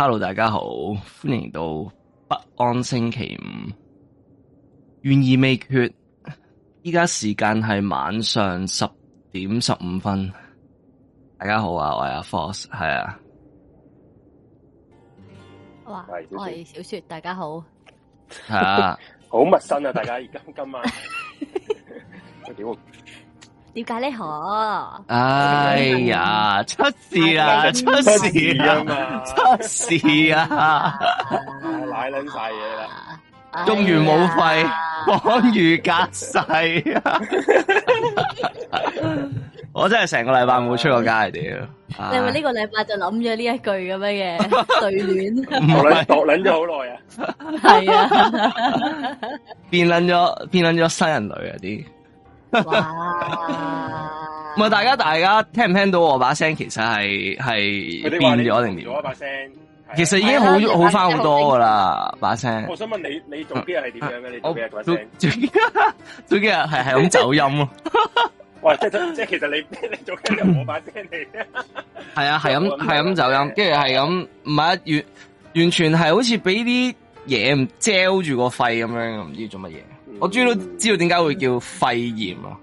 Hello 大家好，歡迎到不安星期五，懸而未決。依家時間係晚上十點十五分。大家好啊，我係阿 Force 係啊。係，我係小， 小雪。大家好，係啊，好陌生啊，大家而家今晚。 點？要解咧嗬！哎呀，出事啦！出事啊！出事，出事，出事啊！奶捻晒嘢啦，終於冇費，恍如隔世。 我真係成個禮拜冇出過街，屌、 啊！你話呢個禮拜就諗咗呢一句咁樣嘅對聯，唔係踱捻咗好耐啊！係 啊，變捻咗，變捻咗新人類呀啲。 哇！唔係大家，大家聽唔聽到我把聲？聲其實係係變咗定點？我把聲、啊，其實已經好好翻好多噶啦把聲。我想問你，你早幾日係點樣嘅、啊？你早幾日把幾日係係咁走音咯、啊？ 即係即，即其實你你早幾日我把聲你？係啊，係咁、啊，係咁走音，跟住係咁，唔、啊、係完完，完全係好似俾啲嘢唔遮住個肺咁樣，唔知做乜嘢。我終於都知道點解會叫肺炎咯，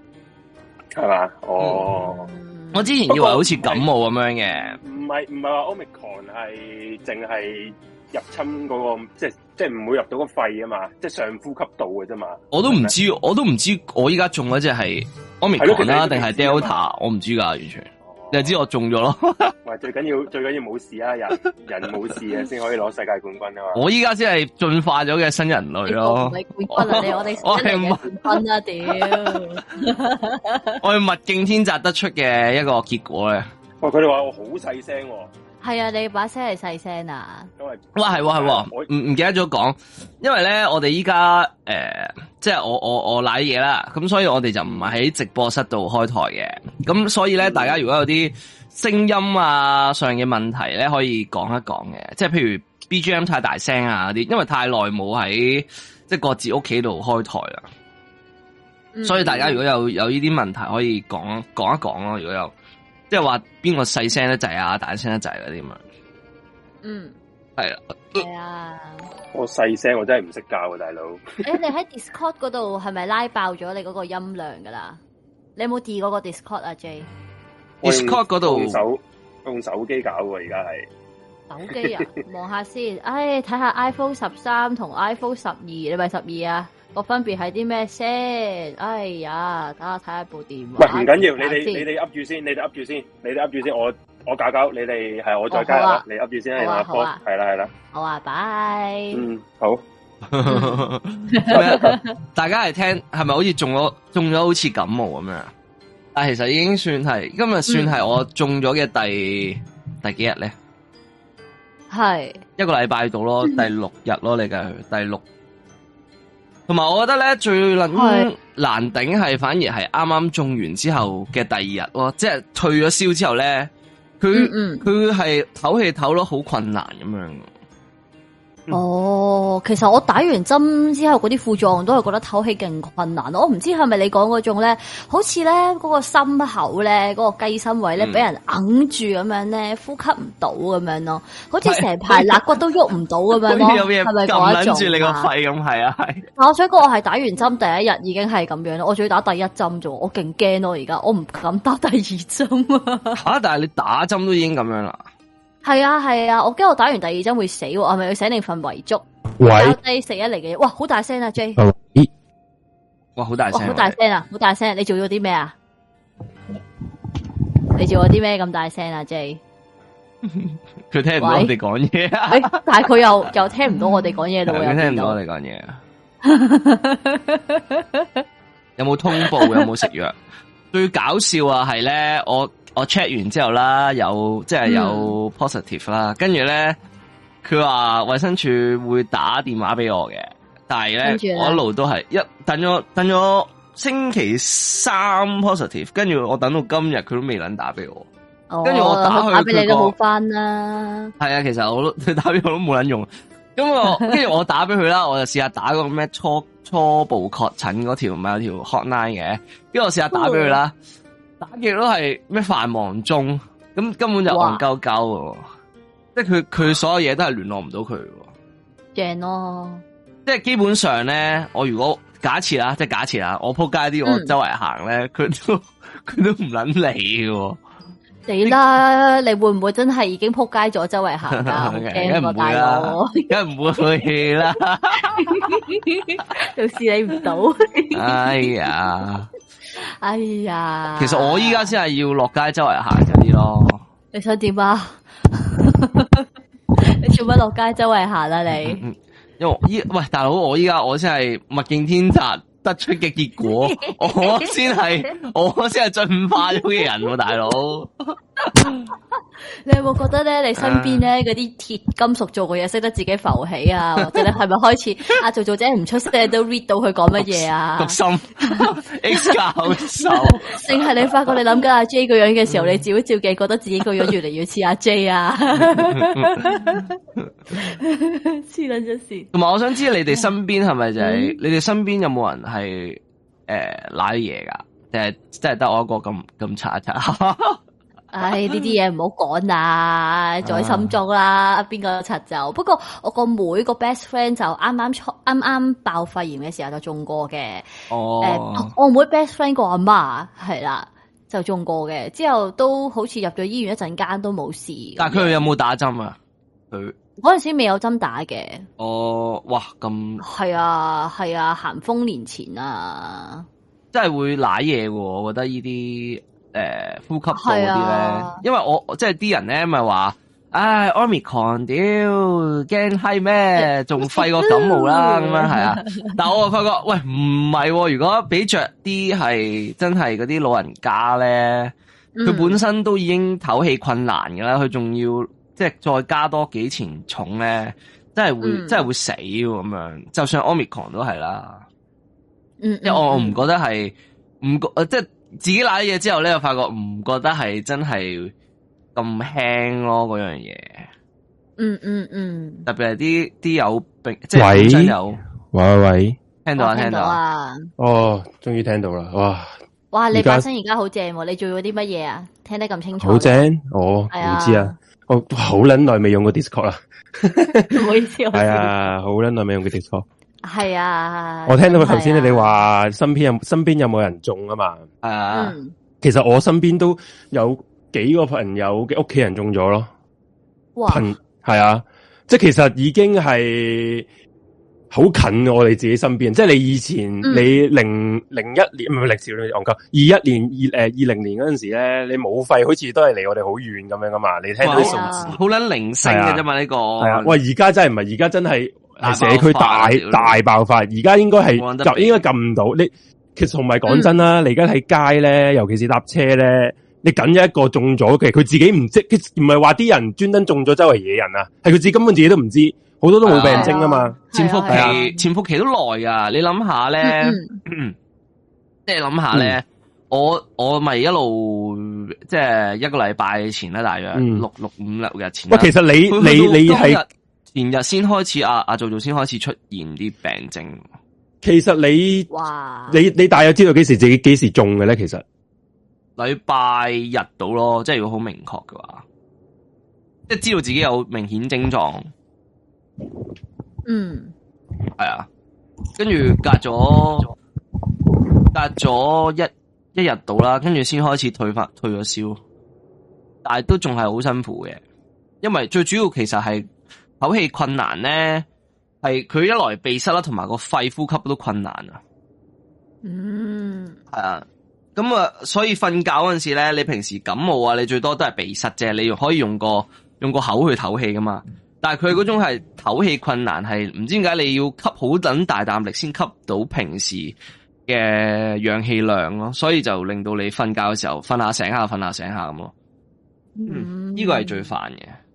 係嘛？哦，我之前以為好似感冒咁樣嘅。唔係唔係話 Omicron 係淨係入侵嗰、那個，即係即係唔會入到個肺啊嘛，即、就、係、是、上呼吸道嘅啫嘛。我都唔知，我都唔知我是是是是，我依家中嗰隻係 Omicron 啦，定係 Delta？我唔知噶，完全。你就知我中咗咯 ，最緊要最緊要冇事啊！人人冇事啊，先可以攞世界冠軍噶嘛。我依家先係進化咗嘅新人類咯、啊啊 啊。我哋 我係冠軍啊！屌！我係物競天擇得出嘅一個結果咧。喂，佢哋話我好細聲。係啊，你把聲係細聲啊？哇，係係、啊，唔唔記得咗講，因為咧，我哋依家誒，即係我我我瀨嘢啦，咁所以我哋就唔係喺直播室度開台嘅。咁所以咧，大家如果有啲聲音啊上嘅問題咧，可以講一講嘅。即係譬如 BGM 太大聲啊啲，因為太耐冇喺即係各自屋企度開台啦、嗯。所以大家如果有有呢啲問題，可以講講一講咯。如果有。即係話邊個細聲得滯啊，大聲得滯嗰啲嘛？嗯，係啊，係啊。我細聲，我真係唔識教啊大佬。誒， 你喺 Discord 嗰度係咪拉爆咗你嗰個音量噶啦？你有冇調嗰個 Discord 啊？J，Discord 嗰度用手，用手機搞噶，而家係手機啊？望下先，唉、哎，睇下 iPhone 十三同 iPhone 十二，你咪十二啊？我分別係啲咩先？哎呀，等我睇下部電話。唔緊要，你哋你哋 up 住先，你哋 up 住先，你哋 up 住先，住先住。我我搞，教你哋，係我再加先，你 up 住先，係啦，係啦。好啊，拜、啊啊啊。嗯，好。咩 ？大家係聽係咪好似中咗中咗好似感冒咁啊？但係其實已經算係今日算係我中咗嘅第、嗯、第幾日咧？係一個禮拜度咯，第六日咯，你計第六。同埋我覺得咧最難難頂係反而係啱啱種完之後嘅第二日咯，即係退咗燒之後咧，佢佢係唞氣唞得好困難咁樣。嗯、哦，其實我打完針之後嗰啲副作用都係覺得透氣勁困難，我唔知係咪你講嗰種咧，好似咧嗰個心口咧，嗰、嗰個雞心位咧俾、嗯、人揞住咁樣咧，呼吸唔到咁樣咯，嗯、好似成排肋骨都喐唔到咁樣咯，係咪嗰種？撳住你個肺咁係啊係。我想講我係打完針第一日已經係咁樣咯，我仲要打第一針咋，我勁驚咯而家，我唔敢打第二針啊。吓！但係你打針都已經咁樣啦。係啊係啊，我驚我打完第二針會死、啊，係咪要寫定份遺囑？喂，你食咗嚟嘅嘢，哇，好大聲啊 J！哇，好大聲，好大聲啊，好大聲、啊！你做咗啲咩啊？你做咗啲咩咁大聲啊 J？佢 聽唔到，、欸、聽唔到我哋講嘢但係佢又又聽唔到我哋講嘢咯？聽唔到我哋講嘢？有冇通報？有冇食藥？ 最搞笑啊，係咧我。我 check 完之後啦，有即係、就是、有 positive 啦，嗯，跟住咧佢話衛生署會打電話俾我嘅，但係咧我一路都係一等咗等咗星期三 positive，跟住我等到今日佢都未能打俾我，跟、哦、住我打去打俾你都好翻啦，啊。係啊，那個，其實我都打俾我都冇撚用，咁我跟住我打俾佢啦，我就試下打個咩初初步確診嗰條唔係有條 hotline 嘅，跟住我試下打俾佢啦。哦打極都係咩繁忙中，咁根本就戇鳩鳩喎。即係佢佢所有嘢都係聯絡唔到佢喎。正咯、哦，即係基本上咧，我如果假設啦，即係假設啦，我撲街啲，我周圍行咧，佢、嗯、都佢都唔捻理喎。你啦，你，你會唔會真係已經撲街咗周圍行？梗係唔會啦，梗唔會啦，到時你唔到。 哎呀！哎呀！其實我依家先係要落街周圍行嗰啲咯。你想點啊？ 你做乜落街周圍行啦？你、嗯嗯，因為依喂大佬，我依家我先係物競天擇得出嘅結果， 我先係我先係進化咗嘅人、啊， 大佬。 你有冇覺得咧？你身邊咧嗰啲鐵金屬做嘅嘢，識得自己浮起啊？或者你係咪開始阿、啊、做做姐唔出聲都 read 到佢講乜嘢啊？讀心，教授 定係 你發覺你諗緊阿 J 個樣嘅時候，嗯、你照一照鏡，覺得自己個樣越嚟越似阿 J 啊？黐撚咗線！同埋，我想知你哋身邊係咪就係、是嗯、你哋身邊有冇人係誒拉嘢噶？定、呃、係真係得我一個咁咁查一查？ 唉、 哎，呢啲嘢唔好講啦，在心中啦，邊、啊、個有七就？不過我個妹個 best friend 就啱啱出啱啱爆肺炎嘅時候就中過嘅。哦，誒，我妹 best friend 個阿媽係啦，就中過嘅，之後都好似入咗醫院一陣間都冇事。但係佢有冇打針啊？佢嗰陣時未有針打嘅。哦，哇，咁係啊係啊，咸豐、啊、年前啊，真係會瀨嘢，我覺得呢啲。誒、呃，呼吸道啲咧，啊、因為我即係啲人咧咪話，唉，Omicron，屌驚係咩？仲肺過感冒啦，咁 樣係啊。但係我發覺，喂，唔係、啊，如果俾着啲係真係嗰啲老人家咧，佢本身都已經透氣困難噶啦，佢、嗯、仲要即係再加多幾錢重咧，真係會、嗯、真係會死咁樣。就算 Omicron 都係啦，嗯，因為我我唔覺得係唔覺即係。自己攋嘢之後咧，又發覺唔覺得係真係咁輕咯，嗰樣嘢。嗯嗯嗯。特別係啲啲有病即係冇有。喂喂喂，聽到啊，聽到啊。哦，終於聽到啦，哇！哇，你把聲而家好正，你做咗啲乜嘢啊？聽得咁清楚，啊。好正，我唔知啊，我好撚耐未用過 Discord 啦。唔 好意思。係啊，好撚耐未用過 Discord。係啊，啊，我聽到佢頭先咧，你話身邊有身邊有冇人中啊嘛？啊，其實我身邊都有幾個朋友嘅屋企人中咗咯，哇，係啊，即係其實已經係好近的我哋自己身邊。即係你以前你零零一年唔係零二二一年二誒二零年嗰陣時咧，你冇肺好似都係離我哋好遠咁樣噶嘛？你聽到啲數字好捻零星嘅啫嘛？呢個、係啊係啊係啊、喂，而家真係唔係，而家真係。係社區大大爆發，而家應該係就應該撳唔到你。其實同埋講真啦、嗯，你而家喺街咧，尤其是搭車咧，你緊一個中咗嘅，其實佢自己唔知，唔係話啲人專登中咗周圍野人啊，係佢自己根本自己都唔知，好多都冇病徵啊嘛。潛伏、啊、期，潛伏、啊啊期，啊、期都耐噶。你諗下咧，即係諗下咧，我我咪一路即係一個禮拜前呢，大約六、嗯、六,六五六日前呢。我其實你你你係前日先開始，阿、啊、阿、啊、做做先開始出現啲病症。其實你，哇你你，大約知道幾時自己幾時中嘅咧？其實禮拜日到咯，即係如果好明確嘅話，即係知道自己有明顯症狀。嗯，係啊，跟住隔咗隔咗一一日到啦，跟住先開始退發，退咗燒，但係都仲係好辛苦嘅，因為最主要其實係。唞氣困難咧，係佢一來鼻塞啦，同埋個肺呼吸都困難啊。嗯，係啊，咁啊，所以瞓覺嗰陣時咧，你平時感冒啊，你最多都係鼻塞啫，你可以用個用個口去透氣噶嘛。但係佢嗰種係透氣困難，係唔知點解你要吸好等大啖力先吸到平時嘅氧氣量咯，所以就令到你瞓覺嘅時候，瞓下醒下，瞓下醒下咁咯。嗯，呢個係最煩嘅。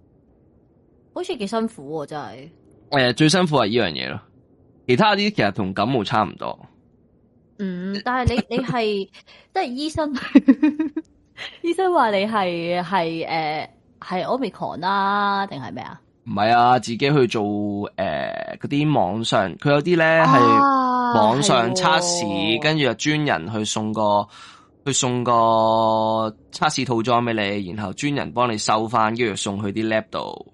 好似幾辛苦喎，啊，真係。誒，最辛苦係呢樣嘢咯，其他啲其實同感冒差唔多。嗯，但係你你係即係醫生， 醫生話你係係誒係 omicron 啦，定係咩啊？唔係啊，自己去做誒嗰啲網上，佢有啲咧係網上測試，跟住啊專人去送個去送個測試套裝俾你，然後專人幫你收翻，跟住送去啲 lab 度。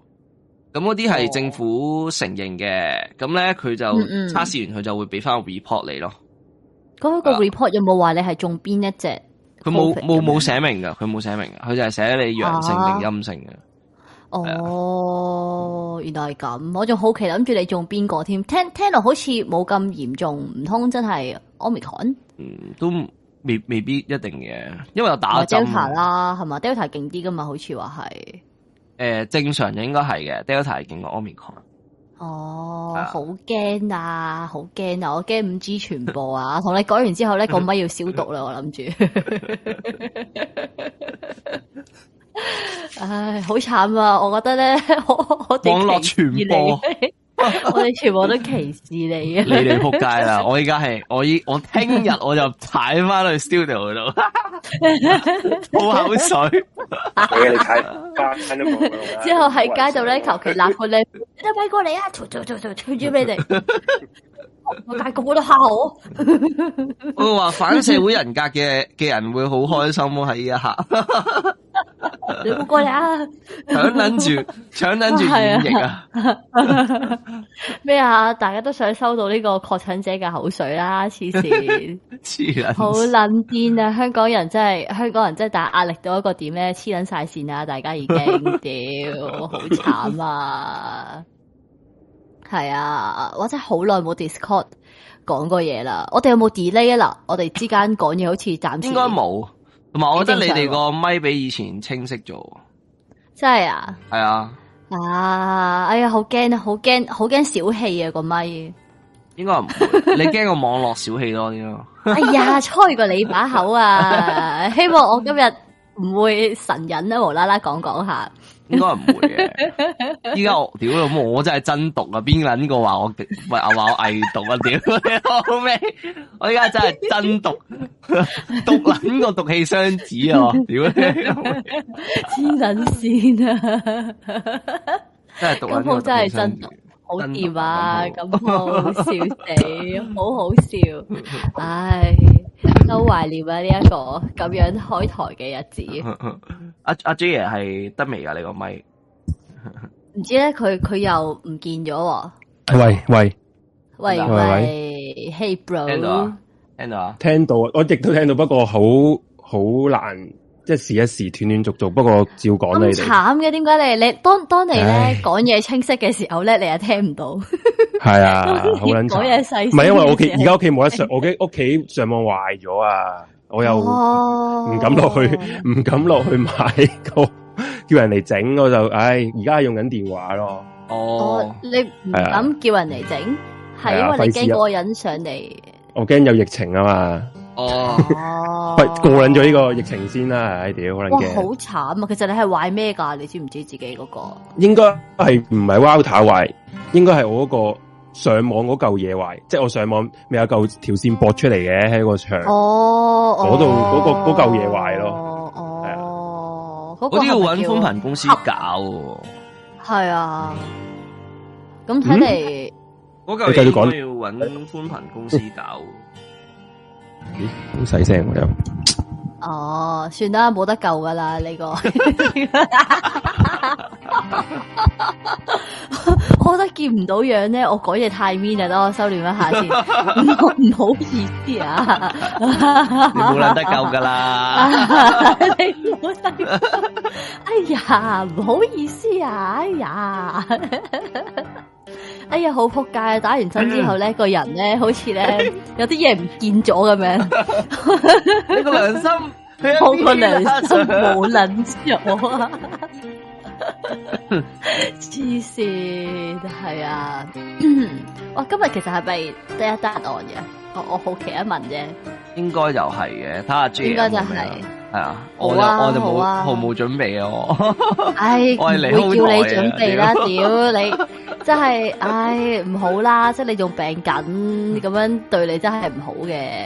咁嗰啲係政府承認嘅，咁咧佢就測試完佢就會俾翻個 report 你咯。咁個 report 有冇話你係中邊一隻？佢冇冇冇寫明噶，佢冇寫明，佢就係寫你陽性定陰性嘅。哦，嗯嗯那個有有啊、哦原來係咁。我仲好奇諗住你中邊個添？聽聽落好似冇咁嚴重，唔通真係 omicron？嗯，都未未必一定嘅，因為我打咗、就是、Delta 啦，係嘛？Delta 勁啲噶嘛？好似話係。誒、呃，正常應該係嘅，Delta 係勁過 Omicron 哦，好驚啊，好驚啊，啊，我驚五 G 全部啊！同 你講完之後咧，個咪要消毒啦，我諗住。唉，好慘啊！我覺得咧， 我我我哋傳播。 我哋全部都歧視你啊！你哋撲街啦！我依家係我依我聽日我就踩翻去 studio 度，吐口水。 之後喺街度咧，求其立個咧， 你都搵過嚟啊！嘈嘈嘈嘈嘈住咩地？我大個個都蝦 我。我話反社會人格嘅嘅人會好開心咯，喺呢一刻。 你唔過嚟啊！搶捻住，搶捻住演繹啊 咩 啊？大家都想收到呢個確診者嘅口水啦！黐線，黐 人，好捻癲啊！香港人真係，香港人真係，但係壓力到一個點咧，黐捻晒線啊！大家已經，屌， 好慘啊！係啊，我真係好耐冇 Discord 講過嘢啦！我哋有冇 Delay 啊？嗱，我哋之間講嘢好似暫時應該冇。唔係，我 覺得你哋個咪比以前清晰咗。真係啊！係啊！啊！哎呀，好驚啊！好驚，好驚小氣啊！個咪！應該唔，你驚個網絡小氣多啲咯。哎呀，吹過你把口啊！希望我今日唔會神隱啦，無啦啦講講下。應該唔會嘅，依家我，屌啦！我真係真毒啊，邊捻個話我，喂阿話我偽毒啊，屌你老味！我依家真係真毒，毒捻個毒氣雙子啊，屌黐捻線啊，真係毒，咁我真係真毒，好掂啊，咁好笑死，好好笑，唉。 都懷念啊！呢、這、一個咁樣開台嘅日子。阿 阿 J 爺係得未啊？你個咪唔知咧，佢佢又唔見咗。喂喂喂喂，Hey Bro，e 聽到啊？聽到啊？聽到、啊、我亦都聽到，不過好好難。即係時一時斷斷續續，不過照講你哋。咁慘嘅，點解你你，你當當你咧講嘢清晰嘅時候咧，你又聽唔到？係啊，好撚！講嘢細，唔、那、係、個、因為我屋企而家屋企冇得上， 我屋企上網壞咗啊！我又唔敢落去，唔、哦、 敢落去買個， 叫人嚟整，我就唉！而家係用緊電話咯。哦，你唔敢叫人嚟整，係、哦啊、因為你驚個人上嚟、啊。我驚有疫情啊嘛。哦，喂， 過緊咗呢個疫情先啦，唉，屌，好慘啊！其實你係壞咩噶？你知唔知自己嗰、那個？應該係唔係 Walter 壞，應該係我嗰個上網嗰嚿嘢壞，即、就、係、是、我上網未有嚿條線駁出嚟嘅喺個牆，哦，嗰度嗰個嗰嚿嘢壞咯，哦，啊那個啊、我啲要揾寬頻公司搞、哦，係啊，咁睇嚟，我嚿嘢都要揾寬頻公司搞、哦。咦，好細聲又，哦，算啦，冇得救噶啦呢個， 我覺得見唔到樣咧，我改嘢太 mean 啦，我收斂一下先，唔好唔好意思啊，冇 諗 得救噶啦， 哎呀，唔好意思啊，哎呀。 哎呀，好仆街啊！打完針之後咧，個人咧好似咧有啲嘢唔見咗咁樣。 你個良心，好 個良心冇卵咗啊！黐 綫知， 係啊！ 哇，今日其實係咪第一單案嘅？我我好奇一問啫、就是。應該就係、是、嘅，睇下轉。應該就係。係啊，我就、啊、我就冇、啊、毫冇準備啊。我， 唉，你會叫你準備啦、啊，屌 你，真係唉唔好啦，即係你仲病緊，咁樣對你真係唔好嘅。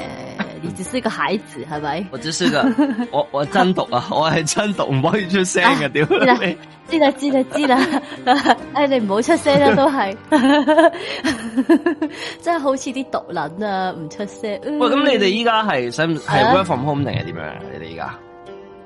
你只是個孩子係咪？我只是個我我真讀啊！ 我係真讀唔可以出聲嘅屌、啊 ！知啦知啦知啦，哎 你唔好出聲啦，都係 真係好似啲獨撚啊，唔出聲。喂，咁、嗯、你哋依家係使唔係 work from home 定係點樣啊？你哋依家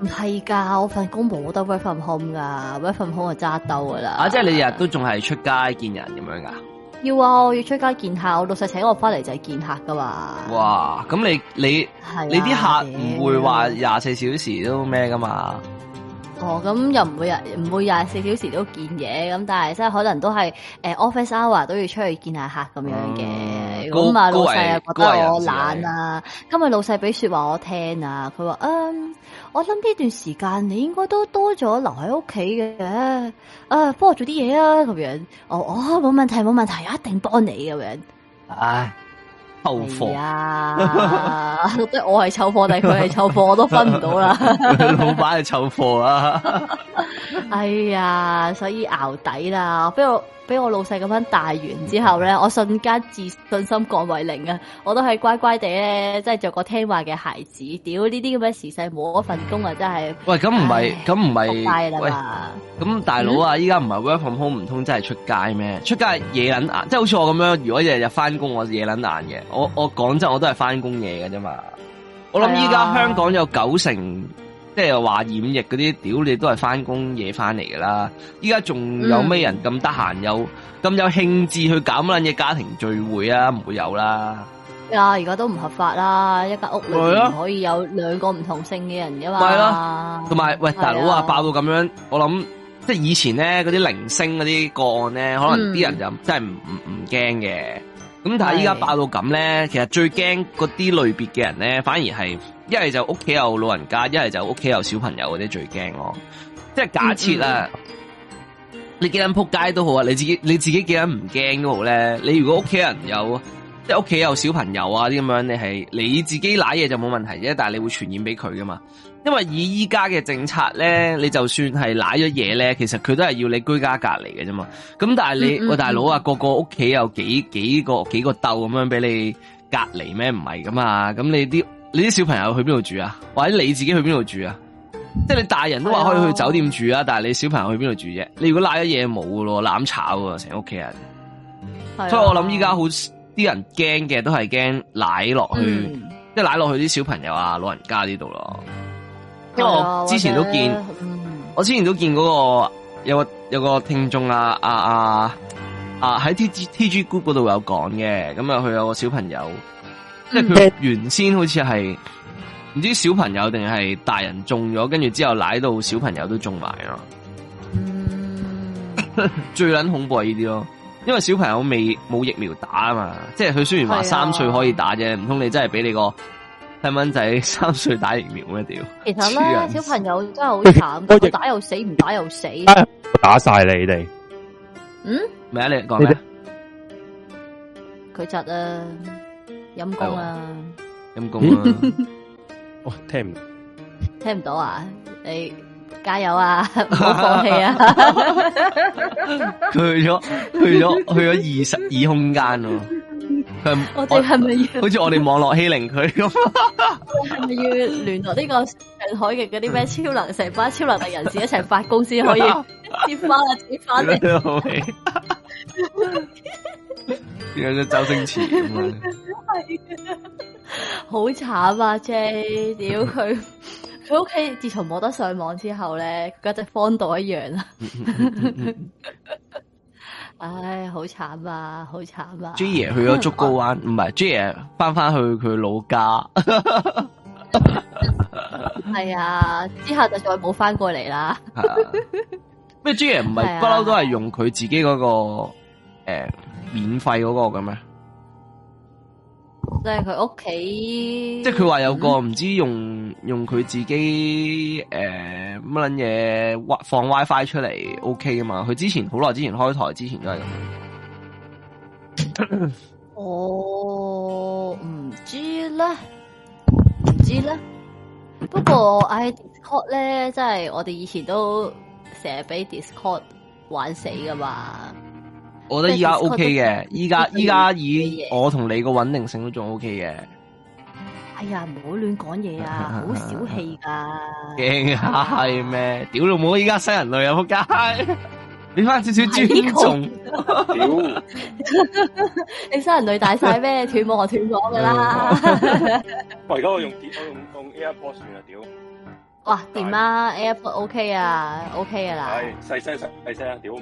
唔係噶，我份工冇得 work from home 噶，work from home 就揸兜噶啦。啊，即、就、係、是、你日都仲係出街見人咁樣噶。要啊，我要出街見客，我老細請我翻嚟就係見客噶嘛。哇，咁你你、啊、你啲客唔會話廿四小時都咩噶嘛？哦，咁又唔會廿唔會廿四小時都見嘢，咁但係即係可能都係誒、呃、office hour 都要出去見下客咁樣嘅。咁、嗯、啊，老細又覺得我懶啊，今日老細俾說話我聽啊，佢話嗯。我諗呢段時間你應該都多咗留喺屋企嘅，啊，幫我做啲嘢啊，咁樣，哦哦冇問題冇問題，一定幫你咁樣。唉、哎，湊貨啊，即係我係湊貨，但係佢係湊貨，我都分唔到啦。老闆係湊貨啊 ，哎呀，所以熬底啦，不俾我老細咁樣大完之後咧，我瞬間自信心降為零啊！我都係乖乖地咧，即係做個聽話嘅孩子。屌呢啲咁嘅時勢，冇咗份工啊，真係。喂，咁唔係，咁唔係，喂，咁大佬啊，依家唔係 work from home 唔通真係出街咩？出街夜捻眼，即係好似我咁樣，如果日日翻工，我夜捻眼嘅。我我講真，我都係翻工夜嘅啫嘛。我諗依家香港有九成。即係話染疫嗰啲，屌，你都係翻工嘢，翻嚟噶啦！依家仲有咩人咁得閒，有咁有興致去搞乜嘢嘅家庭聚會啊？唔會有啦！啊，而家都唔合法啦，一間屋裏可以有兩個唔同性嘅人噶嘛？係啦、啊，同埋、啊、喂、啊、大佬啊，爆到咁樣，我諗即係以前咧嗰啲零星嗰啲個案咧，可能啲人就真係唔唔唔驚嘅。咁但係依家爆到咁咧，其實最驚嗰啲類別嘅人咧，反而係。一係就屋企有老人家，一係就屋企有小朋友嗰啲最驚咯。即係假設啦、嗯嗯，你幾人扑街都好啊，你自己你自己幾人唔驚都好咧。你如果屋企人有，即係屋企有小朋友啊啲咁樣，你係你自己舐嘢就冇問題啫，但係你會傳染俾佢噶嘛？因為以依家嘅政策咧，你就算係舐咗嘢咧，其實佢都係要你居家隔離嘅啫嘛。咁但係你喂，大佬啊，個個屋企有幾幾個幾個竇咁樣俾你隔離咩？唔係噶嘛，咁你啲。你啲小朋友去邊度住啊？或者你自己去邊度住啊？即係你大人都話可以去酒店住啊，啊但係你小朋友去邊度住啫、啊？你如果賴咗嘢冇噶咯，攬炒啊成屋企人。啊、所以我諗依家好啲人驚嘅都係驚奶落去，嗯、即係奶落去啲小朋友啊老人家呢度咯、啊。因為我之前都見，我之前都見嗰、嗰個有個有個聽眾啊啊啊啊喺 T G T G group 嗰度有講嘅，咁啊佢有個小朋友。嗯、即係佢原先好似係唔知小朋友定係大人中咗，跟住之後舐到小朋友都中埋咯。嗯、 最捻恐怖呢啲咯，因為小朋友未冇疫苗打啊嘛，即係佢雖然話三歲可以打啫，唔通、啊、你真係俾你個細蚊仔三歲打疫苗咩屌？其實咧，小朋友真係好慘，佢打又死，唔打又死，打晒你哋。嗯，咩啊？你講咩？佢窒啊！陰功啊，陰功、啊，哇、 哦，聽唔，聽唔到啊！你加油啊，唔好放棄啊！ 去咗，去咗，去咗二十二空間咯、啊！ 我哋係咪要 好似我哋網絡欺凌佢咁？係咪要聯絡呢個上海嘅嗰啲咩超能石班、 超能力人士一齊發功先可以接翻啊？ 接翻班嚟、啊？ 而家只周星馳咁 啊，好慘啊 J，屌佢，佢屋企自從冇得上網之後咧，佢一隻荒島一樣啊。 嗯嗯嗯嗯、 唉，好慘啊，好慘啊！J 爺去咗竹篙灣，唔係 J 爺翻翻去佢老家，係 啊，之後就再冇翻過嚟啦。 咩 j i 唔係不嬲都係用佢自己嗰、那個誒、啊呃、免費嗰個嘅咩？即係佢屋企，即係佢話有個唔知用、嗯、用佢自己誒乜捻嘢，放 WiFi 出嚟 OK 啊嘛？佢之前好耐之前開台之前都係咁 我唔知啦，唔知啦。不過唉， 的確咧，即係我哋以前都。成日俾 Discord 玩死噶嘛？我覺得依家 OK 嘅，依家依家以我同你個穩定性都仲 OK 嘅。哎呀，唔好亂講嘢啊，好小氣噶。驚呀，係咩？屌老母，依家新人類啊扑街！你翻少少尊重。屌、啊， 你新人類大晒咩？斷網我斷網噶啦。喂，而家我用鐵，我用用 AirPods 啊屌！哇掂啦 AF OK 啊，OK 噶啦，細聲細聲啊，屌，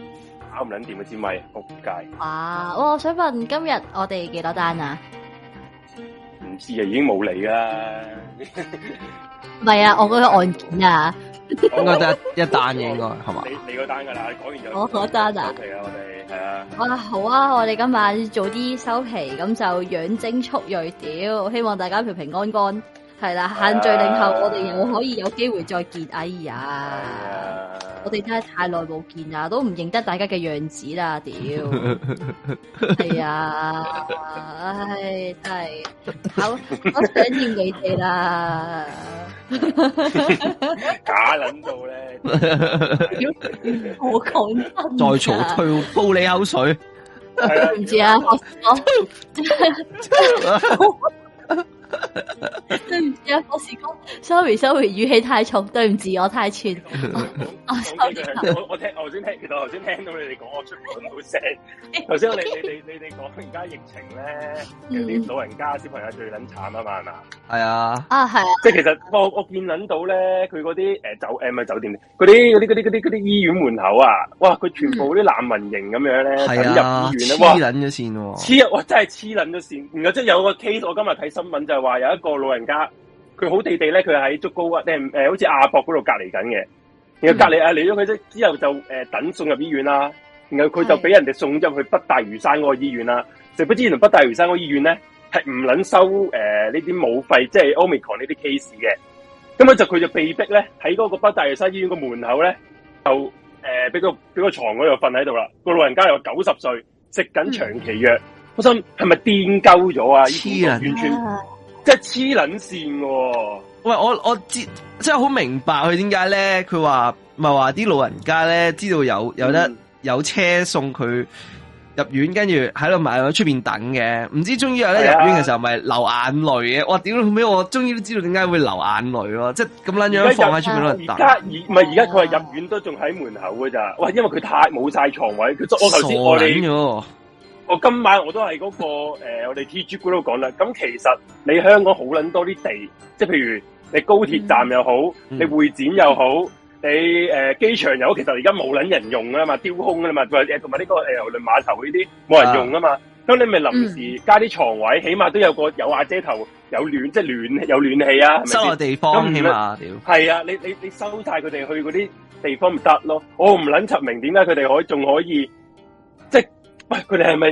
搞唔捻掂嘅支咪撲街。哇，我想問今日我哋幾多單啊？唔知啊，已經冇嚟啦。唔 係、 哦、啊，okay、我嗰個案件啊，我覺得一單嘅，應該係嘛？你你嗰單噶啦，講完我我揸咋？啊，我哋係啊。好啊，我哋今晚早啲收皮，咁就養精蓄銳，屌，希望大家平平安安。係啦、啊，限聚令後我哋又可以有機會再見。哎呀，哎呀我哋真係太耐冇見啦，都唔認得大家嘅樣子啦，屌！係 啊、 哎，唉、哎，哎、 做 真係好，我想念你哋啦。假捻到咧，要我講真，再嘈退煲你口水。唔 知啊，我，我 對唔住啊，博 sorry sorry，語氣太重，對唔住，我太串 我。 我我聽頭先聽，其實頭先聽到你哋講，我出唔到聲。頭 先我你你你你哋講而家疫情咧，嗯、你老人家小朋友最捻慘啊嘛，係嘛？係啊，啊係、啊啊，即係其實我我見捻到咧，佢嗰啲誒酒 m 唔係、欸、酒店，嗰啲嗰啲嗰啲嗰啲嗰啲醫院門口啊，哇！佢全部啲難民營咁樣咧、啊，等入醫院啊，黐捻咗線，黐我真係黐捻咗線。而家即係有個 case，我今日睇新聞就。就話有一個老人家，佢好地地咧，佢喺竹篙灣，誒誒，好似亞博嗰度隔離緊嘅。然後隔離啊，嚟咗佢啫，之後就誒、呃、等送入醫院啦。然後佢就俾人哋送入去北大嶼山嗰個醫院啦。誰不知原來北大嶼山嗰個醫院咧係唔撚收誒呢啲武肺，即係 omicron 呢啲 case 嘅。咁樣就佢就被逼咧喺嗰個北大嶼山醫院個門口咧，就誒俾個俾個床嗰度瞓喺度啦。個老人家又九十歲，食緊長期藥、嗯，我心係咪癲鳩咗啊？黐人完全。啊即係黐捻線喎！喂！我我知，即係好明白佢點解咧。佢話唔係話啲老人家咧，知道有有得有車送佢入院，跟住，喺度埋喺出邊等嘅。唔知終於有咧入院嘅時候，咪流眼淚嘅、啊。我點到後尾我終於都知道點解會流眼淚咯、啊。即係咁捻樣放喺出邊等。而家而唔係而家，佢係入院都仲喺門口噶咋？哇！因為佢太冇晒床位，佢坐我頭先我今晚我都係嗰、嗰個、呃、我哋 T G group 度講啦。咁其實你香港好撚多啲地，即係譬如你高鐵站又好、嗯，你會展又好，你誒機場又好。其實而家冇撚人用啊嘛，丟空啊嘛。同埋同埋呢個誒郵輪碼頭呢啲冇人用啊嘛。咁、啊、你咪臨時加啲床位、嗯，起碼都有個有阿姐頭，有暖即係暖有暖氣啊！係咪收落地方起碼，係啊！你你你收晒佢哋去嗰啲地方唔得咯！我唔撚明點解佢哋可仲可以即佢哋係咪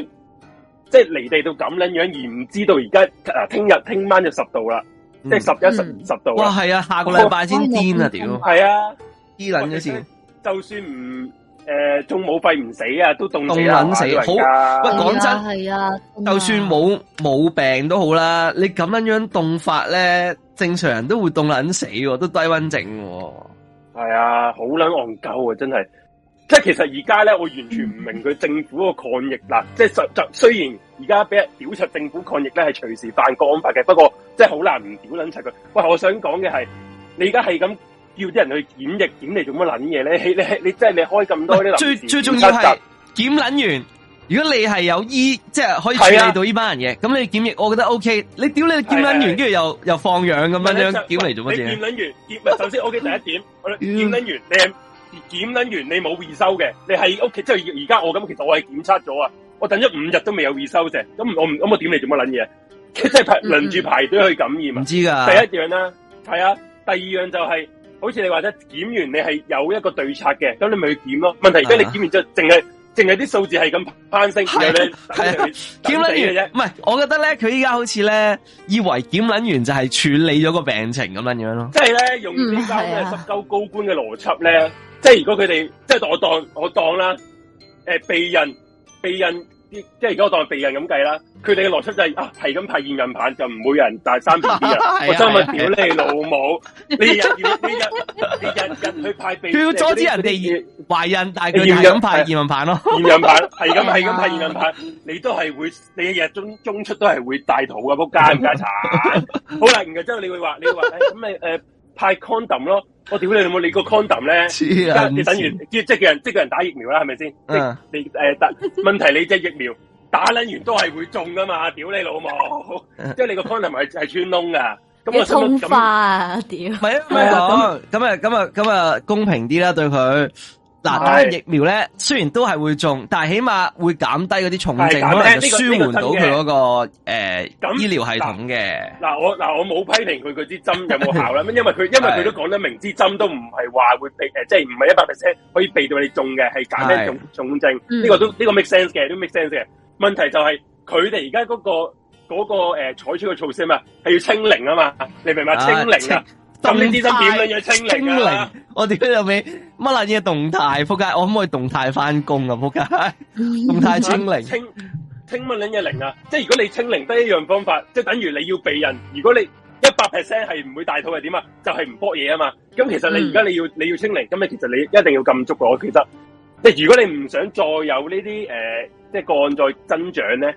即係離地到咁撚樣，而唔知道而家啊，聽日聽晚就十度啦、嗯，即係十一十十度了、嗯。哇，係啊，下個禮拜先癲啊，屌！係啊，凍撚咗先。就算唔誒，仲冇肺唔死啊，都凍凍撚死。好，喂，講真，係啊，就算冇冇、呃啊啊啊、病都好啦，你咁樣樣凍法咧，正常人都會凍撚死，都低溫症、哦。係啊，好撚戇鳩啊，真係。即係其實而家咧，我完全唔明佢政府嗰個抗疫喇，即係就雖然而家俾人屌柒政府抗疫咧係隨時犯國安法嘅，不過即係好難唔屌捻柒佢。喂，我想講嘅係，你而家係咁叫啲人去檢疫檢嚟做乜捻嘢咧？你你真係你,你,你開咁多啲最最重要係檢捻完，如果你係有醫，即係可以處理到呢班人嘅，咁、啊、你檢疫我覺得 O K。你屌你去檢捻完，跟住又又放養咁樣樣檢嚟做乜嘢？你檢疫完，是是樣樣是是疫疫完首先 O K 第一點，檢 疫完靚。你檢撚完，你冇回收嘅，你系屋企即係而家我咁，其實我係檢測咗啊，我等咗五日都未有回收啫。咁我唔咁我點你做乜撚嘢？即係排輪住排隊去感染。唔、嗯嗯、知噶。第一樣啦，係啊。第二樣就係、是，好似你話咁，檢完你係有一個對策嘅，咁你咪去檢咯。問題而家你檢完之後淨係淨係啲數字係咁攀升嘅，係啊，檢撚完唔係？我覺得咧，佢依家好似咧，以為檢撚完就係處理咗個病情咁樣樣咯。即係咧，用啲咁嘅濕鳩高官嘅邏輯咧。即係如果佢哋即係我當我當啦，誒避孕、避孕即係如果我當係避孕咁計啦，佢哋嘅邏輯就係、是、啊係咁派驗孕棒，就唔會有人帶三 D 啲人。我真係屌你老母， 你日日日日日日去派避孕，要阻止你你人哋懷孕，但係佢係咁派驗孕棒咯，係咁係咁派驗孕棒，你都係會你日中中出都係會帶套嘅嗰間，唔該查， 好啦，然後之後你會話你話咁你誒、欸呃、派 condom 咯。我屌你老母，你個 condom 咧，你等完，即係叫人，即叫人打疫苗啦，係咪先？你，你、呃、 問題你隻疫苗打撚完都係會中噶嘛？屌你老母，啊、即係你個 condom 係係穿窿噶，咁我通花啊屌！唔係啊，咪講咁啊咁啊咁啊， 公平啲啦對佢。嗱、啊，打疫苗咧，雖然都係會中，但係起碼會減低嗰啲重症，可能就舒緩到佢、這、嗰個誒、這個那個呃、醫療系統嘅、啊。嗱、啊，我嗱、啊、我冇批評佢佢支針有冇效啦， 因為佢因為佢都講得明知針都唔係話會避誒，即係唔係一百 percent 可以避到你中嘅，係減低重重症。呢、嗯、個都呢、這個 make sense 嘅，都 make sense 嘅。問題就係佢哋而家嗰個嗰、那個誒採、呃、取嘅措施啊，係要清零啊嘛，你明唔明、啊？清零啊！咁你啲心點樣清零？我哋嗰又咩乜撚嘢動態？仆街，我可唔可以動態翻工啊？仆街，動態清零清清乜撚嘢零啊？即係如果你清零得一樣方法，即係等於你要避人。如果你一百 percent 係唔會大肚，係點啊？就係唔博嘢啊嘛。咁其實你而家你要你要清零，咁你其實你一定要咁足。我其實即係如果你唔想再有呢啲誒，即係個案再增長咧，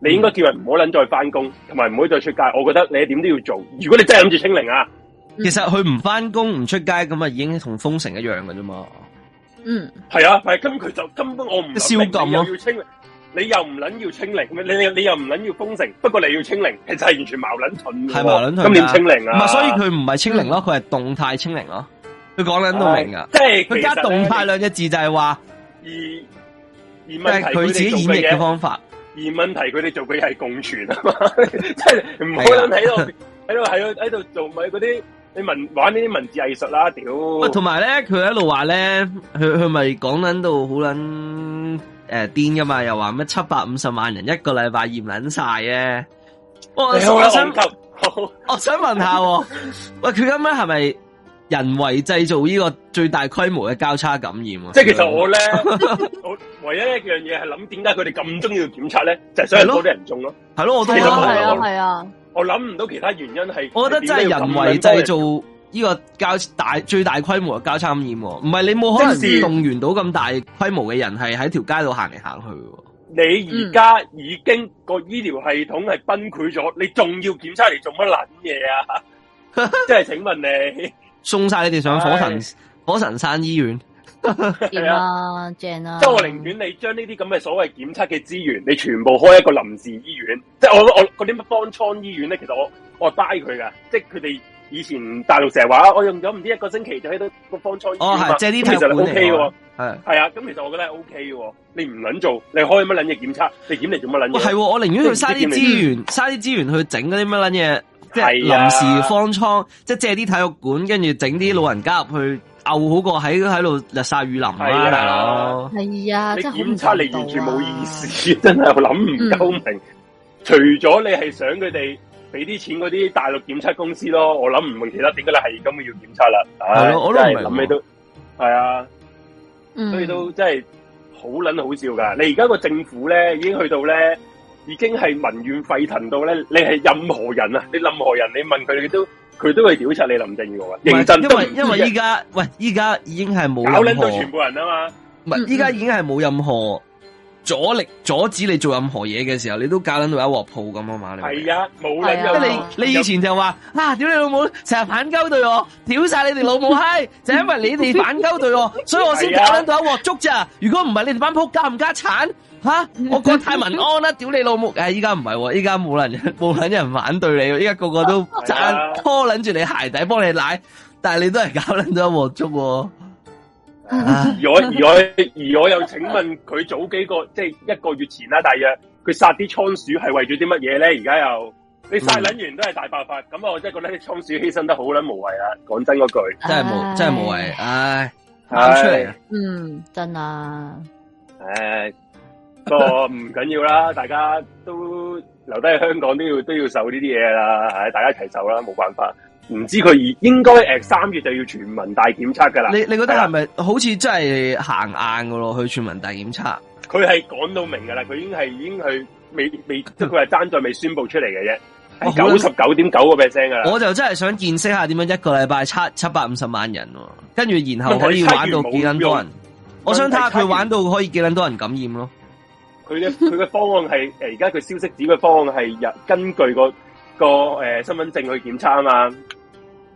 你應該叫人唔好撚再翻工，同埋唔好再出街。我覺得你點都要做。如果你真係諗住清零啊！其實佢唔返工唔出街咁啊，就已經同封城一樣嘅啫嘛嗯是是。嗯，係啊，係，咁佢就根本我唔消禁咯。你又唔捻要清零，你要清零你又唔捻要封城，不過你要清零，其實係完全矛盾，係矛盾。今年清零啊，唔係，所以佢唔係清零咯，佢係動態清零咯。佢講捻到明啊，即係佢加動態兩隻字就係話，而而佢自己演繹嘅方法。而問題佢哋做佢嘢係共存啊嘛， 即係唔好喺度喺度喺度喺度做咪嗰啲。你文玩呢啲文字藝術啦，屌！喂，同埋咧，佢一路話咧，佢佢咪講緊到好捻誒癲噶嘛？又話咩七百五十萬人一個禮拜驗捻晒嘅。我想我、哦、想問一下，喂、 啊，佢咁樣係咪人為製造呢個最大規模嘅交叉感染、啊？即、就、係、是、其實我咧， 我唯一一樣嘢係諗，點解佢哋咁中意檢測咧？就係、是、想多啲人中咯，係咯，我都係啊，係啊。我諗唔到其他原因係，我覺得真係人為製造呢個交大最大規模交叉感染，唔係你冇可能動員到咁大規模嘅人走走、嗯、係喺條街度行嚟行去。你而家已經個醫療系統係崩潰咗，你仲要檢測嚟做乜撚嘢啊？即係請問你送晒你哋上火神火神山醫院。啊 正啊，即係、啊、 我寧願你將呢啲咁嘅所謂檢測嘅資源，你全部開一個臨時醫院，即係我我嗰啲乜方艙醫院咧，其實我我 buy 佢噶，即係佢哋以前大陸成日話，我用咗唔知一個星期就喺度個方艙醫院、哦借 OK、啊，即係啲其實係 O K 嘅，係係啊，咁其實我覺得係 O K 嘅，你唔捻做，你開乜捻嘢檢測，你檢嚟做乜捻嘢？係、哦，我寧願去嘥啲資源，嘥啲資源去整嗰啲乜捻嘢，即係臨時方艙，即係借啲體育館，跟住整啲老人家入去。牛好過喺喺度日曬雨淋啦，係啊！你檢測你完全冇意思，真係我諗唔夠明，嗯。除咗你係想佢哋俾啲錢嗰啲大陸檢測公司咯，我諗唔明其他。點解你係咁嘅，要檢測啦？係咯，我都唔係諗你都係啊，所以都真係好捻好笑噶。你而家個政府咧，已經去到咧，已經係民怨沸騰到咧，你係任何人啊，你任何人你問佢哋都。佢都會屌查你林鄭嘅，認真都唔知因為因為依家喂依家已經係冇任何搞捻到全部人啊嘛，唔係依家已經係冇任何阻力阻止你做任何嘢嘅時候，你都搞捻到一鑊鋪咁啊嘛，係啊，冇啊，即係你你以前就話啊，屌你老母，成日反鳩對我，屌晒你哋老母閪， 就係因為你哋反鳩對我，所以我先搞捻到一鑊粥咋，如果唔係你哋班撲街唔加鏟。吓！我講太文安啦，啊，屌你老母嘅！依家唔係，依家冇人冇人人反對你，依家個個都賺拖捻住你鞋底幫你舐，但係你都係搞捻咗鑊粥。喎 而我而我而我又請問佢早幾個即係一個月前啦，大約殺，佢殺啲倉鼠係為咗啲乜嘢咧？而家又你殺捻完都係大爆發，咁，嗯、我真係覺得啲倉鼠犧牲得好捻無謂啦。講真嗰句，真係冇真係無謂，唉，唉唉出嚟，嗯，真啊，唉。個唔緊要啦，大家都留低喺香港要都要都要受呢啲嘢啦，係大家一齊受啦，冇辦法。唔知佢而應該誒三月就要全民大檢測噶啦。你你覺得係咪好似真係行硬噶咯？去全民大檢測？佢係講到明噶啦，佢已經係已經係未未，佢話單在未宣布出嚟嘅啫，係九十九點九個 percent 噶啦。我就真係想見識下點樣一個禮拜七百五十萬人，跟住然後可以玩到幾多人。我想睇下佢玩到可以幾多人感染咯。佢嘅佢嘅方案係誒，而家佢消息指嘅方案係日根據、嗰個、嗰個誒身份證去檢測啊嘛，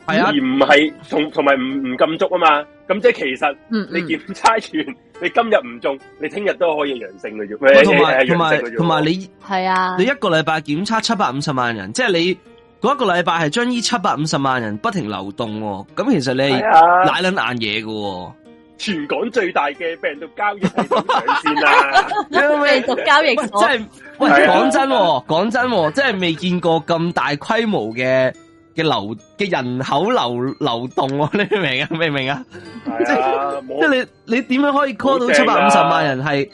係啊而，而唔係同同埋唔唔禁足啊嘛，咁即係其實你檢測完，嗯嗯你今日唔中，你聽日都可以陽性嘅，要同埋同埋同埋你係啊，你一個禮拜檢測七百五十萬人，即係你嗰一個禮拜係將呢七百五十萬人不停流動、哦，咁其實你奶拉捻眼嘢喎。全港最大嘅病毒交易線啦、啊， 病毒交易真係 喂！講真，講真，的真的，真係未見過咁大規模嘅嘅流嘅人口流流動、啊，你明啊？ 明唔白明嗎、 哎、啊？即係即係你你點樣可以 call 到七百五十萬人係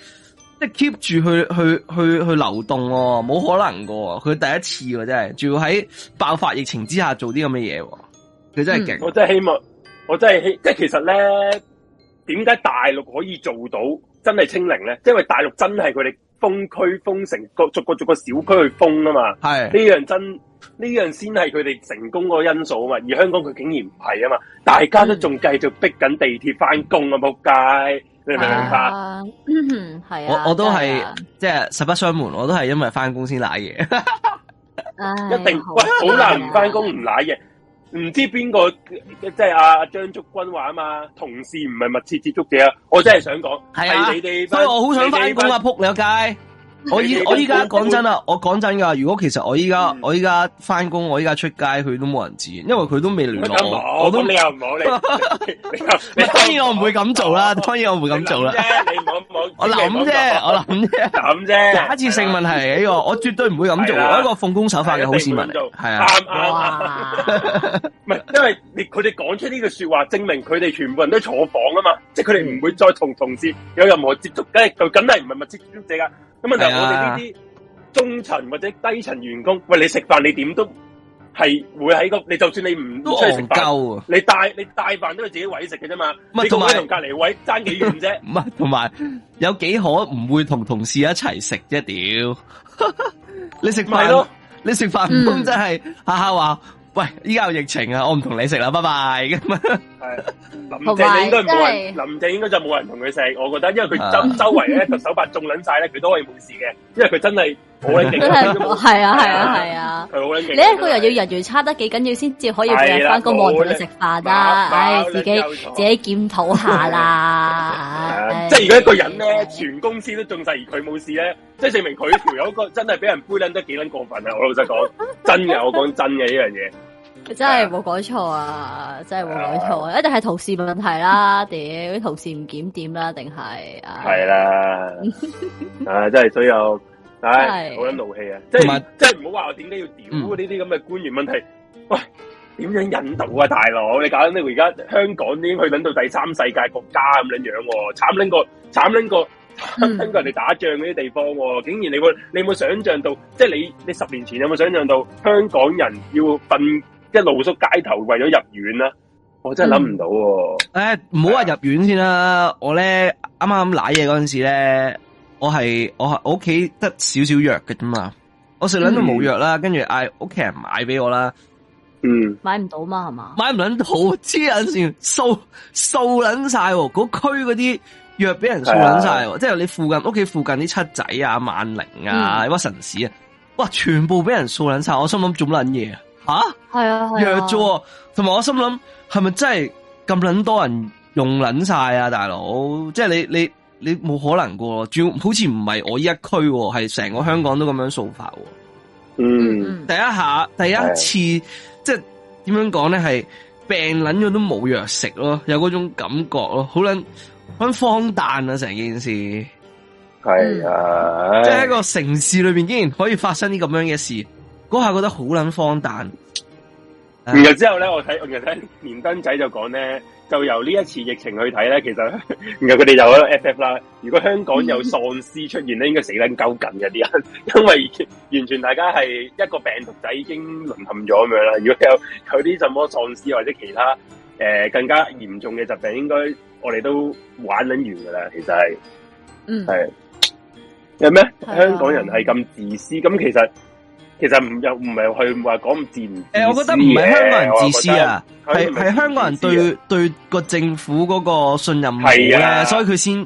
即係 keep 住去去去去，去流動、啊？冇可能噶，佢第一次噶、啊，真係仲要喺爆發疫情之下做啲咁嘅嘢，佢真係勁、啊嗯！我真係希望，我真係希望即係其實咧。點解大陸可以做到真係清零咧？因為大陸真係佢哋封區封城，各逐個逐個小區去封啊嘛。係呢樣真呢樣先係佢哋成功嗰個因素啊嘛。而香港佢竟然唔係啊嘛，大家都仲繼續逼緊地鐵翻工啊，仆、嗯、街、啊！你明唔明白？係啊、嗯、啊，我我都係即係實不相瞞，我都係、啊就是、因為翻工先瀨嘢。 哎、呀 一定、哎、喂，好難唔翻工唔瀨嘢。唔知邊個即係阿、啊、張竹君話啊嘛，同事唔係密切接觸者，我真係想講係、啊、你哋，所以我好想翻工啊，仆你個街！我依我依家講真啦，我講真噶，如果其實我依家、嗯、我依家返工，我依家出街，佢都冇人知，因為佢都未聯絡我，我都你又唔好。 當然我唔會咁做啦，當然我唔會咁做啦。你唔好唔好，我諗啫，我諗啫，諗啫。假 設性問題、呢個，我、啊、我絕對唔會咁做、啊，我一個奉公守法嘅好市民嚟，係啊，啱啱啊。唔係、啊， 因為你佢哋講出呢句說話，證明佢哋全部人都坐房啊嘛，即係佢哋唔會再同同事有任何接觸，梗係就梗係唔係密切接觸者噶。咁問題？啊、我哋呢啲中層或者低層員工，喂，你食飯你點都係會喺、那個，你就算你唔出去食飯、啊，你帶你帶飯都係自己位食嘅啫嘛。咁同埋同隔籬位爭幾遠啫？唔係同埋有幾可唔會同同事一齊食一屌，你食飯咯，你食飯真係下下話。喂，依家有疫情啊，我唔同你食啦，拜拜咁係、 啊、林鄭，應該冇人。就是、林鄭應該就冇人同佢食，我覺得，因為佢周周圍咧手法中捻晒咧，佢都可以冇事嘅。因為佢真係好捻勁，係啊係啊係啊，佢好、啊啊啊、你一個人要人緣差得幾緊要先至可以翻工望住你食飯啦唉，自己自己檢討下啦。 啊哎啊啊啊、即係如果一個人咧、啊，全公司都中晒而佢冇事咧，即係證明佢條友個真係俾人杯捻得幾捻過分啊！我老實講， 真嘅，我講真嘅呢樣嘢。 真係冇改錯啊！哎、呀真係冇改錯，一定係同事問題啦。屌，啲同事唔檢點啦，定係？係、哎、啦，真係所以唉，好撚怒氣啊！即係即係唔好話我點解、啊、要屌呢啲咁嘅官員問題，喂、嗯，點、哎、樣引導啊，大佬？你搞緊你而家香港已經去到第三世界國家咁樣樣、啊？慘拎個慘拎個慘拎人哋打仗嗰啲地方、啊嗯，竟然你會你有冇想象到？即係你你十年前有冇想象到香港人要瞓？即係露宿街頭為咗入院啦、啊，我真係諗唔到、啊。誒、嗯欸，唔好話入院先啦，我咧啱啱攋嘢嗰陣時咧，我係我係我屋企得少少藥嘅啫嘛，我食捻都冇藥啦，跟住嗌屋企人買俾我啦。嗯買，買唔到嘛係嘛？買唔捻好黐捻線，掃掃捻晒，嗰區嗰啲藥俾人掃捻晒，那那人人啊、即係你附近屋企附近啲七仔啊、萬寧啊、屈臣氏啊，哇，全部俾人掃捻晒，我心諗做乜捻嘢啊！啊，係啊，藥啫、啊，同埋、啊、我心諗係咪真係咁捻多人用捻晒啊，大佬，即、就、係、是、你你你冇可能噶，仲要好似唔係我依一區，係成個香港都咁樣做法。嗯，第一下第一次，啊、即係點樣講咧？係病捻咗都冇藥食咯，有嗰種感覺咯，好捻好荒誕啊！成件事係啊，啊，即係喺個城市裏邊竟然可以發生啲咁樣嘅事。嗰下覺得好捻荒誕，然後之後咧，我睇我睇連登仔就講咧，就由呢一次疫情去睇咧，其實然後佢哋又喺 FF 啦。如果香港有喪屍出現咧，嗯、應該死得夠緊嘅啲人，因為完全大家係一個病毒仔已經淪陷咗咁樣啦。如果有有啲什麼喪屍或者其他誒、呃、更加嚴重嘅疾病，應該我哋都玩捻完噶啦。其實係，係、嗯、有咩、啊、香港人係咁自私？咁其實。其實唔又唔係佢話講唔掂，誒、欸，我覺得唔係香港人自私啊，係係、啊、香港人對、啊、對個政府嗰個信任唔係嘅，所以佢先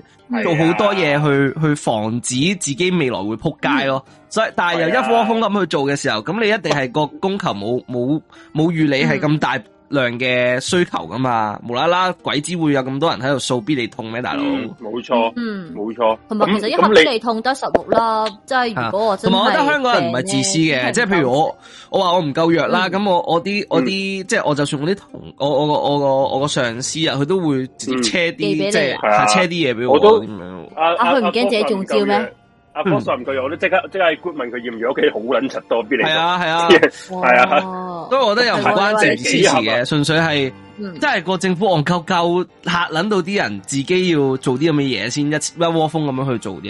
做好多嘢去、啊、去防止自己未來會撲街咯。嗯、所以但係又一窩蜂咁去做嘅時候，咁、啊、你一定係個供求冇冇冇預理係咁大。嗯量嘅需求噶嘛，無啦啦，鬼知會有咁多人喺度掃必理痛咩，大佬？冇錯，嗯，冇錯。同、嗯、埋其實一盒必、嗯、理痛得十六啦，即、嗯、係如果我真係、啊，同埋我覺得香港人唔係自私嘅，即係譬如我，我話我唔夠藥啦，咁、嗯、我我啲我啲、嗯，即係我就算我啲同我我我個我個上司啊，佢都會直接車啲即係車啲嘢俾我，我都點樣？阿阿阿唔驚自己中招咩？啊啊啊啊啊啊啊阿波話唔佢用，我都即刻即刻 group 問佢要唔要屋企，好撚柒多，畀你？係啊係啊係啊，所、啊啊、我覺得又唔關自己事嘅，純、嗯、粹係即係個政府戇鳩鳩吓，撚到啲人自己要做啲咁嘅嘢先，一窩窩蜂咁樣去做啫。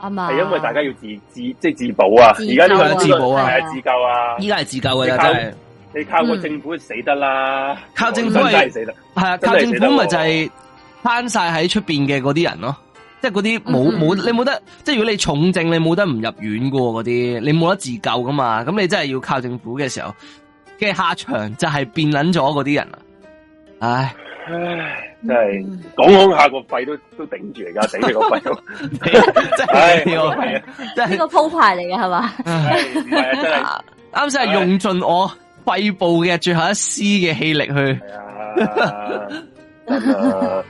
係、啊、係因為大家要自自即係自保啊，而家呢個都自保啊，係啊自救啊，依家係自救真啦、啊。你靠個、嗯、政府就死得啦，靠政府梗係死得，係啊，靠政府咪就係瞓晒喺出邊嘅嗰啲人咯、啊。即係嗰啲冇冇，你冇得，即係如果你重症，你冇得唔入院噶喎，嗰啲你冇得自救噶嘛，咁你真係要靠政府嘅時候嘅下場就係變捻咗嗰啲人啦，唉唉，真係講好下個肺都都頂住嚟噶，頂 住 真是、 哎 這個肺咯、 這個 哎，真係呢真係個鋪排嚟嘅係嘛，啱先係用盡我肺部嘅最後一絲嘅氣力去，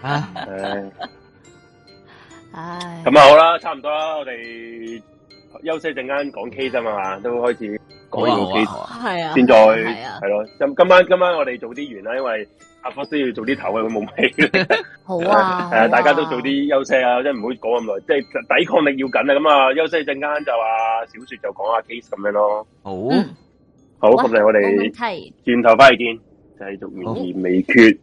哎 咁啊好啦，差唔多啦，我哋休息陣間講 case 啫嘛，都開始講呢個 case，係啊，現在係咯。咁、哦啊啊啊啊啊、今晚今晚我哋做啲完啦，因為阿福都要做啲頭啊，佢冇尾好啊，誒、啊，大家都早啲休息啊，即係唔好講咁耐，即、就、係、是、抵抗力要緊啊。咁啊，休息陣間就，說說就說啊，小說就講下 case 咁樣咯。好，好，咁嚟我哋轉頭返去見，繼續懸而未決。哦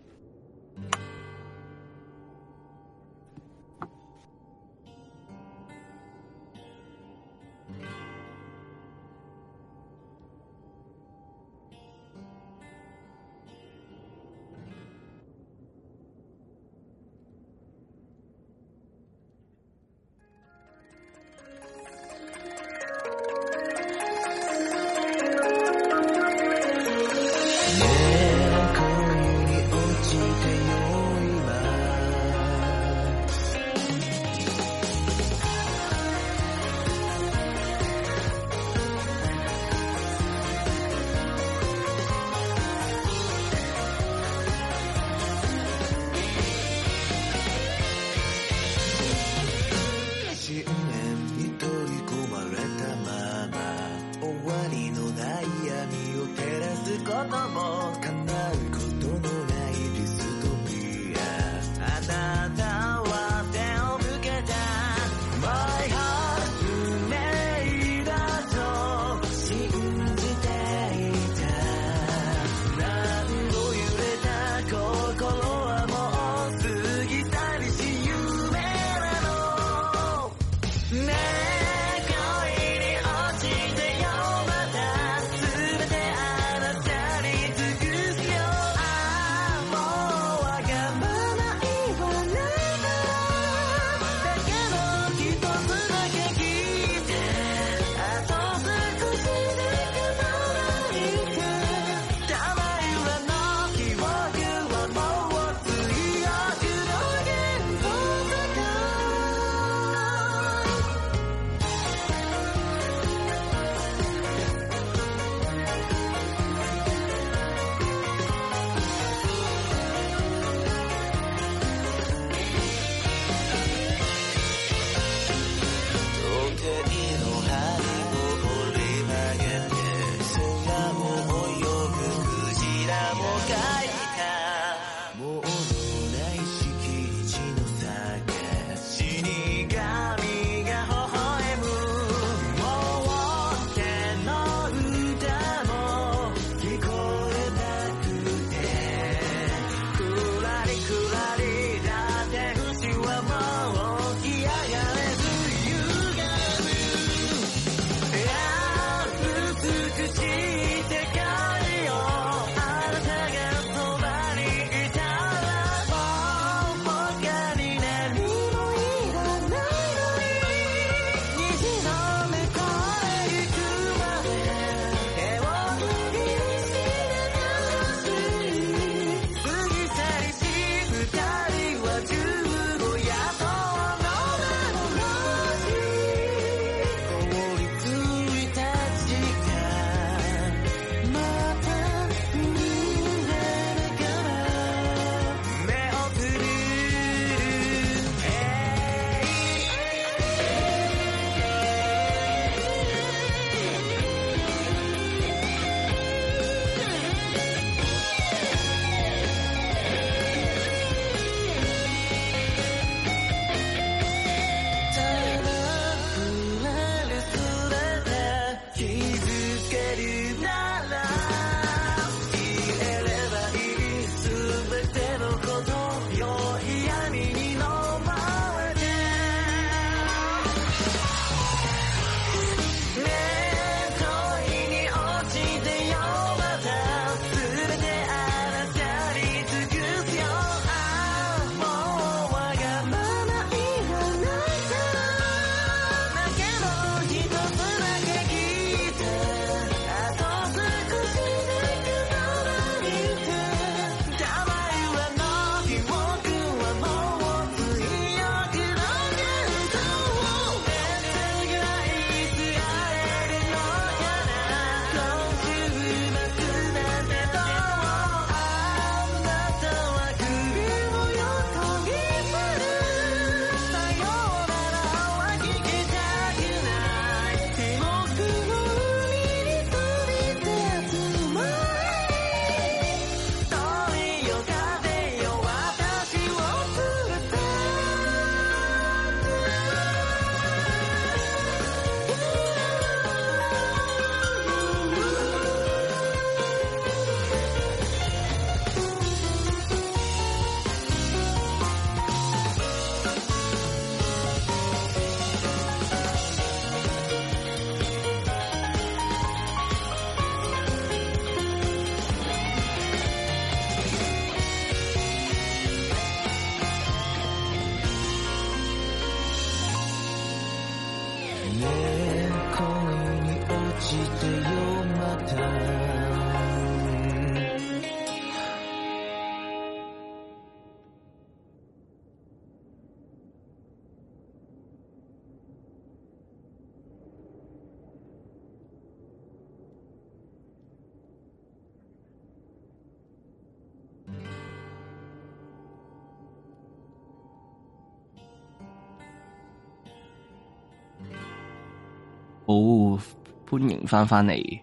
歡迎翻翻嚟，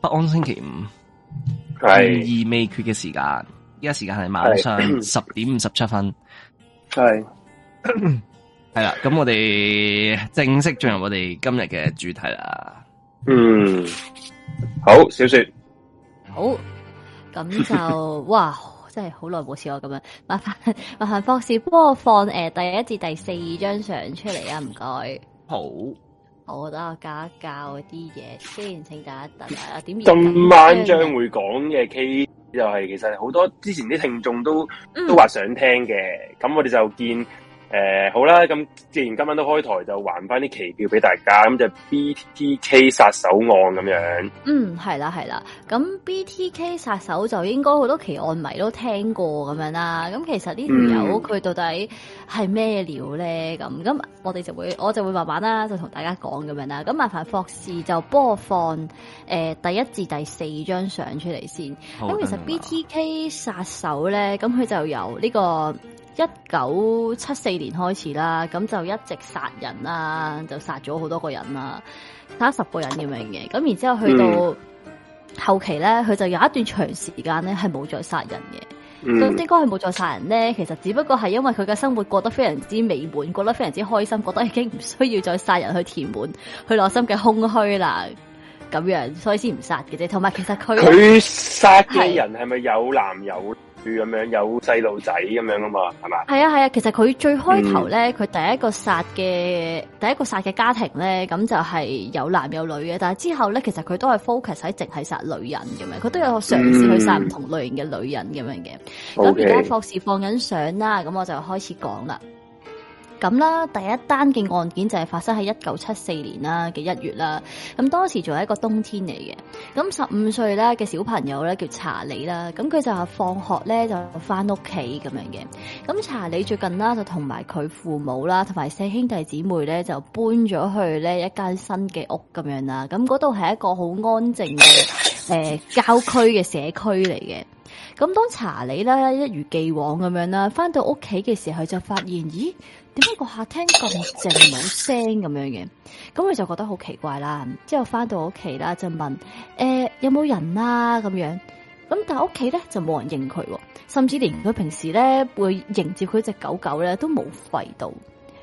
不安星期五，係，懸而未決嘅時間，依家時間係晚上十點五十七分，係係啦，咁 我哋正式進入我哋今日嘅主題啦。嗯，好，小說，好，咁就哇，真係好耐冇試過咁樣，麻煩麻煩博士幫我放誒第一至第四張相出嚟啊，唔該，好。我等我教一教嗰啲嘢，雖然請大家等啊點。今晚將會講嘅 K 就係其實好多之前啲聽眾都都話想聽嘅，咁、嗯、我哋就見。誒、呃，好啦，咁既然今晚都開台，就還翻啲期票俾大家，咁就係 BTK 殺手案咁樣。嗯，係啦，係啦，咁 BTK 殺手就應該好多奇案迷都聽過咁樣啦。咁其實呢條友佢到底係咩料咧？咁咁我哋就會，我就會慢慢啦，就同大家講咁樣啦。咁麻煩霍士就幫我放誒、呃、第一至第四張相出嚟先。咁、哦、其實 BTK 殺手咧，咁佢就有呢、這個。一九七四年開始啦，咁就一直殺人啦、啊，就殺咗好多人、啊、個人啦，殺十個人咁樣嘅。咁然之後去到後期咧，佢就有一段長時間咧係冇再殺人嘅。咁點解佢冇再殺人咧？其實只不過係因為佢嘅生活過得非常之美滿，過得非常之開心，覺得已經唔需要再殺人去填滿佢內心嘅空虛啦。咁樣所以先唔殺嘅啫。同埋其實佢佢殺嘅人係咪有男友？咁樣有細路仔咁樣啊嘛，係嘛？係啊係啊，其實佢最開頭咧，佢第一個殺嘅、嗯、第一個殺嘅家庭咧，咁就係有男有女嘅。但係之後咧，其實佢都係 focus 喺淨係殺女人咁樣，佢都有嘗試去殺唔同類型嘅女人咁樣嘅。咁而家博士放緊相啦，咁我就開始講啦。咁啦，第一單嘅案件就係發生喺一九七四年啦嘅一月啦。咁當時仲係一個冬天嚟嘅。咁十五歲咧嘅小朋友咧叫查理啦。咁佢就係放學咧就翻屋企咁樣嘅。咁查理最近啦就同埋佢父母啦同埋四兄弟姊妹咧就搬咗去咧一間新嘅屋咁樣啦。咁嗰度係一個好安靜嘅誒、 呃、郊區嘅社區嚟嘅。咁當查理咧一如既往咁樣啦，翻到屋企嘅時候，佢就發現，咦？點解個客廳咁靜冇聲咁樣嘅？咁佢就覺得好奇怪啦。之後翻到屋企啦，就問：誒、欸，有冇人啊？咁樣咁，但係屋企咧就冇人認佢，甚至連佢平時咧會迎接佢隻狗狗咧都冇吠到。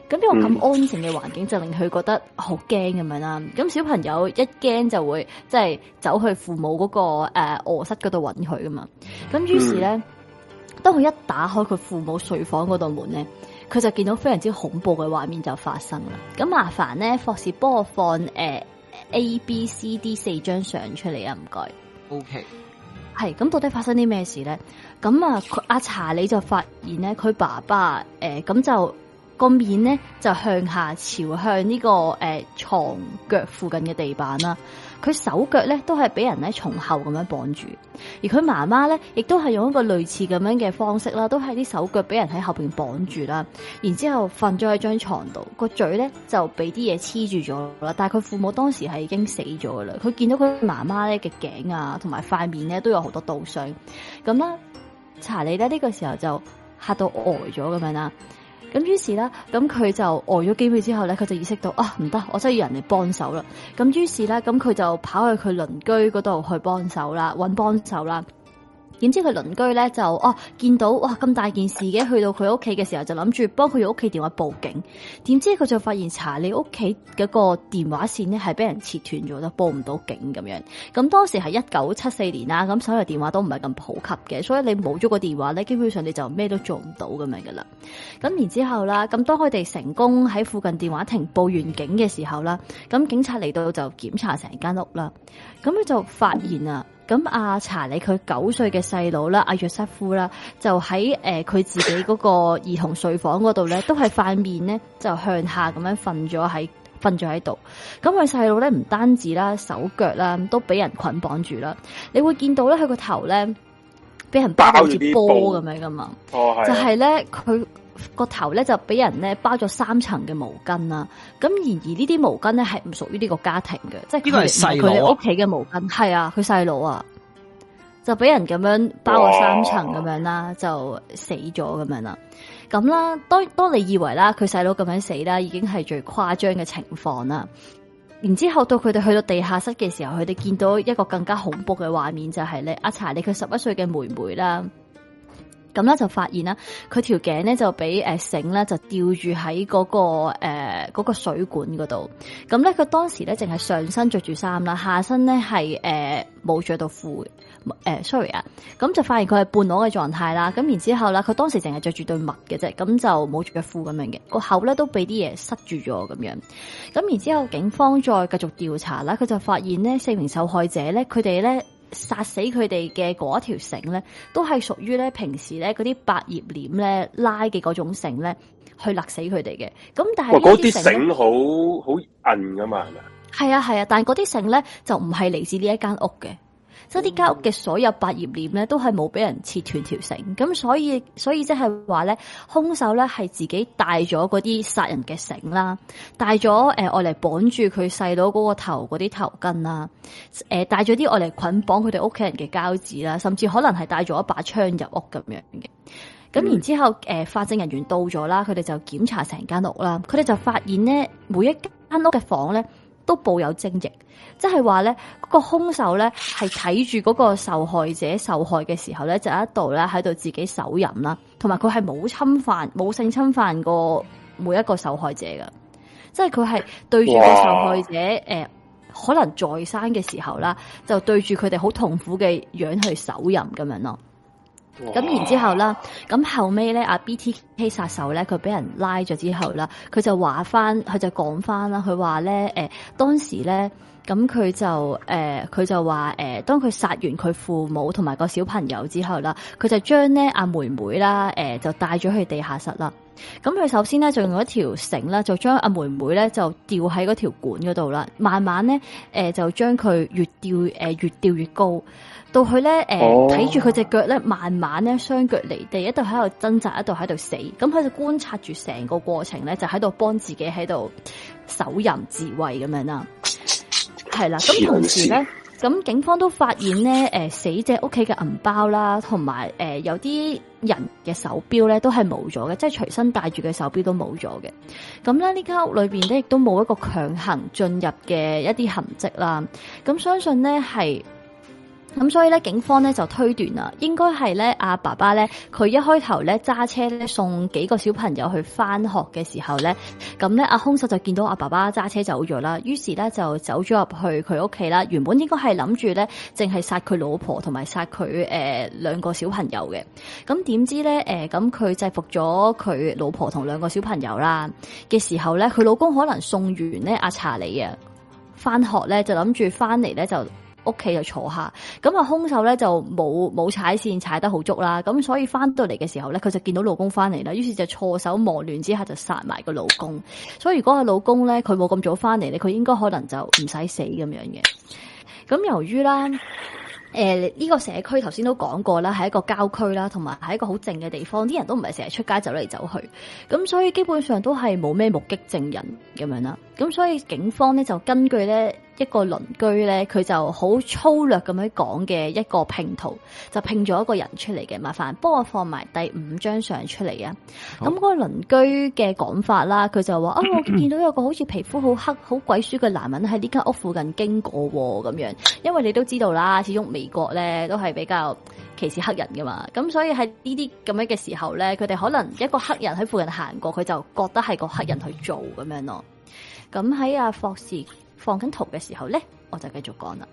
咁呢個咁安靜嘅環境就令佢覺得好驚咁樣啦。咁小朋友一驚就會即係走去父母嗰、嗰個誒臥、呃、室嗰度揾佢噶嘛。咁於是咧、嗯，當佢一打開佢父母睡房嗰道門咧。佢就見到非常之恐怖嘅畫面就發生啦，咁麻煩咧霍士幫我放誒、呃、A B, C,、B、C、okay.、D 四張相出嚟啊，唔該。O K，係咁到底發生啲咩事咧？咁啊阿查理就發現咧佢爸爸誒咁、呃、就個面咧就向下朝向呢、這個誒、呃、床腳附近嘅地板啦。佢手腳咧都係俾人喺從後咁樣綁住，而佢媽媽咧亦都係用一個類似咁樣嘅方式啦，都係啲手腳俾人喺後邊綁住啦，然之後瞓咗喺張床度，個嘴咧就俾啲嘢黐住咗啦。但係佢父母當時係已經死咗噶啦，佢見到佢媽媽咧嘅頸啊，同埋塊面咧都有好多刀傷，咁啦，查理咧呢個時候就嚇到呆咗咁樣啦。咁於是呢，咁佢就呆咗幾秒之後呢，佢就意識到啊，唔得，我真係要人嚟幫手啦！咁於是呢，咁佢就跑去佢鄰居嗰度去幫手啦，揾幫手啦。點知佢鄰居咧就哦、啊、見到哇，咁大件事嘅，去到佢屋企嘅時候就諗住幫佢屋企電話報警，點知佢就發現查你屋企嗰個電話線呢係俾人切斷咗啦，報唔到警咁樣。咁當時係一九七四年啦，咁所有電話都唔係咁普及嘅，所以你冇咗個電話咧，基本上你就咩都做唔到咁樣噶啦。咁然之後啦，咁當佢哋成功喺附近電話亭報完警嘅時候啦，咁警察嚟到就檢查成間屋啦，咁佢就發現啊。咁阿、啊、查理佢九歲嘅細佬啦，阿約瑟夫啦、啊，就喺誒佢自己嗰個兒童睡房嗰度咧，都係塊面咧就向下咁樣瞓咗喺瞓咗喺度。咁佢細佬咧唔單止啦，手腳啦都俾人捆綁住啦。你會見到咧佢個頭咧俾人包好似波咁樣噶嘛？就係咧佢。哦個頭咧就俾人咧包咗三層嘅毛巾啦，咁然而呢啲毛巾咧係唔屬於呢個家庭嘅，即係呢個係細佬屋企嘅毛巾，係啊，佢細佬啊，就俾人咁樣包咗三層咁樣啦，就死咗咁樣啦，咁啦，當當你以為啦佢細佬咁樣死啦，已經係最誇張嘅情況啦，然之後到佢哋去到地下室嘅時候，佢哋見到一個更加恐怖嘅畫面就係咧阿茶，你佢十一歲嘅妹妹啦。咁咧就發現啦，佢條頸咧就俾誒繩咧就吊住喺嗰個誒嗰個水管嗰度。咁咧佢當時咧淨係上身着住衫啦，下身咧係誒冇着到褲誒，sorry 啊。咁就發現佢係半裸嘅狀態啦。咁然之後啦，佢當時淨係着住對襪嘅啫，咁就冇着對褲咁樣嘅。個口咧都俾啲嘢塞住咗咁樣。咁然之後，警方再繼續調查啦，佢就發現呢四名受害者咧，佢哋咧。殺死佢哋嘅嗰一條繩咧，都係屬於咧平時咧嗰啲百葉簾咧拉嘅嗰種繩咧，去勒死佢哋嘅。咁但係嗰啲繩好好韌噶嘛，係咪？係啊，係啊，但係嗰啲繩咧就唔係嚟自呢一間屋嘅。即係呢間屋嘅所有百葉簾咧，都係冇俾人切斷條繩，咁所以所以即係話咧，兇手咧係自己帶咗嗰啲殺人嘅繩啦，帶咗誒用嚟綁住佢細佬嗰個頭嗰啲頭巾啦，誒帶咗啲用嚟捆綁佢哋屋企人嘅膠紙啦，甚至可能係帶咗一把槍入屋咁樣嘅。咁然之後誒、呃、法證人員到咗啦，佢哋就檢查成間屋啦，佢哋就發現咧每一間屋嘅房咧，都抱有精液，即係話咧，嗰、嗰個兇手咧係睇住嗰個受害者受害嘅時候咧，就喺度咧喺度自己手淫啦，同埋佢係冇侵犯冇性侵犯過每一個受害者㗎，即係佢係對住個受害者誒、呃，可能在生嘅時候啦，就對住佢哋好痛苦嘅樣去手淫咁樣咯。咁然之後啦，咁後尾咧，阿 BTK 殺手咧，佢俾人拉咗之後啦，佢就話翻，佢就講翻啦，佢話咧，當時咧，咁、嗯、佢就誒佢、呃、就話誒、呃，當佢殺完佢父母同埋個小朋友之後啦，佢就將咧阿妹妹啦，誒、呃、就帶咗去地下室啦。咁、嗯、佢首先咧就用一條繩啦，就將阿、啊、妹妹咧就吊喺嗰條管嗰度啦，慢慢咧、呃、就將佢越吊、呃、越吊越高。到佢咧，誒睇住佢隻腳咧，慢慢咧雙腳離地，一度喺度掙扎，一度喺度死，咁佢就觀察住成個過程咧，就喺度幫自己喺度手淫自慰咁樣啦。係 啦，咁同時咧，咁警方都發現咧，誒、呃、死者屋企嘅銀包啦，同埋誒有啲、呃、人嘅手錶咧都係冇咗嘅，即係隨身帶住嘅手錶都冇咗嘅。咁咧呢間屋裏邊咧亦都冇一個強行進入嘅一啲痕跡啦。咁相信咧係。咁所以咧，警方咧就推斷啦，應該係咧阿爸爸咧，佢一開頭咧揸車咧送幾個小朋友去翻學嘅時候咧，咁咧阿兇手就見到阿、啊、爸爸揸車走咗啦，於是咧就走咗入去佢屋企啦。原本應該係諗住咧，淨係殺佢老婆同埋殺佢誒兩個小朋友嘅。咁點知咧誒，咁、呃、佢制服咗佢老婆同兩個小朋友啦嘅時候咧，佢老公可能送完咧阿查理啊翻學咧，就諗住翻嚟咧就。屋企就坐下，咁啊，兇手咧就冇冇踩線踩得好足啦，咁所以翻到嚟嘅時候咧，佢就見到老公翻嚟啦，於是就錯手忙亂之下就殺埋個老公。所以如果個老公咧，佢冇咁早翻嚟咧，佢應該可能就唔使死咁樣嘅。咁由於啦，誒呢個社區頭先都講過啦，係一個郊區啦，同埋係一個好靜嘅地方，啲人都唔係成日出街走嚟走去，咁所以基本上都係冇咩目擊證人咁樣啦。咁所以警方咧就根據咧。一個鄰居咧，佢就好粗略咁樣講嘅一個拼圖，就拼咗一個人出嚟嘅。麻煩幫我放埋第五張相出嚟啊！咁個個鄰居嘅講法啦，佢就話啊、哦，我見到有個好似皮膚好黑、好鬼鼠嘅男人喺呢間屋附近經過咁、啊、樣。因為你都知道啦，始終美國咧都係比較歧視黑人噶嘛，咁所以喺呢啲咁樣嘅時候咧，佢哋可能一個黑人喺附近行過，佢就覺得係個黑人去做咁樣咯。咁喺阿霍士。放緊圖嘅時候咧，我就繼續講啦。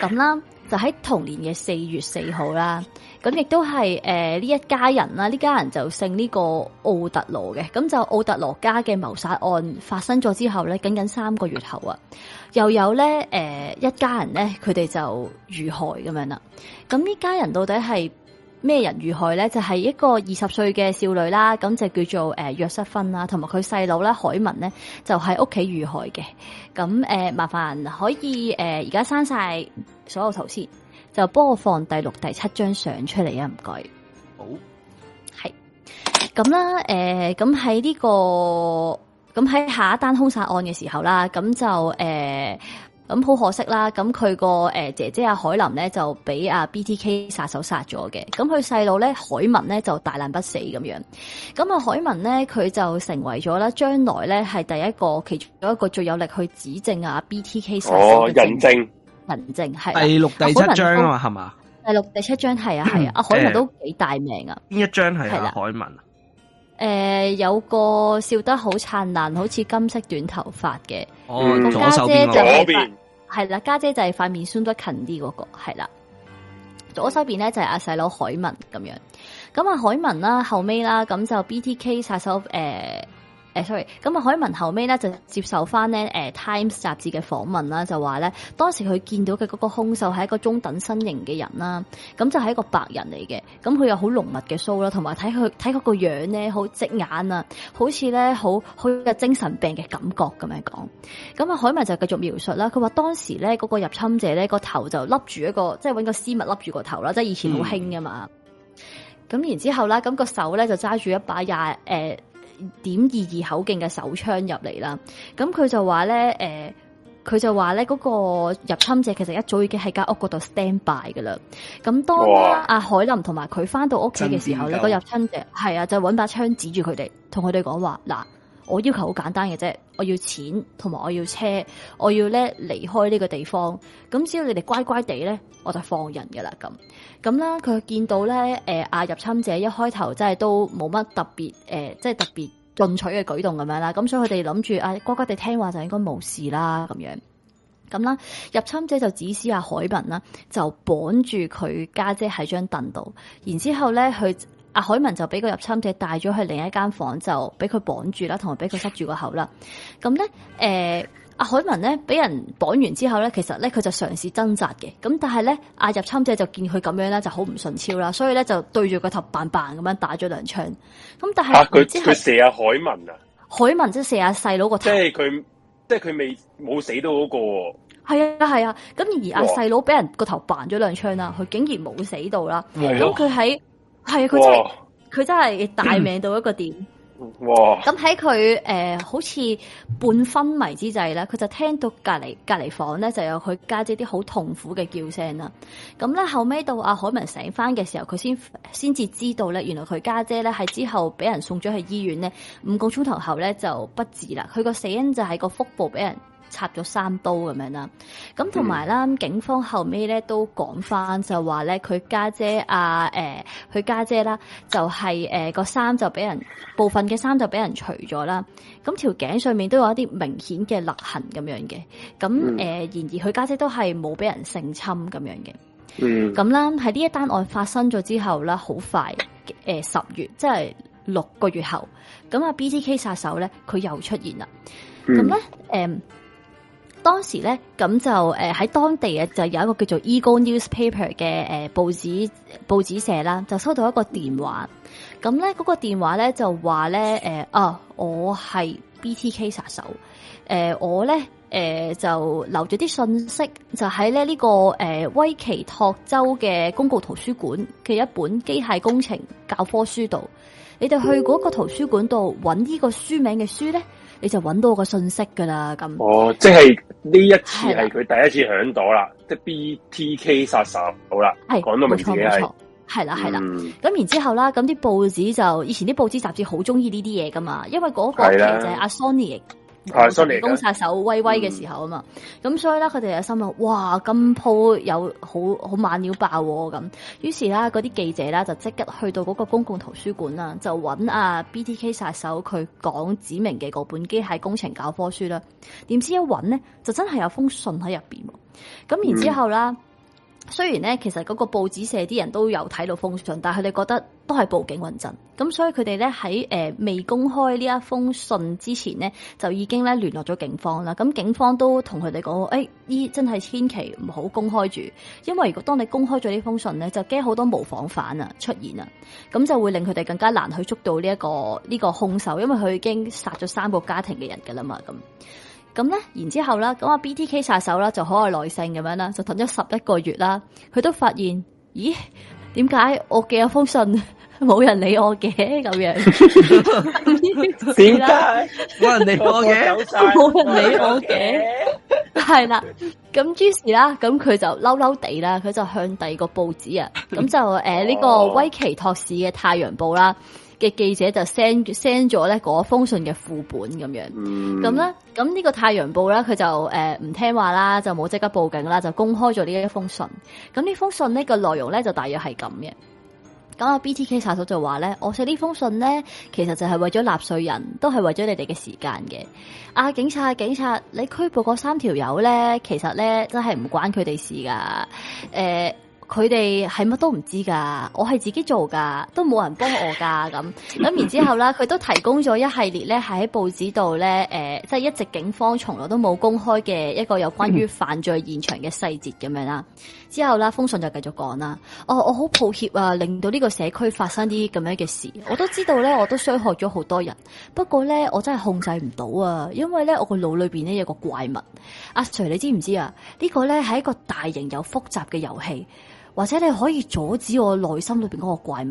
咁啦，就喺同年嘅四月四號啦，咁亦都係誒呢一家人啦，呢家人就姓呢個奧特羅嘅。咁就奧特羅家嘅謀殺案發生咗之後咧，僅僅三個月後啊，又有咧誒、呃、一家人咧，佢哋就遇害咁樣啦。咁呢家人到底係？咩人遇害咧？就係、是、一個二十歲嘅少女啦，咁就叫做誒、呃、約瑟芬啦，同埋佢細佬咧海文咧，就喺屋企遇害嘅。咁誒、呃、麻煩可以誒而家刪晒所有頭先，就幫我放第六、第七張相出嚟啊！唔該。好係咁啦，誒咁喺呢個咁喺下一單兇殺案嘅時候啦，咁就誒。呃咁好可惜啦，咁佢個誒姐姐阿海琳咧就俾阿 BTK 殺手殺咗嘅，咁佢細佬咧海文咧就大難不死咁樣，咁啊海文咧佢就成為咗啦，將來咧係第一個其中一個最有力去指證啊 BTK 殺手嘅證，、哦、證，人證係第六第七章啊嘛係嘛？第六第七章係啊係啊，阿海文都幾大名啊！邊一章係阿海文？誒、呃，有個笑得好燦爛，好似金色短頭髮嘅，哦、家姐就係，係啦，家姐就係塊面算得近啲嗰、那個，係啦，左手邊咧就係阿細佬海文咁樣，咁阿海文啦後尾啦咁就 BTK 殺手誒。呃 Sorry，咁啊，海文後尾咧就接受翻咧、eh,《Times》雜誌嘅訪問啦，就話咧當時佢見到嘅嗰個兇手係一個中等身形嘅人啦，咁就係一個白人嚟嘅，咁佢又好濃密嘅鬚啦，同埋睇佢睇佢個樣咧，好直眼啊，好似咧好好有精神病嘅感覺咁樣講。咁啊，海文就繼續描述啦，佢話當時咧嗰、嗰個入侵者咧、嗰個頭就笠住一個，即係搵個絲襪笠住個頭啦，即係以前好興㗎嘛。咁、嗯、然之後呢，咁、嗰個手咧就揸住一把廿點二二口徑嘅手槍入嚟啦，咁佢就話咧，誒、呃，佢就話咧，嗰、那個入侵者其實一早已經喺間屋嗰度 stand by 噶啦，咁當阿、啊、海琳同埋佢翻到屋企嘅時候咧，個入侵者係啊就揾把槍指住佢哋，同佢哋講話嗱。我要求好簡單嘅啫，我要錢同埋我要車，我要咧離開呢個地方。咁只要你哋乖乖地咧，我就放人噶啦咁。咁啦，佢見到咧，誒、呃、啊入侵者一開頭真係都冇乜特別誒，即、呃、係特別進取嘅舉動咁樣啦。咁所以佢哋諗住啊乖乖哋聽話就應該冇事啦咁樣。咁啦，入侵者就指使阿、啊、海文啦，就綁住佢家姐喺張凳度，然之後咧佢。阿海文就俾個入侵者帶咗去另一間房，就俾佢綁住啦，同埋俾佢塞住個口啦。咁咧，誒、呃，阿海文咧俾人綁完之後咧，其實咧佢就嘗試掙扎嘅。咁但係咧，阿入侵者就見佢咁樣啦，就好唔順超啦，所以咧就對住個頭扮扮咁樣打咗兩槍。咁但係，佢、啊、佢射阿海文啊！海文即係射阿細佬個頭，即係佢，即係佢未冇死到嗰個、哦。係啊係啊，咁、啊、而阿細佬俾人個頭扮咗兩槍啦，佢竟然冇死到啦。咁佢喺。嗯係啊，佢真係，佢真係大命到一個點，哇。咁喺佢誒，好似半昏迷之際，咧，佢就聽到隔離隔離房咧就有佢家姐啲好痛苦嘅叫聲啦。咁咧後尾到阿、啊、海文醒翻嘅時候，佢先先至知道咧，原來佢家姐咧係之後俾人送咗去醫院咧，五個鐘頭後咧就不治啦。佢個死因就係個腹部俾人。插咗三刀咁樣啦，咁同埋啦，警方後尾咧都講翻就話咧，佢家姐啊，誒、呃，佢家姐啦，就係誒個衫，就俾人部分嘅衫就俾人除咗啦，咁條頸上面都有一啲明顯嘅勒痕咁樣嘅，咁誒、嗯呃，然而佢家姐都係冇俾人性侵咁樣嘅，咁、嗯、啦，喺呢一單案發生咗之後啦，好快誒呃、十月，即係六個月後，咁啊 BTK 殺手咧，佢又出現啦，咁咧誒。當時咧，咁就誒喺、呃、當地啊，就有一個叫做 Ego《Eagle、呃、Newspaper》嘅誒報紙報紙社啦，就收到一個電話。咁咧，嗰、那個電話咧就話咧，誒、呃、啊，我係 BTK 殺手。誒、呃，我咧誒、呃、就留咗啲信息，就喺咧呢、這個誒、呃、威奇托州嘅公共圖書館嘅一本機械工程教科書度。你哋去嗰個圖書館度揾呢個書名嘅書咧。你就揾到個信息噶啦，咁哦，即係呢一次係佢第一次響到啦，即係 BTK 殺手，好啦，講到明，係啦係啦，咁、嗯、然後之後啦，咁啲報紙就以前啲報紙雜誌好中意呢啲嘢噶嘛，因為嗰個就係阿 Sony。人工殺手威威嘅時候啊嘛，咁、嗯、所以咧，佢哋有心諗，哇，咁鋪有好好猛料爆喎咁，於是咧，嗰啲記者咧就即刻去到嗰個公共圖書館啦、啊，就揾阿 BTK 殺手佢講指明嘅嗰本機械工程教科書啦，點知一揾咧，就真係有封信喺入邊，咁然之後啦。嗯雖然咧，其實嗰個報紙社啲人都有睇到封信，但係佢哋覺得都係報警穩陣，咁所以佢哋咧喺誒未公開呢一封信之前咧，就已經咧聯絡咗警方啦。咁警方都同佢哋講，誒、哎、呢真係千祈唔好公開住，因為如果當你公開咗呢封信咧，就驚好多模仿犯啊出現啊，咁就會令佢哋更加難去捉到呢、這、一個呢、這個凶手，因為佢已經殺咗三個家庭嘅人噶啦嘛咁。咁咧，然之後啦，咁啊 B T K 殺手啦，就好有耐性咁樣啦，就等咗十一個月啦，佢都發現，咦，點解我寄咗封信冇人理我嘅咁樣？點解冇人理我嘅？冇人理我嘅，係 啦。咁 g 朱 i 啦，咁佢就嬲嬲地啦，佢就向第二個報紙啊，咁就誒呢、呃哦這個威奇托市嘅太陽報啦。嘅記者就 send send 咗咧嗰封信嘅副本咁樣，咁咧咁呢個太陽報咧佢就誒唔、呃、聽話啦，就冇即刻報警啦，就公開咗呢一封信。咁呢，呢封信呢個內容咧就大約係咁嘅。咁啊 BTK 殺手就話咧，我寫呢封信咧，其實就係為咗納稅人，都係為咗你哋嘅時間嘅。啊警察警察，你拘捕嗰三條友咧，其實咧真係唔關佢哋事噶。誒、呃。佢哋係乜都唔知噶，我係自己做噶，都冇人幫我噶咁。咁然後之後咧，佢都提供咗一系列咧，係喺報紙度咧，誒、呃，即、就、係、是、一直警方從來都冇公開嘅一個有關於犯罪現場嘅細節咁樣啦。之後啦，封信就繼續講啦，哦。我我好抱歉啊，令到呢個社區發生啲咁樣嘅事。我都知道咧，我都傷害咗好多人。不過咧，我真係控制唔到啊，因為咧，我個腦裏邊咧有一個怪物。阿、啊、Sir，你知唔知啊？這個、呢個咧係一個大型又複雜嘅遊戲。或者你可以阻止我內心裏邊嗰個怪物，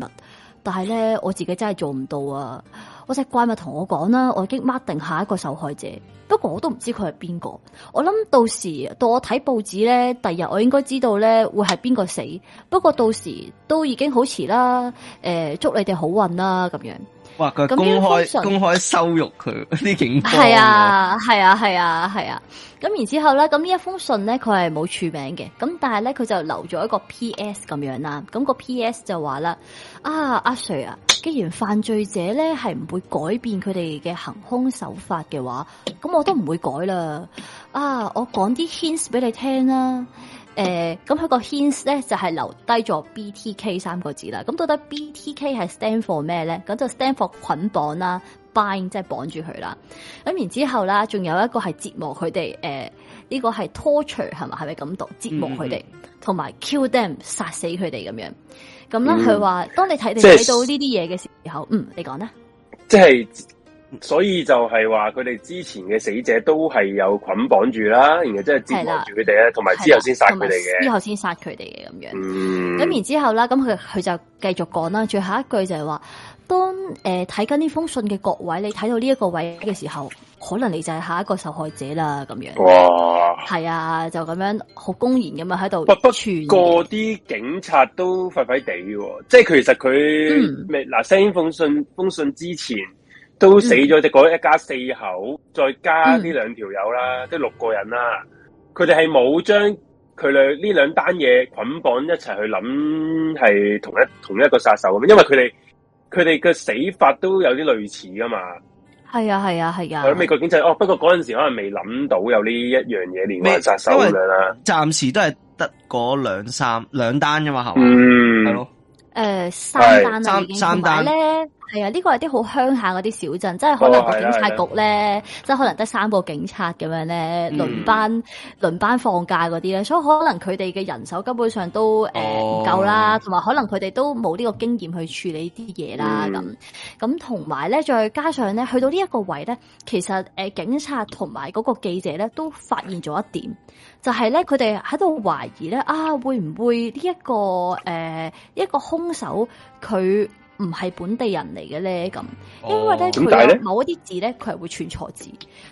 但係咧我自己真係做唔到啊！我隻怪物同我講啦，我已經 mark 定下一個受害者，不過我都唔知佢係邊個。我諗到時到我睇報紙咧，第日我應該知道咧會係邊個死。不過到時都已經好遲啦，誒、呃，祝你哋好運啦，咁樣。哇！佢公開公開羞辱佢，啲警方啊！係 啊，係啊，係啊，係啊！咁然之後咧，咁呢一封信咧，佢係冇署名嘅。咁但係咧，佢就留咗一個 P.S. 咁樣啦。咁、那個 P.S. 就話啦：啊，阿、啊、Sir 啊，既然犯罪者咧係唔會改變佢哋嘅行凶手法嘅話，咁我都唔會改啦。啊，我講啲 hints 俾你聽啦。誒、呃，咁佢個 hints 咧，就係、是、留低咗 BTK 三個字啦。咁到底 BTK 係 stand for 咩咧？咁就 stand for 捆綁啦，bind 即係綁住佢啦。咁然之後啦，仲有一個係折磨佢哋。誒、呃、呢、這個係 torture 係咪？係咪咁讀，折磨佢哋，同埋 kill them 殺死佢哋咁樣。咁咧，佢話，當你睇睇到呢啲嘢嘅時候，嗯，就是、嗯，你講啦。即、就、係、是。所以就係話佢哋之前嘅死者都係有捆綁住啦，然後即係折磨住佢哋同埋之後先殺佢哋嘅，之後先殺佢哋嘅咁樣。咁、嗯、然後之後啦，咁佢佢就繼續講啦。最後一句就係話，當誒睇緊呢封信嘅各位，你睇到呢一個位嘅時候，可能你就係下一個受害者啦。咁樣哇，係啊，就咁樣好公然咁樣喺度。不過啲警察都廢廢地喎，即係其實佢咪嗱 send 封信封信之前。都死咗只嗰一家四口，嗯、再加呢兩條友啦，都六個人啦。佢哋係冇將佢哋呢兩單嘢，捆綁一齊去諗係同一同一個殺手咁，因為佢哋佢哋嘅死法都有啲類似噶嘛。係啊，係啊，係啊！喺、啊啊啊、美國警察、嗯、哦，不過嗰陣時可能未諗到有呢一樣嘢連環殺手咁樣啦。暫時都係得嗰兩三兩單啫嘛，係嘛，係、嗯、咯。誒、呃、三單啦，已經同埋咧，係啊，呢、這個係啲好鄉下嗰啲小鎮，即、哦、係可能個警察局咧，即係可能得三個警察咁樣咧輪、嗯、班，輪班放假嗰啲咧，所以可能佢哋嘅人手根本上都誒唔夠啦，同埋可能佢哋都冇呢個經驗去處理啲嘢啦咁，咁同埋咧，再加上咧，去到呢一個位咧，其實誒、呃、警察同埋嗰個記者咧都發現咗一點。就係咧，佢哋喺度懷疑咧，啊，會唔會呢一個誒一個凶手佢，唔係本地人嚟嘅咧，咁、oh, 因為咧佢係某一啲字咧，佢係會串錯字。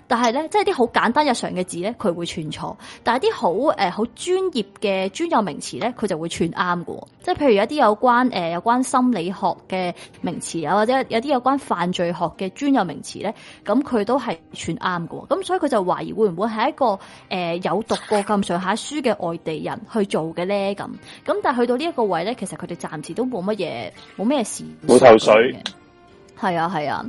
但係咧，即係啲好簡單日常嘅字咧，佢會串錯。但係啲好誒好專業嘅專有名詞咧，佢就會串啱嘅。即係譬如一啲有關誒、呃、有關心理學嘅名詞，啊，或者有啲有關犯罪學嘅專有名詞咧，咁佢都係串啱嘅。咁所以佢就懷疑會唔會係一個誒、呃、有讀過咁上下書嘅外地人去做嘅咧？咁咁但係去到呢一個位咧，其實佢哋暫時都冇乜嘢，冇咩事。冇頭緒，係啊係啊，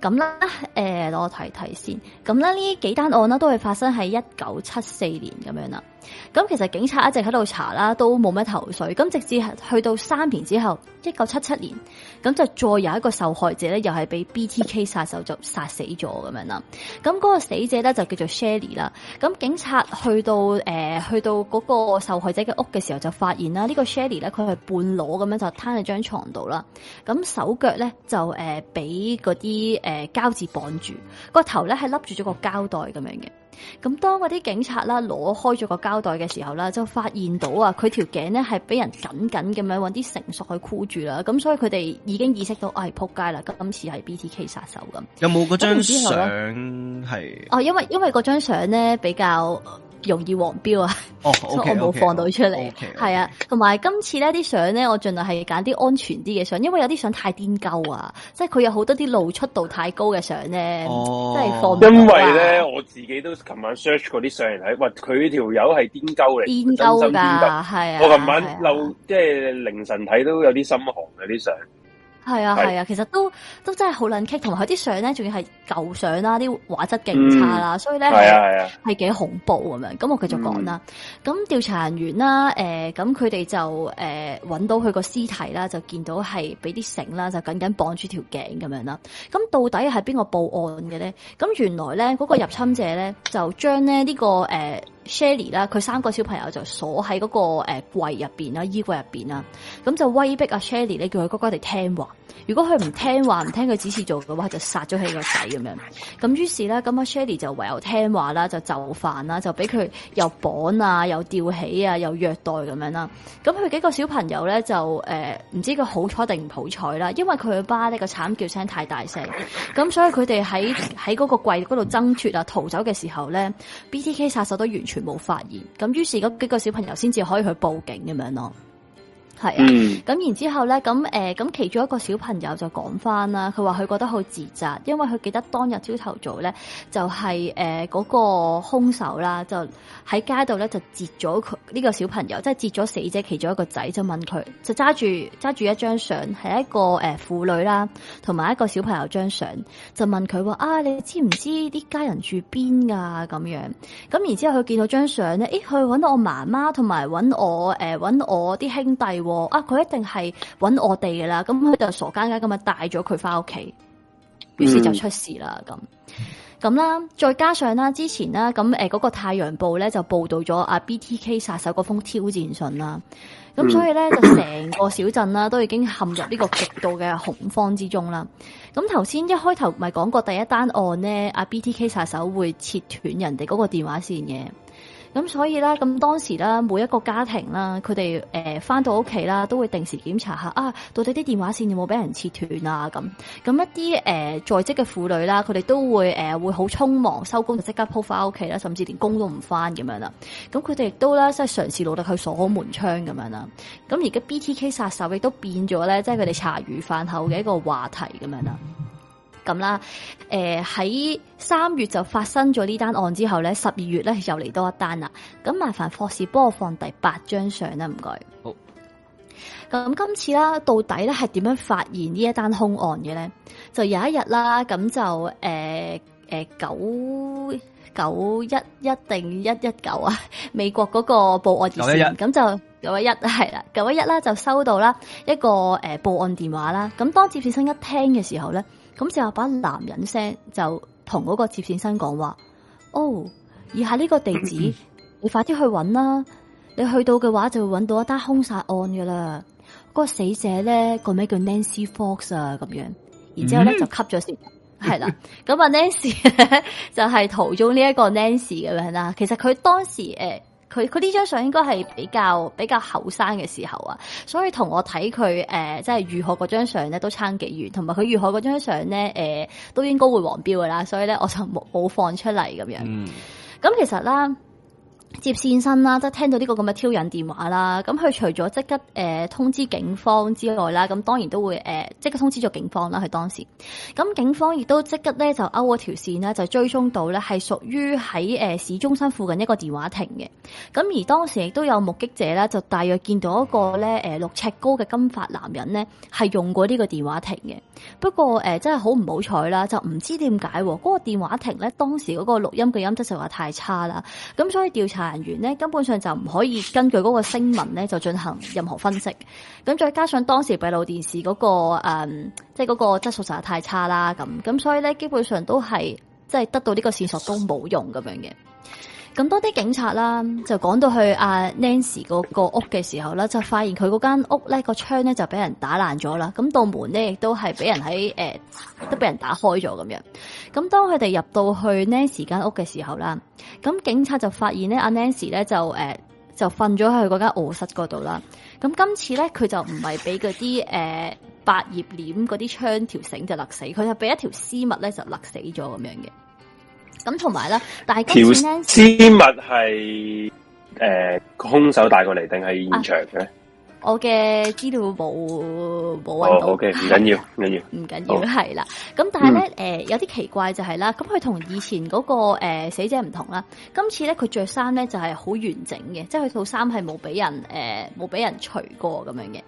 咁啦，啊，誒、啊，呢呃、我睇睇先，咁啦，呢幾單案啦，都係發生喺一九七四年咁樣啦。咁其實警察一直喺度查啦，都冇咩頭緒。咁直至去到三年之後，一九七七年，咁就再有一個受害者咧，又係被 BTK 殺手就殺死咗咁樣啦。咁、那、嗰個死者咧就叫做 Shirley 啦。咁警察去到誒、呃、去到嗰個受害者嘅屋嘅時候，就發現啦、這個、呢個 Shirley 咧，佢係半裸咁樣就攤喺張床度啦。咁手腳咧就誒俾嗰啲誒膠紙綁住，咁個頭咧係笠住咗個膠袋咁樣嘅。咁當嗰啲警察啦攞開咗個膠袋嘅時候啦，就發現到啊，佢條頸咧係俾人緊緊咁樣搵啲繩索去箍住啦，咁所以佢哋已經意識到，啊係扑街啦，今次係 BTK 殺手咁。有冇嗰張相係？哦，因為因為嗰張相咧比較。容易黃標啊，所以我冇放到出嚟。係 啊樂，同埋 今次呢啲相咧，我盡量係揀啲安全啲嘅相，因為有啲相太癲鳩啊，即係佢有好多啲露出度太高嘅相咧，真、oh. 係放唔到。因為咧，我自己都琴晚 search 嗰啲相嚟睇，喂，佢條友係癲鳩嚟，癲鳩噶，係啊。我琴晚漏、啊，即係凌晨睇都有啲心寒啊啲相。係啊，係啊，啊，其實都都真係好撚激，同埋佢啲相咧，仲要係舊相啦，啲畫質勁差啦，嗯，所以咧係啊係啊，係幾恐怖咁樣。咁，嗯，我繼續講啦。咁，嗯，調查人員啦，誒，呃，咁佢哋就誒揾，呃，到佢個屍體啦，就見到係俾啲繩啦，就緊緊綁住條頸咁樣啦。咁到底係邊個報案嘅咧？咁原來咧嗰，那個入侵者咧就將咧呢個誒。呃 Shelly 啦，佢三個小朋友就鎖喺嗰個誒櫃入邊啦，衣櫃入邊啦，咁就威逼阿 Shelly 咧，叫佢乖乖哋聽話。如果佢唔聽話唔聽佢指示做嘅話，就殺咗佢個仔咁樣。咁於是咧，咁阿 Shady 就唯有聽話啦，就就範啦，就俾佢又綁啊，又吊起啊，又虐待咁樣啦。咁佢幾個小朋友咧就誒，唔知佢好彩定唔好彩啦。因為佢阿爸呢個慘叫聲太大聲，咁所以佢哋喺喺嗰個櫃嗰度掙脫啊逃走嘅時候咧，BTK 殺手都完全冇發現。咁於是嗰幾個小朋友先至可以去報警咁樣咯。係啊，咁、嗯、然之後咧，咁誒咁其中一個小朋友就講翻啦，佢話佢覺得好自責，因為佢記得當日朝頭早咧，就係誒嗰個兇手啦，就喺街度咧就截咗佢呢個小朋友，即係截咗死者其中一個仔，就問佢，就揸住揸住一張相，係一個誒婦女啦，同埋一個小朋友張相，就問佢話啊，你知唔知啲家人住邊噶咁樣？咁然之後佢見到張相咧，誒佢揾到我媽媽同埋揾我誒揾我啲兄弟喎。啊！佢一定係揾我哋噶啦，咁佢就傻更更咁啊帶咗佢翻屋企，於是就出事啦咁。咁啦，再加上啦，之前啦，咁誒嗰個太陽報咧就報道咗阿 BTK 殺手嗰封挑戰信啦，咁所以咧就成個小鎮啦 都已經陷入呢個極度嘅恐慌之中啦。咁頭先一開頭咪講過第一單案咧，阿、啊、BTK 殺手會切斷人哋嗰個電話線嘅。咁所以咧，咁當時咧，每一個家庭啦，佢哋誒翻到屋企啦，都會定時檢查下啊，到底啲電話線有冇俾人切斷啊？咁咁一啲誒、呃、在職嘅婦女啦，佢哋都會誒、呃、會好匆忙收工就即刻鋪翻屋企啦，甚至連工都唔翻咁樣啦。咁佢哋亦都咧，即係嘗試努力去鎖好門窗咁樣啦。咁而家 BTK 殺手亦都變咗咧，即係佢哋茶餘飯後嘅一個話題咁樣啦。咁啦，誒喺三月就發生咗呢單案之後咧，十二月咧又嚟多一單啦。咁麻煩霍士幫我放第八張相啦，唔該。好。咁今次啦，到底咧係點樣發現空呢一單凶案嘅咧？就有一日啦，咁就誒誒九九一一定一一九啊，美國嗰個報案熱線。咁就九一一係啦，九一一啦就收到啦一個誒、呃、報案電話啦。咁當接線生一聽嘅時候咧。咁就話把男人聲就同嗰個接線生講話，哦，以下呢個地址，你快啲去揾啦。你去到嘅話就會揾到一單凶殺案㗎啦。嗰、嗰個死者咧個名叫 Nancy Fox 啊，咁樣。然之後咧就吸咗線係啦。咁啊 Nancy 呢 就係途中呢一個 Nancy 咁樣啦。其實佢當時誒。佢佢呢張相應該係比較比較後生嘅時候啊，所以同我睇佢誒即係預考嗰張相咧都差幾遠，同埋佢預考嗰張相咧誒都應該會黃標㗎喇，所以咧我就冇冇放出嚟咁樣。咁、嗯、其實啦。接線生啦，即、就、係、是、聽到呢個咁嘅挑釁電話啦，咁佢除咗即刻、呃、通知警方之外啦，咁當然都會即、呃、刻通知咗警方啦。佢當時，咁警方亦都即刻咧就勾咗條線呢，就追蹤到咧係屬於喺、呃、市中心附近一個電話亭嘅。咁而當時亦都有目擊者咧，就大約見到一個咧、呃、六尺高嘅金髮男人咧，係用過呢個電話亭嘅。不過、呃、真係好唔好彩啦，就唔知點解嗰個電話亭咧，當時嗰個錄音嘅音質就話太差啦，咁所以調查。人員咧，根本上就唔可以根據嗰個聲紋咧，就進行任何分析。咁再加上當時閉路電視嗰個誒，即係嗰個質素實在太差啦。咁咁，所以咧，基本上都係即係得到呢個線索都冇用咁樣嘅。咁多啲警察啦，就趕到去阿、啊、Nancy 嗰個屋嘅時候咧，就發現佢嗰間屋咧、嗰個窗咧就俾人打爛咗啦。咁道門咧亦、呃、都係俾人喺誒都俾人打開咗咁樣。咁當佢哋入到去 Nancy 間屋嘅時候啦，咁警察就發現咧阿、啊、Nancy 咧就、呃、就瞓咗去嗰間臥室嗰度啦。咁今次咧佢就唔係俾嗰啲誒百葉簾嗰啲窗條繩就勒死，佢就俾一條絲襪咧就勒死咗咁樣嘅。咁同埋咧，但係今次咧，絲物係誒凶手帶過嚟定係現場嘅、啊？我嘅資料冇冇揾到 O K，唔緊要，唔緊要，唔緊要，係、okay, 啦。咁、哦、但係咧，誒、嗯呃、有啲奇怪就係、是、啦。咁佢同以前嗰、那個誒、呃、死者唔同啦。今次咧，佢着衫咧就係、是、好完整嘅，即係佢套衫係冇俾人誒冇俾人除過咁樣嘅。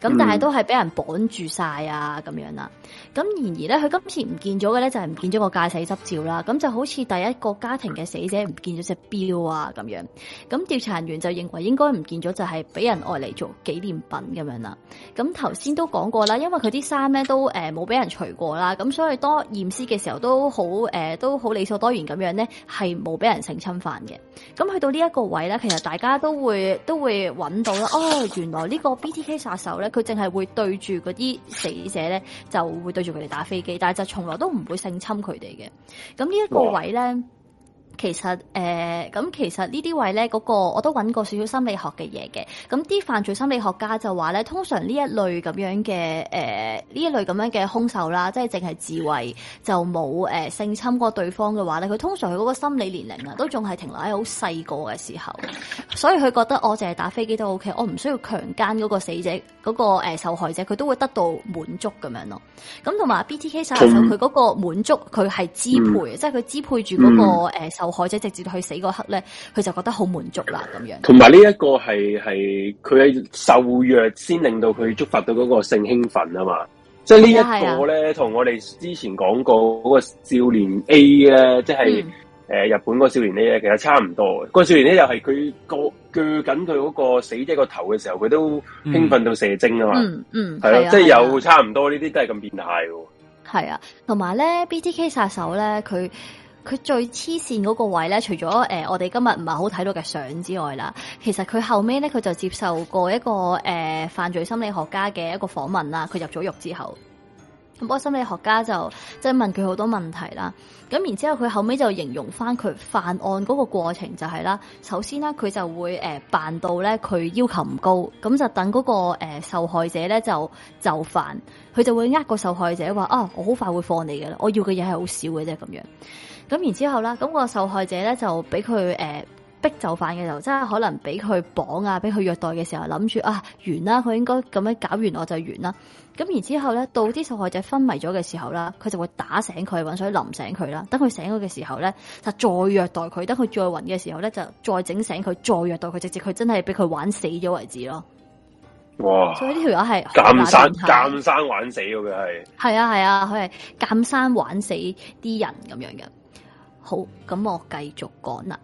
咁、嗯、但係都係俾人綁住曬啊咁樣啦。咁然而咧，佢今次唔見咗嘅咧就係、是、唔見咗個駕駛執照啦。咁就好似第一個家庭嘅死者唔見咗隻錶啊咁樣。咁調查人員就認為應該唔見咗就係、是、俾人愛嚟做紀念品咁樣啦。咁頭先都講過啦，因為佢啲衫咧都誒冇俾人除過啦，咁所以當驗屍嘅時候都好誒、呃、都好理所當然咁樣咧，係冇俾人性侵犯嘅。咁去到呢一個位咧，其實大家都會都會揾到啦。哦，原來呢個 BTK 殺手咧～佢淨係會對住嗰啲死者咧，就會對住佢哋打飛機，但係就從來都唔會性侵佢哋嘅。咁呢一個位咧。其實誒，咁、呃嗯、其實呢啲位咧，嗰、那個我都揾過少少心理學嘅嘢嘅。咁啲犯罪心理學家就話咧，通常呢一類咁樣嘅誒、呢、呃、一類咁樣嘅凶手啦，即係淨係自衛，就冇誒、呃、性侵過對方嘅話咧，佢通常佢嗰個心理年齡啊，都仲係停留喺好細個嘅時候。所以佢覺得、哦、我淨係打飛機都 O、OK, K，我唔需要強姦嗰個死者嗰、那個誒、呃、受害者，佢都會得到滿足咁樣咯。咁同埋 BTK 殺手佢嗰個滿足佢係支配，即係佢支配住嗰個誒受。嗯嗯害者直接去死嗰刻咧，佢就覺得好滿足啦，咁樣。同埋呢一個係係佢受虐先令到佢觸發到嗰個性興奮啊嘛，即係呢一個咧，同、啊、我哋之前講過嗰個少年 A 咧，即係誒日本嗰、那個少年 A 咧，其實差唔多嘅。個少年 A 又係佢割鋸緊佢嗰個死者個頭嘅時候，佢都興奮到射精啊嘛，嗯，係、嗯、咯，即、嗯、係、啊就是、有差唔多呢啲都係咁變態嘅。係啊，同埋咧 BTK 殺手咧，佢。佢最黐線嗰個位咧，除咗誒、呃，我哋今日唔係好睇到嘅相之外啦，其實佢後尾咧，佢就接受過一個誒、呃、犯罪心理學家嘅一個訪問啦。佢入咗獄之後，咁個心理學家就即係、就是、問佢好多問題啦。咁然之後佢後尾就形容翻佢犯案嗰個過程就係啦，首先咧佢就會誒扮、呃、到咧佢要求唔高，咁就等嗰、那個誒、呃、受害者咧就就犯，佢就會呃個受害者話啊，我好快會放你嘅啦，我要嘅嘢係好少嘅啫，咁樣。咁然之後咧，咁個受害者咧就俾佢誒逼就範嘅時候，即係可能俾佢綁啊，俾佢虐待嘅時候，諗住啊完啦，佢應該咁樣搞完我就完啦。咁然之後咧，到啲受害者昏迷咗嘅時候啦，佢就會打醒佢，搵水淋醒佢啦。等佢醒咗嘅時候咧，就再虐待佢。等佢再暈嘅時候咧，就再整醒佢，再虐待佢，直至佢真係俾佢玩死咗為止咯。哇！所以呢條友係監生監生玩死嘅係係啊係啊，佢係監生玩死啲人咁樣嘅。好，咁我繼續講啦。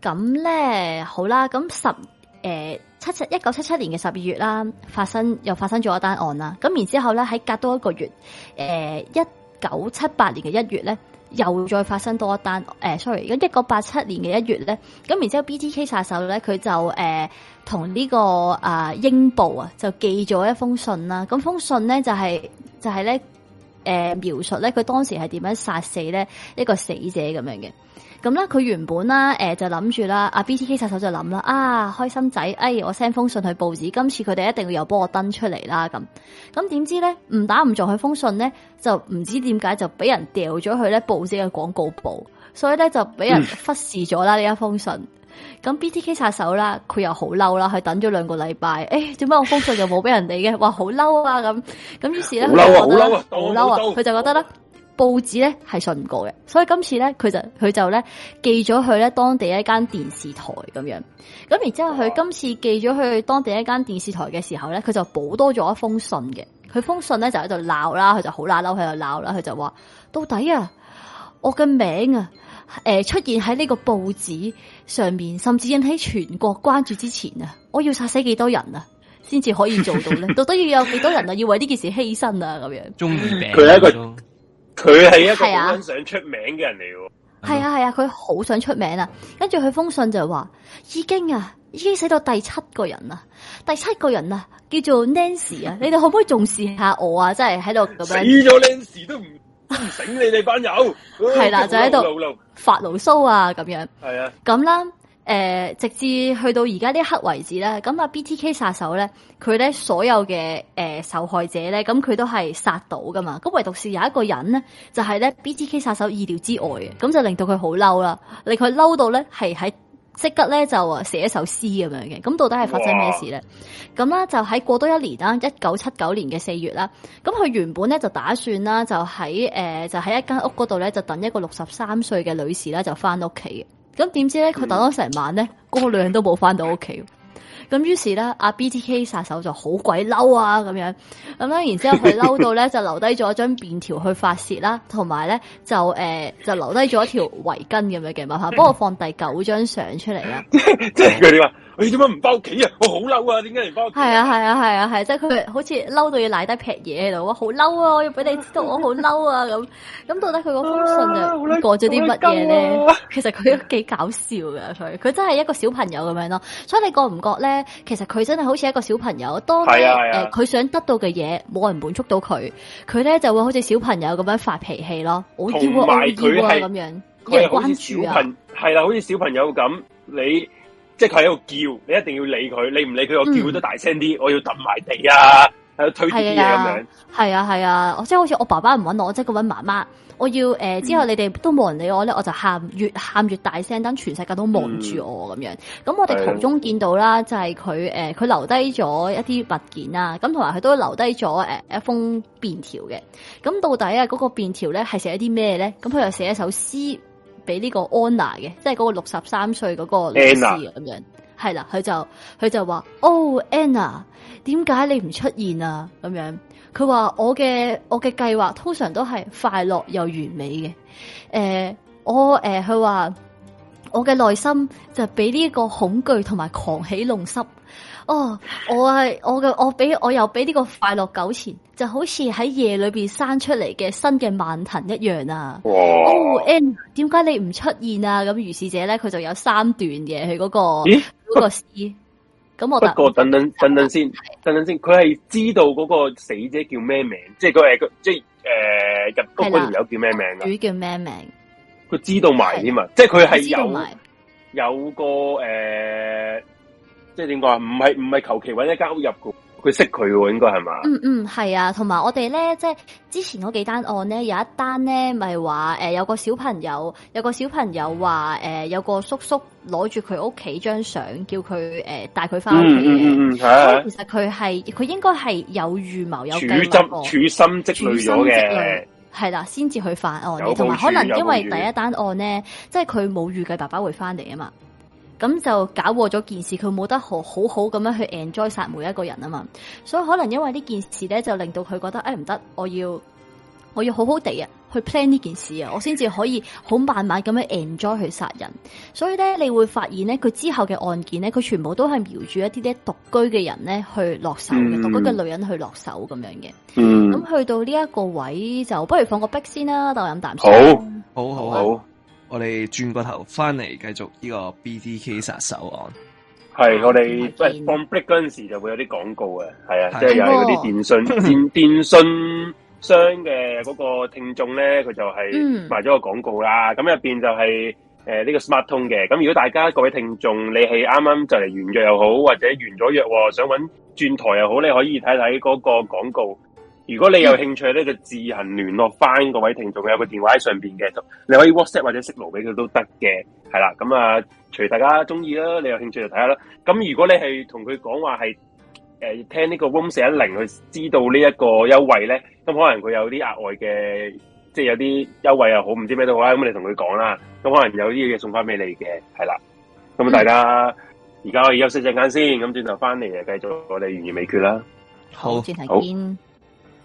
咁咧，好啦，咁十誒、呃、七七一九七七年嘅十二月啦，發生又發生咗一單案啦。咁然之後咧，喺隔多一個月，誒、呃、一九七八年嘅一月咧，又再發生多一單。誒、呃、，sorry，咁一九八七年嘅一月咧，咁然之後 BTK 殺手咧，佢就誒同呢個、呃、英報啊，就寄咗一封信啦。咁封信咧就係、是、就係、是、咧。誒、呃，描述咧佢當時係點樣殺死咧一個死者咁樣嘅，咁咧佢原本啦，誒、呃、就諗住啦，阿、啊、BTK 殺手就諗啦，啊開心仔，哎我 send 封信去報紙，今次佢哋一定要又幫我登出嚟啦，咁，咁點知咧唔打唔撞佢封信咧，就唔知點解就俾人掉咗去咧報紙嘅廣告部，所以咧就俾人忽視咗啦呢一封信。嗯咁 BTK 殺手啦，佢又好嬲啦，佢等咗兩個禮拜，誒、欸，做咩我封信又冇俾人哋嘅？ 哇，好嬲啊！咁咁於是咧，嬲啊，好啊，好嬲啊，佢就覺得咧、啊啊，報紙咧係信唔過嘅，所以今次咧，佢就佢就咧寄咗去咧當地一間電視台咁樣。咁然之後，佢今次寄咗去當地一間電視台嘅時候咧，佢就補多咗一封信嘅。佢封信咧就喺度鬧啦，佢就好啦嬲喺度鬧啦，佢就話到底啊，我嘅名啊！誒、呃，出現喺呢個報紙上面，甚至引起全國關注之前啊，我要殺死幾多人啊，先至可以做到咧？ 到底要有幾多人啊，要為呢件事犧牲啊？咁樣，中意佢係一個，佢係一個很想出名嘅人嚟嘅，係啊係啊，佢好、啊啊啊、想出名啊。跟住佢封信就話，已經啊，已經死到第七個人啦，第七個人啊，叫做 Nancy 啊，你哋可唔可以重視下我啊？真係喺度咁樣死咗 Nancy 都唔。唔 醒你哋班友，係 啦、啊，就喺度發牢騷啊，咁樣。係啊，咁啦，誒、呃，直至去到而家呢一刻為止咧，咁啊，BTK 殺手咧，佢咧所有嘅誒、呃、受害者咧，咁佢都係殺到噶嘛，咁唯獨是有一個人咧，就係、是、咧 BTK 殺手意料之外嘅，咁就令到佢好嬲啦，令佢嬲到咧係喺。即刻咧就寫一首詩咁樣嘅。咁到底係發生咩事咧？咁咧就喺過多一年啦，一九七九年嘅四月啦，咁佢原本咧就打算啦、呃，就喺誒就喺一間屋嗰度咧就等一個六十三歲嘅女士咧就翻屋企嘅，咁點知咧佢等咗成晚咧，嗯嗰個女人都冇翻到屋企。咁於是咧，阿 BTK 殺手就好鬼嬲啊！咁樣咁啦，然之後佢嬲到咧，就留低咗張便條去發泄啦，同埋咧就誒、呃、就留低咗一條圍巾咁樣嘅物品。幫我放第九張相出嚟啦。即係佢點啊？你點解唔返屋企啊？我好嬲啊！點解唔返屋企？係啊係啊係啊係、啊啊！即係佢好似嬲到要賴低劈嘢喺度，我好嬲啊！我要俾你知道我好嬲啊！咁 咁到底佢嗰封信就、 啊、過咗啲乜嘢咧？ 其實佢都幾搞笑噶，佢佢真係一個小朋友咁樣咯。所以你覺唔覺咧？其實佢真係好似一個小朋友，當佢、啊呃、想得到嘅嘢冇人滿足到佢，佢咧就會好似小朋友咁樣發脾氣咯。同埋佢係咁樣，係好似小朋友，係啦、啊啊，好似小朋友咁你。即佢喺度叫，你一定要理佢，理唔理佢我、嗯、叫得大聲啲，我要揼埋地啊，喺度推啲嘢咁樣，係啊係啊，即係好似我爸爸唔搵我，即係佢搵媽媽，我要誒，呃嗯、之後你哋都冇人理我咧，我就喊，越喊越大聲，等全世界都望住我咁樣。咁、嗯嗯、我哋途中見到啦，就係佢誒，佢、呃、留低咗一啲物件啊，咁同埋佢都留低咗誒一封便條嘅。咁到底啊，嗰、嗰個便條咧係寫啲咩咧？咁佢又寫一首詩。俾呢個安娜嘅，即係嗰個六十三歲嗰個女士咁樣，係啦，佢就佢就話，哦，Anna 點解你唔出現啊？咁樣，佢話我嘅我嘅計劃通常都係快樂又完美嘅，誒、呃，我誒、佢、呃、話我嘅內心就俾呢個恐懼同埋狂喜弄濕。哦、oh, 啊，我係我嘅，我俾我又俾呢個快樂糾纏，就好似喺夜裏邊生出嚟嘅新嘅曼騰一樣啊！哦，N，點解你唔出現啊？咁如是者咧，佢就有三段嘢。佢、那、嗰個嗰、嗰個詩。咁我不過等等等等先，等等先，佢係知道嗰個死者叫咩名？即係佢誒，即係誒入屋嗰條友叫咩名？啊？佢叫咩名？佢知道埋添啊！即係佢係有有個誒。呃即係點講啊？唔係唔係求其搵一間屋入佢識佢喎，應該係嘛？嗯嗯，係啊，同埋我哋咧，即係之前嗰幾單案咧，有一單咧，咪話誒有個小朋友，有個小朋友話誒、欸、有個叔叔攞住佢屋企張相，叫佢誒帶佢翻屋嗯嗯，嗯，嗯看看，所以其實佢係佢應該係有預謀、有計劃、處心積慮、處心積慮咗嘅。係、嗯、啦，先至、啊、去犯案。同埋可能因為第一單案咧，即係佢冇預計爸爸會翻嚟啊嘛。咁就搞過咗件事，佢冇得好好好咁樣去 enjoy 殺每一個人啊嘛，所以可能因為呢件事咧，就令到佢覺得誒唔得，我要我要好好地啊去 plan 呢件事啊，我先至可以好慢慢咁樣 enjoy 去殺人。所以咧，你會發現咧，佢之後嘅案件咧，佢全部都係瞄住一啲咧獨居嘅人咧去落手嘅，獨、嗯、居嘅女人去落手咁樣嘅。咁、嗯、去到呢一個位，就不如放個 break 先啦，等我飲啖水。好，好好好。好好我哋轉個頭翻嚟繼續呢個 B D K 殺手案，係我哋即係放 break 嗰陣時就會有啲廣告啊，係啊，即係嗰啲電信、 電電訊商嘅嗰個聽眾咧，佢就係賣咗個廣告啦。咁入邊就係誒呢個 Smart 通嘅。咁如果大家各位聽眾你係啱啱就嚟完約又好，或者完咗約想揾轉台又好，你可以睇睇嗰個廣告。如果你有興趣咧，就自行聯絡翻各位聽眾，仲有個電話喺上邊嘅，你可以 WhatsApp 或者 Signal 俾佢都得嘅，係啦。咁啊，隨大家中意啦。你有興趣就睇下啦。咁如果你係同佢講話係誒、呃、聽呢個 room 四一零去知道呢一個優惠咧，咁可能佢有啲額外嘅，即、就、係、是、有啲優惠又好，唔知咩都好啦。咁你同佢講啦，咁可能有啲嘢送翻俾你嘅，係啦。咁大家而家、嗯、可以休息陣間先，咁轉頭翻嚟誒，繼續我哋懸而未決啦。好，轉頭見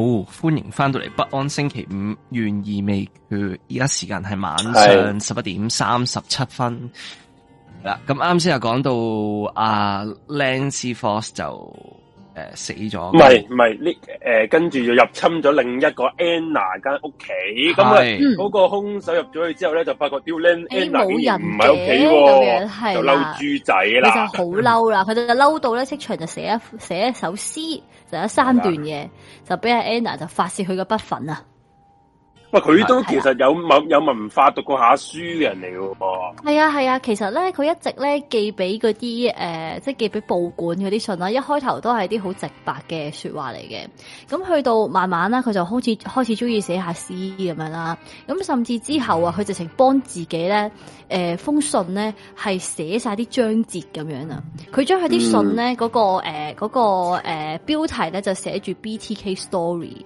好、哦，歡迎翻到嚟北安星期五，願意未決？佢而家時間係晚上十一點三十七分。嗱，咁啱先又講到阿 Lance Force 就誒死咗，唔係唔係呢？誒，跟住就入侵咗另一個 Anna 間屋企，咁啊，嗰、那個凶手入咗去之後咧，就發覺丟 Lance、欸、Anna 竟然唔喺屋企喎，就嬲豬仔啦，佢就好嬲啦，佢 就嬲到咧，即場就寫一寫一首詩。就有三段嘢就俾阿 Anna 就發泄佢嘅不忿啊！喂，佢都其實有文有文化，讀過下書嘅人嚟嘅噃，係啊，係啊，其實咧佢一直咧寄俾嗰啲誒，即係寄俾報館嗰啲信啦。一開頭都係啲好直白嘅說話嚟嘅。咁去到慢慢啦，佢就好似開始開始中意寫下詩咁樣啦。咁甚至之後啊，佢直情幫自己咧，誒、呃、封信咧係寫晒啲章節咁樣啦。佢將佢啲信咧嗰、嗯那個誒嗰、呃那個誒、呃、標題咧就寫住 B T K story。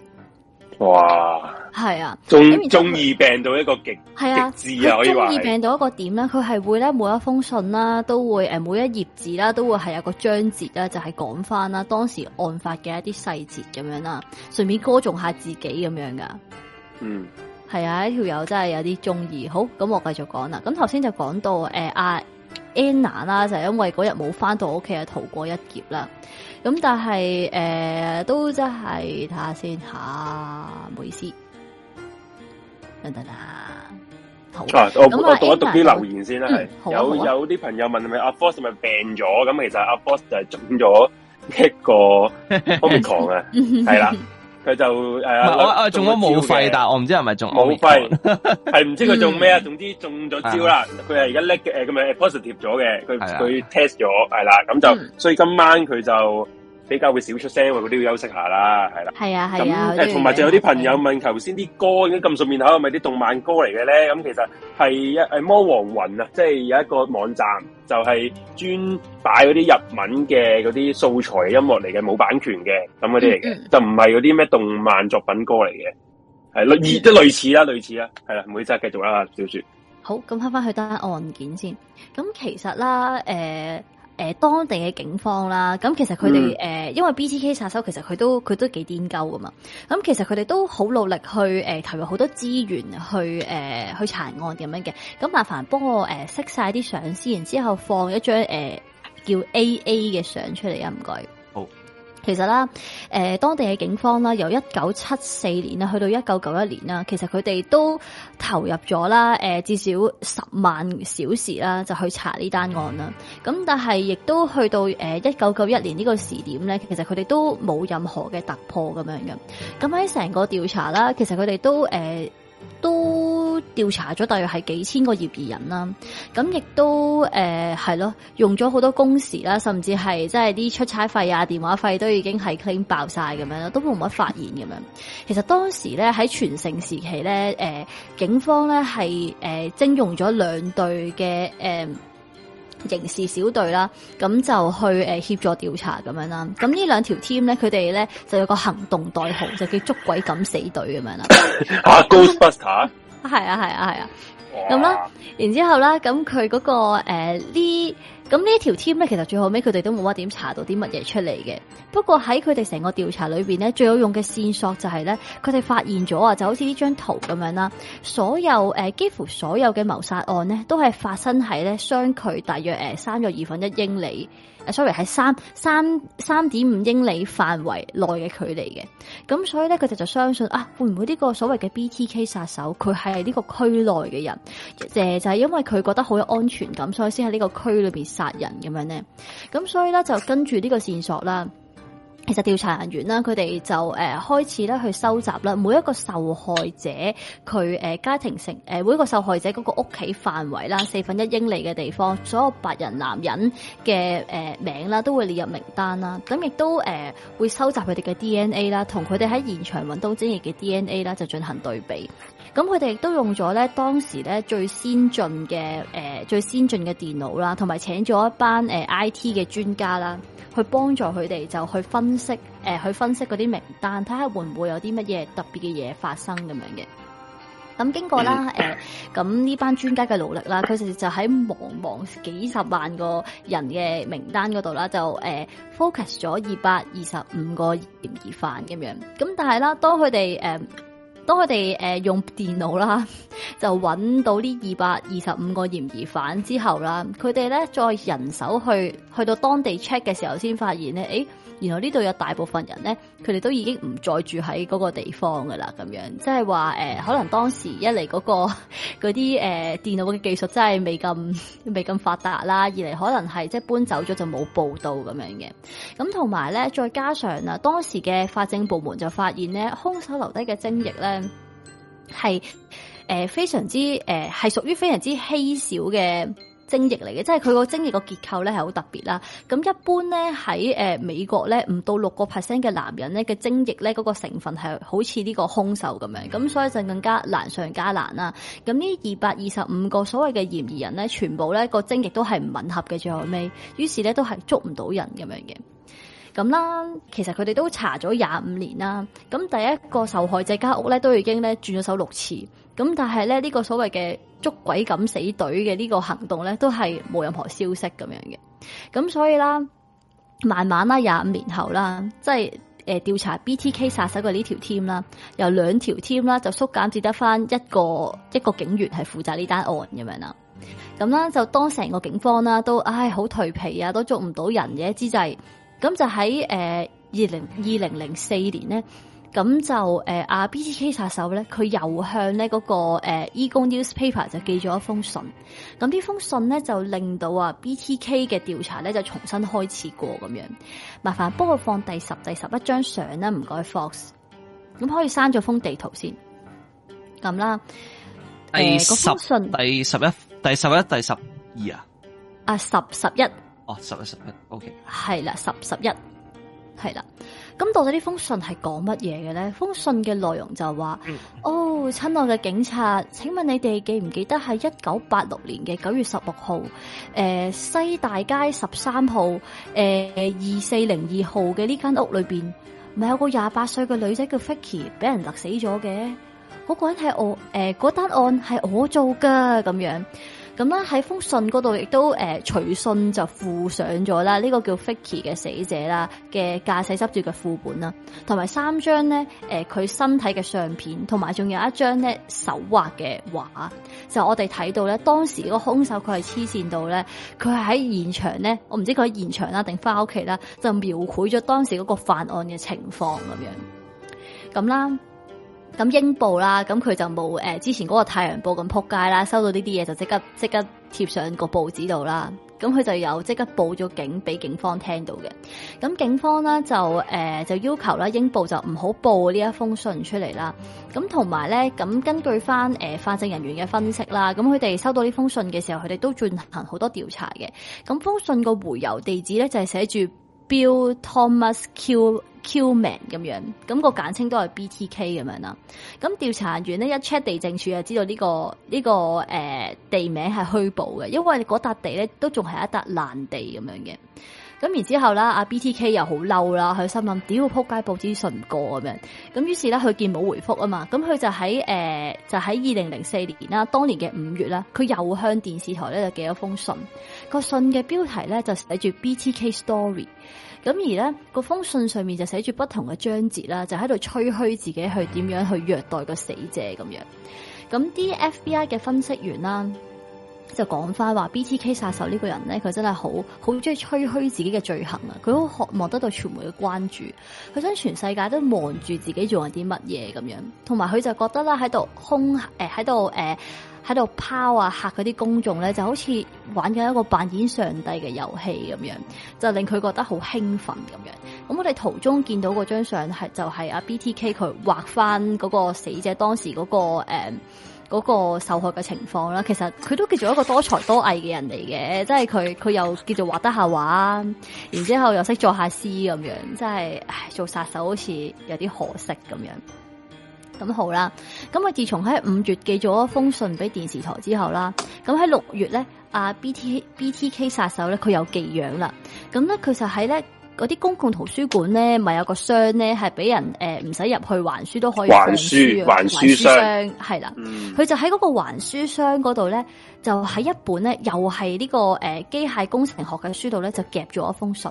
哇！係啊，中中意病到一個極，係啊，極致啊可以話。中意病到一個點咧，佢係會咧每一封信啦，都會誒每一頁字啦，都會係有個章節啦，就係講翻啦當時案發嘅一啲細節咁樣啦，順便歌頌下自己咁樣噶。嗯，係啊，呢條友真係有啲中意。好，咁我繼續講啦。咁頭先就講到誒阿、呃、Anna 啦，就係因為嗰日冇翻到屋企啊，逃過一劫啦。咁但係誒、呃、都真係睇下先吓，唔、啊、好意思。啊！我我讀一讀啲留言先啦，係有有啲朋友問係咪阿 Force 係咪病咗？咁其實阿 Force 就係中咗一個 Omicron 啊，係啦，佢就誒，我我中咗武肺，但係我唔知係咪中武肺，係唔知佢中咩啊？總之中咗招啦，佢係而家叻誒，咁咪 positive 咗嘅，佢佢 test 咗係啦，咁就所以今晚佢就。比較會少出聲，佢都要休息下啦，係啦。係啊，係啊。咁，同埋就有啲朋友問，頭先啲歌咁咁熟面口，係咪啲動漫歌嚟嘅咧？咁其實係一係魔王雲啊，即係有一個網站，就係專擺嗰啲日文嘅嗰啲素材音樂嚟嘅，冇版權嘅，咁嗰啲嚟嘅，就唔係嗰啲咩動漫作品歌嚟嘅，係類，即係類似啦，類似啦，係啦，唔會真係繼續啦，小說。好，咁翻翻去睇案件先。咁其實啦，誒、呃。誒、呃、當地嘅警方啦，咁其實佢哋誒，因為 BTK 殺手其實佢都佢都幾癲鳩噶嘛，咁其實佢哋都好努力去誒、呃、投入好多資源去誒、呃、去查案咁樣嘅，咁麻煩幫我誒熄曬啲相先，然之後放一張誒、呃、叫 AA 嘅相出嚟啊，唔該。其實啦，誒、呃，當地嘅警方啦，由一九七四年啦，去到一九九一年啦，其實佢哋都投入咗啦，誒、呃，至少十萬小時啦，就去查呢單案啦。咁但係亦都去到誒一九九一年呢個時點咧，其實佢哋都冇任何嘅突破咁樣嘅。咁喺成個調查啦，其實佢哋都誒。呃都調查咗大約係幾千個嫌疑人啦，咁亦都誒係咯，用咗好多工時啦，甚至係即係啲出差費啊、電話費都已經係 claim 爆晒咁樣啦，都冇乜發現咁樣。其實當時咧，喺全盛時期咧，誒、呃、警方咧係誒徵用咗兩隊嘅誒。呃刑事小隊啦，咁就去誒協助調查咁樣啦。咁呢兩條 team 咧，佢哋咧就有個行動代號， 就叫捉鬼敢死隊咁樣啦。Ghostbuster 係啊係啊係啊，咁啦、啊啊啊 wow.，然之後咧，咁佢嗰個誒呢。那咁呢條 team 咧，其實最後尾佢哋都冇乜點查到啲乜嘢出嚟嘅。不過喺佢哋成個調查裏邊咧，最有用嘅線索就係咧，佢哋發現咗啊，就好似呢張圖咁樣啦。所有誒，幾乎所有嘅謀殺案咧，都係發生喺咧相距大約誒三又二分一英里。Sorry 喺三三三點五英里範圍內嘅距離嘅，咁所以咧佢哋就相信啊，會唔會呢個所謂嘅 BTK 殺手佢係呢個區內嘅人？誒，就係、是、因為佢覺得好有安全感，所以先喺呢個區裏邊殺人咁樣咧。咁所以咧就跟住呢個線索啦。其實調查人員啦，佢哋就誒、呃、開始咧去收集啦、呃呃，每一個受害者佢誒家庭成誒每一個受害者嗰個屋企範圍啦，四分一英里嘅地方，所有白人男人嘅誒、呃、名啦，都會列入名單啦。咁亦都誒、呃、會收集佢哋嘅 DNA 啦，同佢哋喺現場揾到精液嘅 DNA 啦，就進行對比。咁佢哋亦都用咗咧，當時咧最先進嘅、呃、最先進嘅電腦啦，同埋請咗一班、呃、IT 嘅專家啦，去幫助佢哋就去分析、呃、去分析嗰啲名單，睇下會唔會有啲乜嘢特別嘅嘢發生咁樣嘅。咁經過啦、呃、咁呢班專家嘅努力啦，佢哋就喺茫茫幾十萬個人嘅名單嗰度啦，就 focus 咗二百二十五個嫌疑犯咁樣。咁但係啦，當佢哋、呃當佢哋誒用電腦啦，就揾到呢二百二十五個嫌疑犯之後啦，佢哋咧再人手去去到當地 check 嘅時候，先發現咧，誒、欸。然後呢度有大部分人咧，佢哋都已經唔再住喺嗰個地方噶啦，咁樣即係話誒，可能當時一嚟嗰、嗰個嗰啲誒電腦嘅技術真係未咁未咁發達啦，二嚟可能係即係搬走咗就冇報道咁樣嘅。咁同埋咧，再加上啊，當時嘅法政部門就發現咧，兇手留低嘅精液咧係誒非常之誒係、呃、屬於非常之稀少嘅。精液嚟嘅，即係佢個精液個結構咧係好特別啦。咁一般咧喺誒美國咧唔到六個 percent 嘅男人咧嘅精液咧嗰個成分係好似呢個凶手咁樣，咁所以就更加難上加難啦。咁呢二百二十五個所謂嘅嫌疑人咧，全部咧個精液都係唔吻合嘅，最後尾，於是咧都係捉唔到人咁樣嘅。咁啦，其實佢哋都查咗廿五年啦。咁第一個受害者間屋咧都已經咧轉咗手六次。咁但係咧呢，呢個所謂嘅捉鬼敢死隊嘅呢個行動咧，都係冇任何消息咁樣嘅。咁所以啦，慢慢啦，廿五年後啦，即係誒調查 BTK 殺手嘅呢條 team 啦，由兩條 team 啦，就縮減至得翻一個一個警員係負責呢單案咁樣啦。咁啦，就當成個警方啦都唉好頹皮啊，都捉唔到人嘅之際，咁就喺誒二零二零零四年咧。咁就誒，阿、呃、BTK 殺手咧，佢又向咧、那、嗰個誒《Ego、呃、Newspaper》Ego News 就寄咗一封信。咁呢封信咧就令到啊 BTK 嘅調查咧就重新開始過咁樣。麻煩幫我放第十、第十一張相啦，唔該，Fox。咁可以刪咗封地圖先。咁啦，第十、嗰封信、第十一、第十一、第十二啊？啊，十十一。哦，十一十一，OK。係啦，十十一，係、okay. 啦。咁到底呢封信係講乜嘢嘅咧？封信嘅內容就話：哦，親愛嘅警察，請問你哋記唔記得喺一九八六年嘅九月十六號，誒、呃、西大街十三號，誒二四零二號嘅呢間屋裏邊，咪有個廿八歲嘅女仔叫 Ficky 俾人勒死咗嘅？嗰、那個人係我，誒嗰單案係我做噶咁樣。咁啦，喺封信嗰度亦都，誒、呃，隨信就附上咗啦，呢個叫 Ficky 嘅死者啦嘅駕駛執照嘅副本啦，同埋三張咧，誒、呃，佢身體嘅相片，同埋仲有一張咧手畫嘅畫，就我哋睇到咧，當時個凶手佢係黐線到咧，佢係喺現場咧，我唔知佢喺現場啦，定翻屋企啦，就描繪咗當時嗰個犯案嘅情況咁樣，咁啦。咁英報啦，咁佢就冇誒、呃、之前嗰個《太陽報》咁撲街啦，收到呢啲嘢就即刻即刻貼上個報紙度啦。咁佢就有即刻報咗警俾警方聽到嘅。咁警方咧就誒、呃、就要求啦英報就唔好報呢一封信出嚟啦。咁同埋咧，咁根據翻誒、呃、法證人員嘅分析啦，咁佢哋收到呢封信嘅時候，佢哋都進行好多調查嘅。咁封信個回郵地址咧就係、是、寫住 Bill Thomas Q Qman 咁樣，咁、咁個簡稱都係 BTK 咁樣啦。咁調查員呢，一 check 地政處就知道呢、呢個呢、呢個誒、呃、地名係虛報嘅，因為嗰笪地咧都仲係一笪爛地咁樣嘅。咁然之後啦阿、啊、BTK 又好嬲啦，佢心諗屌仆街，報紙信唔過咁樣。咁於是咧，佢見冇回覆啊嘛，咁佢就喺誒、呃、就喺二零零四年啦，當年嘅五月啦，佢又向電視台咧就寄咗封信。個信嘅標題咧就寫住 BTK story，咁而咧個封信上面就寫住不同嘅章節啦，就喺度吹噓自己去點樣去虐待個死者咁樣。咁啲 FBI 嘅分析員啦，就講翻話 BTK 殺手呢個人咧，佢真係好好中意吹噓自己嘅罪行啊！佢好渴望得到傳媒嘅關注，佢想全世界都望住自己做緊啲乜嘢咁樣，同埋佢就覺得啦，喺度空誒喺度誒。呃喺度拋啊吓嗰啲公眾咧，就好似玩緊一個扮演上帝嘅遊戲咁樣，就令佢覺得好興奮咁樣。咁我哋途中見到嗰張相係就係阿、啊、BTK 佢畫翻嗰個死者當時嗰、嗰個誒、嗯嗰個受害嘅情況啦。其實佢都叫做一個多才多藝嘅人嚟嘅，即係佢佢又叫做畫得下畫，然之後又識作下詩咁樣，即係唉做殺手好似有啲可惜咁樣。咁好啦，咁啊自從喺五月寄咗封信俾電視台之後啦，咁喺六月咧，啊 B T B T K 殺手咧佢有寄養啦，咁咧佢就喺咧嗰啲公共圖書館咧，咪有個箱咧係俾人誒唔使入去還書都可以書還書，還書箱係啦，佢、嗯、就喺嗰個還書箱嗰度咧，就喺一本咧又係呢、這個誒機、呃、械工程學嘅書度咧就夾咗封信。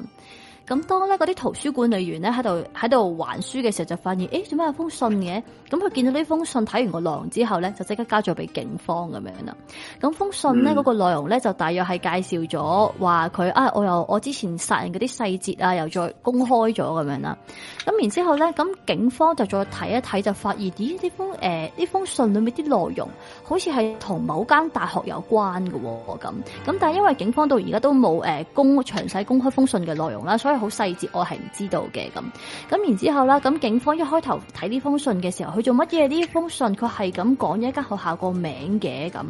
咁當咧嗰啲圖書管理員咧喺度喺度還書嘅時候，就發現誒做咩有封信嘅？咁佢見到呢封信睇完個內容之後咧，就即刻交咗俾警方咁樣啦。咁封信咧嗰、嗯嗰個內容咧就大約係介紹咗話佢啊，我又我之前殺人嗰啲細節啊，又再公開咗咁樣啦。咁然之後咧，咁警方就再睇一睇，就發現咦呢封誒呢、呃、封信裏面啲內容，好似係同某間大學有關㗎咁、哦。咁但係因為警方到而家都冇誒公詳細公開封信嘅內容啦，所以。好細節，我係唔知道嘅。咁，咁然之後啦，咁警方一開頭睇呢封信嘅時候，佢做乜嘢？呢封信佢係咁講咗一間學校個名嘅。咁，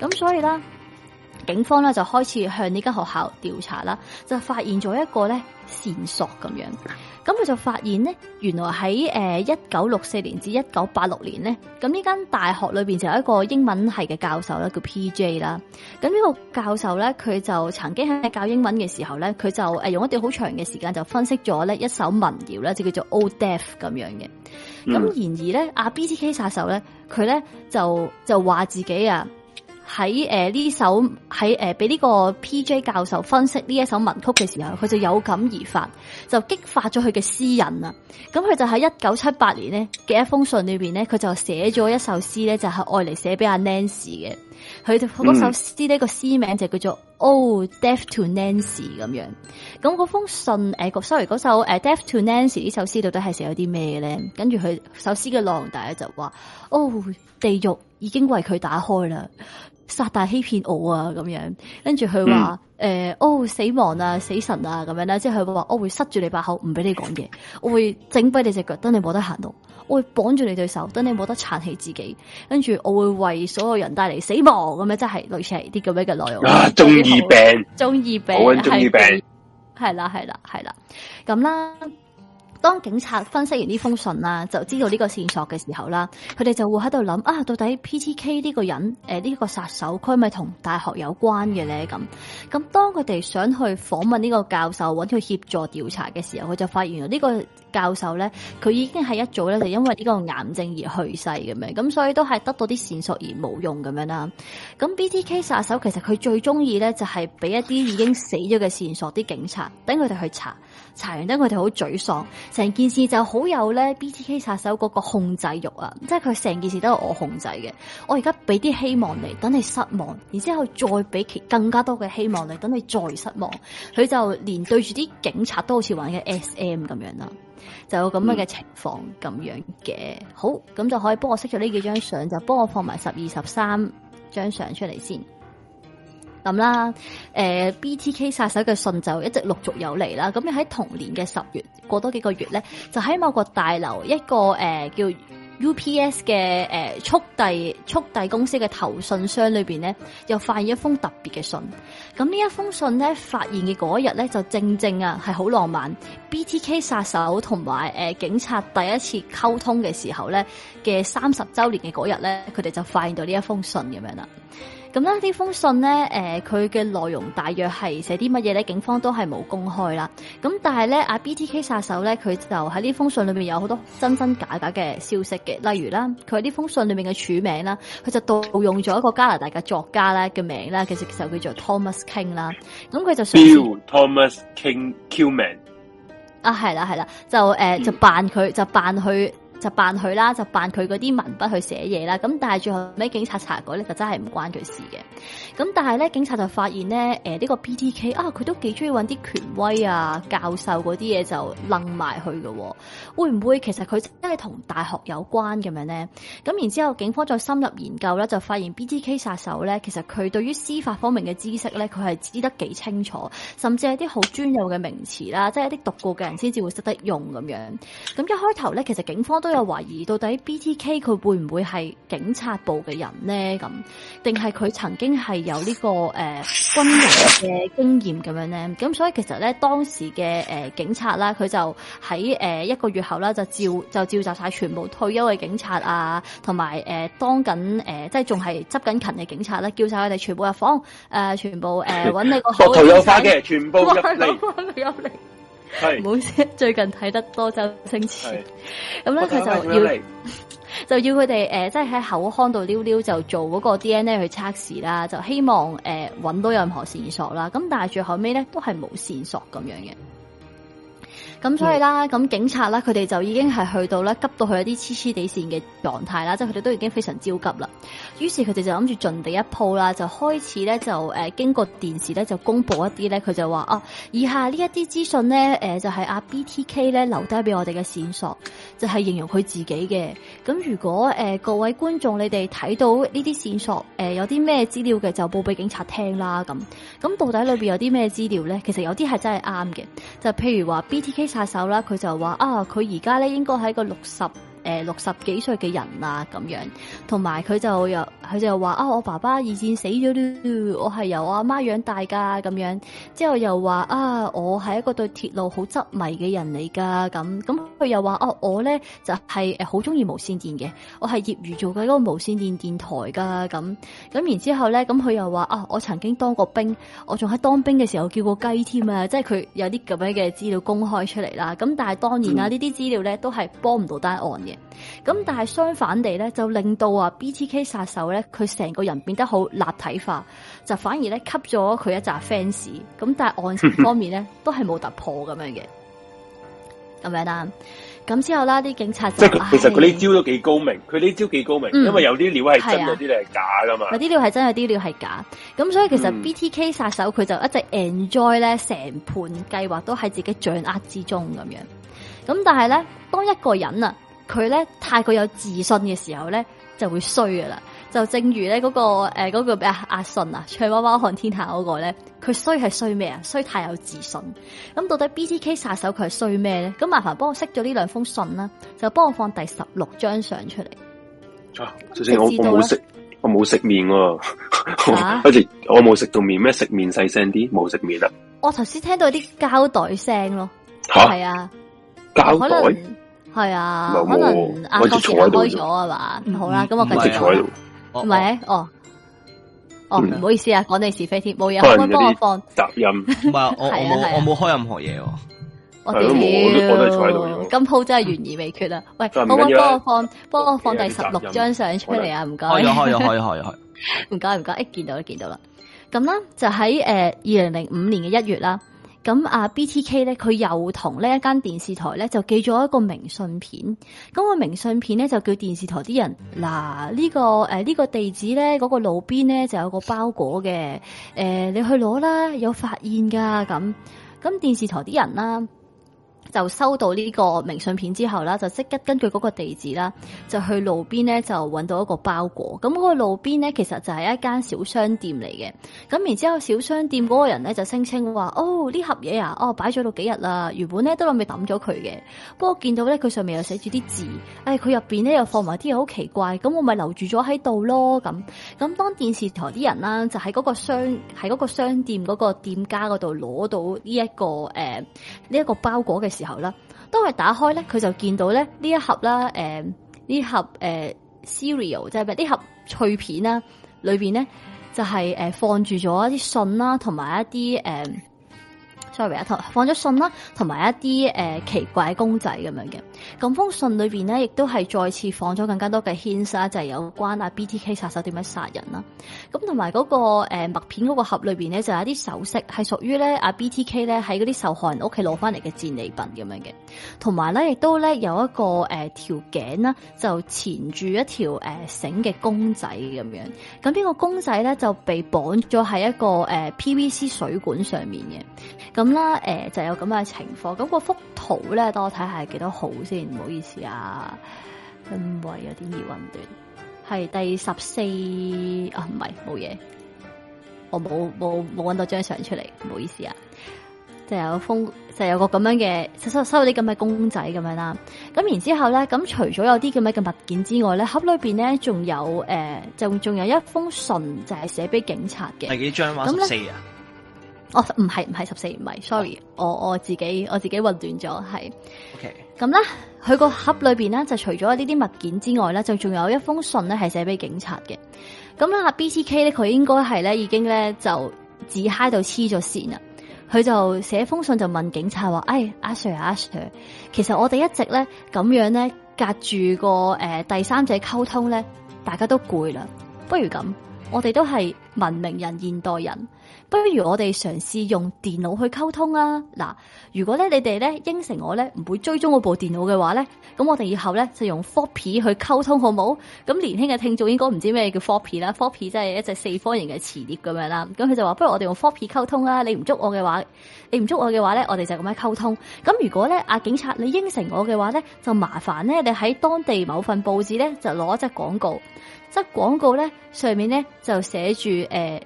咁所以啦，警方咧就開始向呢間學校調查啦，就發現咗一個咧線索咁樣。咁佢就發現咧，原來喺誒一九六四年至一九八六年咧，咁呢間大學裏邊就有一個英文系嘅教授啦，叫 P.J. 啦。咁呢個教授咧，佢就曾經喺教英文嘅時候咧，佢就誒、呃、用一段好長嘅時間就分析咗咧一首民謠咧，就叫做《Old Death》咁樣嘅。咁然而咧，阿 BTK 殺手咧，佢咧就就話自己啊。.喺誒呢首喺誒俾呢個 P.J. 教授，分析呢一首文曲嘅時候，佢就有感而發，就激發咗佢嘅詩人啦。咁佢就喺一九七八年咧嘅一封信裏邊咧，佢就寫咗一首詩咧，就係愛嚟寫俾阿 Nancy 嘅。佢首詩呢、嗯這個詩名就叫做《Oh, Death to Nancy》咁樣。咁嗰封信誒、呃、sorry 嗰首誒、呃《Death to Nancy》呢首詩到底係寫咗啲咩咧？跟住佢首詩嘅內容，大家就話：哦，地獄已經為佢打開啦。殺大欺騙我啊咁樣，跟住佢話誒，哦死亡啊，死神啊咁樣咧，即係佢會話我會塞住你把口，唔俾你講嘢，我會整跛你隻腳，等你冇得行動，我會綁住你對手，等你冇得撐起自己，跟住我會為所有人帶嚟死亡咁樣，即係類似係啲咁樣嘅內容。啊，中二病，中二病，中二病，係啦係啦係啦，咁啦。當警察分析完呢封信啦，就知道呢個線索嘅時候啦，佢哋就會喺度諗啊，到底 PTK 呢個人誒呢、呃呢個殺手，佢係咪同大學有關嘅咧？咁咁當佢哋想去訪問呢個教授，揾佢協助調查嘅時候，佢就發現呢、呢個。教授咧，佢已經係一早咧就因為呢個癌症而去世咁樣，咁所以都係得到啲線索而冇用咁樣啦。咁 BTK 殺手其實佢最中意咧就係、是、俾一啲已經死咗嘅線索啲警察，等佢哋去查，查完等佢哋好沮喪，成件事就好有咧 BTK 殺手嗰個控制慾啊，即係佢成件事都係我控制嘅，我而家俾啲希望你，等你失望，然之後再俾其更加多嘅希望你，等你再失望，佢就連對住啲警察都好似玩嘅 SM 咁樣啦。就有咁樣嘅情況咁、嗯、樣嘅，好咁就可以幫我識咗呢幾張相，就幫我放埋十二十三張相出嚟先。咁啦，誒、呃、，BTK 殺手嘅信就一直陸續有嚟啦。咁樣喺同年嘅十月，過多幾個月咧，就喺某個大樓一個誒、呃、叫。UPS 嘅誒、呃、速遞速遞公司嘅投信箱裏邊咧，又發現一封特別嘅信。咁呢一封信咧，發現嘅嗰日咧，就正正啊係好浪漫，BTK 殺手同埋誒警察第一次溝通嘅時候咧嘅三十週年嘅嗰日咧，佢哋就發現到呢一封信咁樣啦。咁呢封信咧，誒、呃，佢嘅內容大約係寫啲乜嘢咧？警方都係冇公開啦。咁但係咧，阿 BTK 殺手咧，佢就喺呢封信裏面有好多真真假假嘅消息嘅。例如啦，佢喺呢封信裏面嘅署名啦，佢就盜用咗一個加拿大嘅作家咧嘅名啦，其實就叫做 Thomas King 啦。咁佢就想 i Thomas King Q Man 啊，係啦係啦，就誒、呃嗯，就扮佢，就扮去。就扮佢啦，就扮佢嗰啲文筆去寫嘢啦。咁但係最後尾警察查過咧，就真係唔關佢事嘅。咁但係咧，警察就發現咧，誒呢個 BTK 啊，佢都幾中意揾啲權威啊、教授嗰啲嘢就楞埋去嘅、哦。會唔會其實佢真係同大學有關咁樣咧？咁然之後，警方再深入研究咧，就發現 BTK 殺手咧，其實佢對於司法方面嘅知識咧，佢係知得幾清楚，甚至係啲好專有嘅名詞啦，即係一啲讀過嘅人先至會識得用咁樣。咁一開頭咧，其實警方都，就懷疑到底 BTK 佢會唔會係警察部嘅人呢？咁，定係佢曾經係有呢、這個誒、呃、軍人嘅經驗咁樣呢？咁所以其實咧，當時嘅誒、呃、警察啦，佢就喺誒、呃、一個月後啦，就召就召集晒全部退休嘅警察啊，同埋誒當緊誒、呃、即係仲係執緊勤嘅警察啦，叫晒佢哋全部入房誒、呃，全部誒搵你個口。我嘅，全部入嚟。係，唔好意思，最近睇得多周星馳，咁咧佢就要 就要佢哋誒，即係喺口腔度撩撩就做嗰個 DNA 去測試啦，就希望誒揾、呃、到任何線索啦，咁但係最後尾咧都係冇線索咁樣嘅。咁所以啦，咁警察啦，佢哋就已經係去到咧，急到佢有啲痴痴地線嘅狀態啦，即係佢哋都已經非常焦急啦。於是佢哋就諗住盡地一鋪啦，就開始咧就誒、呃、經過電視咧就公布一啲咧，佢就話啊以下呢一啲資訊咧，誒、呃、就係、是、阿、啊、BTK 咧留低俾我哋嘅線索。就係、是、形容佢自己嘅，咁如果誒、呃、各位觀眾你哋睇到呢啲線索，誒、呃、有啲咩資料嘅就報俾警察聽啦，咁咁到底裏邊有啲咩資料咧？其實有啲係真係啱嘅，就譬如話 BTK 殺手啦，佢就話啊，佢而家咧應該係一個六十誒六十幾歲嘅人啊，咁樣，同埋佢就有。佢就話啊，我爸爸二戰死咗啦，我係由我阿媽、媽養大噶咁樣。之後又話啊，我係一個對鐵路好執迷嘅人嚟噶，咁咁佢又話啊，我咧就係誒好中意無綫電嘅，我係業餘做緊個無綫電電台噶咁。咁然之後咧，咁佢又話啊，我曾經當過兵，我仲喺當兵嘅時候叫過雞添啊，即係佢有啲咁樣嘅資料公開出嚟啦。咁但係當然啊，呢啲資料咧都係幫唔到單案嘅。咁但係相反地咧，就令到啊 BTK 殺手咧。佢成個人變得好立體化，就反而咧吸咗佢一紮 fans。咁但係案情方面咧，都係冇突破咁 樣嘅。咁樣啦，咁之後啦，啲警察就即係其實佢呢招都幾高明，佢呢招幾高明，嗯，因為有啲料係真的是，啊，有啲料係假噶嘛。有啲料係真，有啲料係假。咁，嗯，所以其實 BTK 殺手佢就一直 enjoy 咧，成盤計劃都喺自己掌握之中咁樣。咁但係咧，當一個人啊，佢咧太過有自信嘅時候咧，就會衰噶啦。就正如咧、那、嗰個誒嗰、呃那個咩啊，阿信啊唱娃娃看天下嗰個咧，佢衰係衰咩啊？衰太有自信。咁到底 B T K 殺手佢係衰咩咧？咁麻煩幫我識咗呢兩封信啦，就幫我放第十六張相出嚟。首、啊、先我我冇食我冇食麵喎，好似我冇食到麵咩？食麵，細聲啲，冇食麵啊。我頭先、啊、聽到啲膠袋聲咯，係啊膠袋係啊、嗯，可能阿叔、啊、坐咗、嗯嗯、啊嘛。唔好啦，咁我繼續坐喺度。唔、oh, 係、oh. 啊，哦，哦，唔好意思啊，講你是非添，冇嘢，可唔可以幫我放？雜音？唔係、啊，我、 啊啊、我我冇開任何嘢、啊啊啊。我屌，今鋪 真係懸而未決啊！喂，可唔可以幫我放，幫、啊、我放第十六張相出嚟啊？唔該。可以，可以，可以，可以。唔該，唔該，一見到啦，見到啦。咁啦，就喺誒二零零五年嘅一月啦。咁啊，BTK 咧，佢又同呢一間電視台咧，就寄咗一個明信片。咁個明信片咧，就叫電視台啲人，嗱，呢個誒，呢個地址咧，嗰個路邊咧就有個包裹嘅，誒你去攞啦，有發現噶咁。咁電視台啲人啦，就收到呢個明信片之後啦，就即刻根據嗰個地址啦，就去路邊咧就揾到一個包裹。咁嗰個路邊咧其實就係一間小商店嚟嘅。咁然之後，小商店嗰個人咧就聲稱話：哦，呢盒嘢啊，哦，擺咗到幾日啦，原本咧都諗住抌咗佢嘅。不過見到咧佢上面又寫住啲字，誒佢入邊咧又放埋啲嘢，好奇怪，咁我咪留住咗喺度咯。咁咁當電視台啲人啦，就喺嗰個商喺嗰個商店嗰個店家嗰度攞到呢一個誒呢一個包裹嘅時候，然後啦，當佢打開咧，佢就見到咧呢一盒啦，誒、呃、呢盒誒、呃、Cereal，即係呢盒脆片啦，裏邊咧就係誒放住咗一啲信啦，同埋一啲誒，sorry 啊，放咗信啦，同埋一啲誒奇怪公仔咁樣嘅。咁封信裏邊咧，亦都係再次放咗更加多嘅 hints 就係、是、有關阿 BTK 殺手點樣殺人啦、啊。咁同埋嗰個誒、呃、麥片嗰個盒裏邊咧，就有一啲首飾係屬於咧阿 BTK 咧喺嗰啲受害人屋企攞翻嚟嘅戰利品咁樣嘅。同埋咧，亦都咧有一個誒條頸啦，就纏住一條誒繩嘅公仔咁樣。咁呢個公仔咧就被綁咗喺一個誒、呃、PVC 水管上面嘅。咁啦，誒、呃，就有咁嘅情況。咁個幅圖咧，等我睇下係幾多號先？唔好意思啊，嗯、因為有啲熱混段。係第十四啊，唔係冇嘢，我冇冇冇揾到張相出嚟，唔好意思啊。就有封，就有個咁樣嘅收收啲咁嘅公仔咁樣啦。咁然之後咧，咁除咗有啲咁嘅物件之外咧，盒裏邊咧仲有誒，仲、呃、就仲有一封信，就係寫俾警察嘅。第幾張話？咁咧。哦、不是不是 14, 不是 Sorry, 我唔係唔係十四唔係，sorry，我我自己我自己混亂咗，係。咁、okay. 咧，佢個盒裏邊咧就除咗呢啲物件之外咧，就仲有一封信咧係寫俾警察嘅。咁咧，B T K 咧佢應該係咧已經咧就自嗨到黐咗線啦。佢就寫封信就問警察話：，okay. 哎，阿、啊、Sir 阿、啊、Sir，其實我哋一直咧咁樣咧隔住個誒、呃、第三者溝通咧，大家都攰啦，不如咁，我哋都係文明人，現代人。不如我哋嘗試用電腦去溝通啊！嗱，如果咧你哋咧應承我咧唔會追蹤我部電腦嘅話咧，咁我哋以後咧就用 floppy 去溝通好唔好？咁年輕嘅聽眾應該唔知咩叫 floppy 啦 floppy 即係一隻四方形嘅磁碟咁樣啦。咁佢就話：不如我哋用 floppy 溝通啊。你唔捉我嘅話，你唔捉我嘅話咧，我哋就咁樣溝通。咁如果咧阿警察你應承我嘅話咧，就麻煩咧你喺當地某份報紙咧就攞一則廣告，則廣告咧上面咧就寫住誒。呃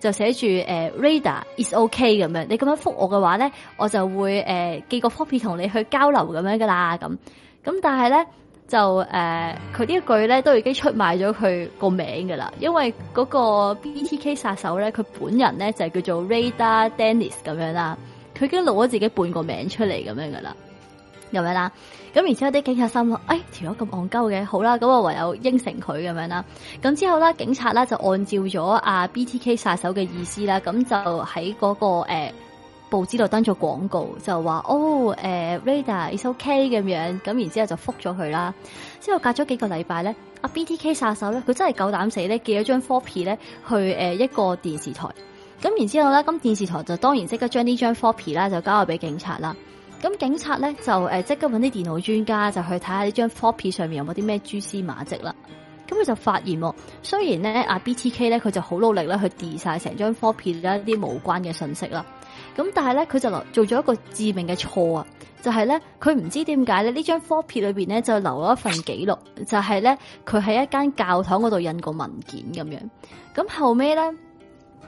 就寫住誒、呃、Radar is OK 咁樣，你咁樣覆我嘅話咧，我就會誒、呃、寄個 copy 同你去交流咁樣噶啦咁。咁但係咧就誒，佢、呃、呢一句咧都已經出賣咗佢個名噶啦，因為嗰個 BTK 殺手咧，佢本人咧就係叫做 Radar Dennis 咁樣啦，佢已經攞咗自己半個名出嚟咁樣噶啦。又咪啦，咁然之後啲警察心諗，哎，條友咁戇鳩嘅，好啦，咁我唯有應承佢咁樣啦。咁之後咧，警察咧就按照咗阿 BTK 殺手嘅意思啦，咁就喺嗰個誒報紙度登咗廣告，就話：哦，誒，Radar is OK 咁樣。咁然之後就覆咗佢啦。之後隔咗幾個禮拜咧，阿 BTK 殺手咧，佢真係夠膽死咧，寄咗張 floppy 咧去誒一個電視台。咁然之後咧，咁電視台就當然即刻將呢張 floppy 咧就交咗俾警察啦。咁警察咧就誒，即刻搵啲電腦專家就去睇下呢張 copy 上面有冇啲咩蛛絲馬跡啦。咁佢就發現，雖然咧阿 B T K 咧佢就好努力咧去 delete 晒成張 copy 一啲無關嘅信息啦。咁但係咧佢就做咗一個致命嘅錯啊，就係咧佢唔知點解咧呢張 copy 裏邊咧就留咗一份記錄，就係咧佢喺一間教堂嗰度印過文件咁樣。咁後尾咧。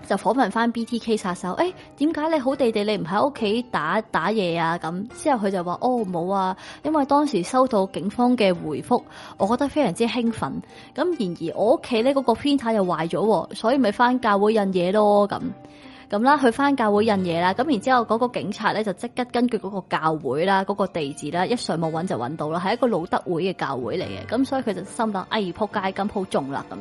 就訪問翻 BTK 殺手，誒點解你好地地你唔喺屋企打打嘢啊？咁之後佢就話：哦冇啊，因為當時收到警方嘅回覆，我覺得非常之興奮。咁然而我屋企咧嗰個 printer 又壞咗，所以咪翻教會印嘢咯咁。咁啦，去翻教會印嘢啦，咁然之後嗰個警察咧就即刻根據嗰個教會啦、嗰個地址啦，一上網揾就揾到啦，係一個老德會嘅教會嚟嘅，咁所以佢就心諗，哎呀，撲街咁好中啦咁，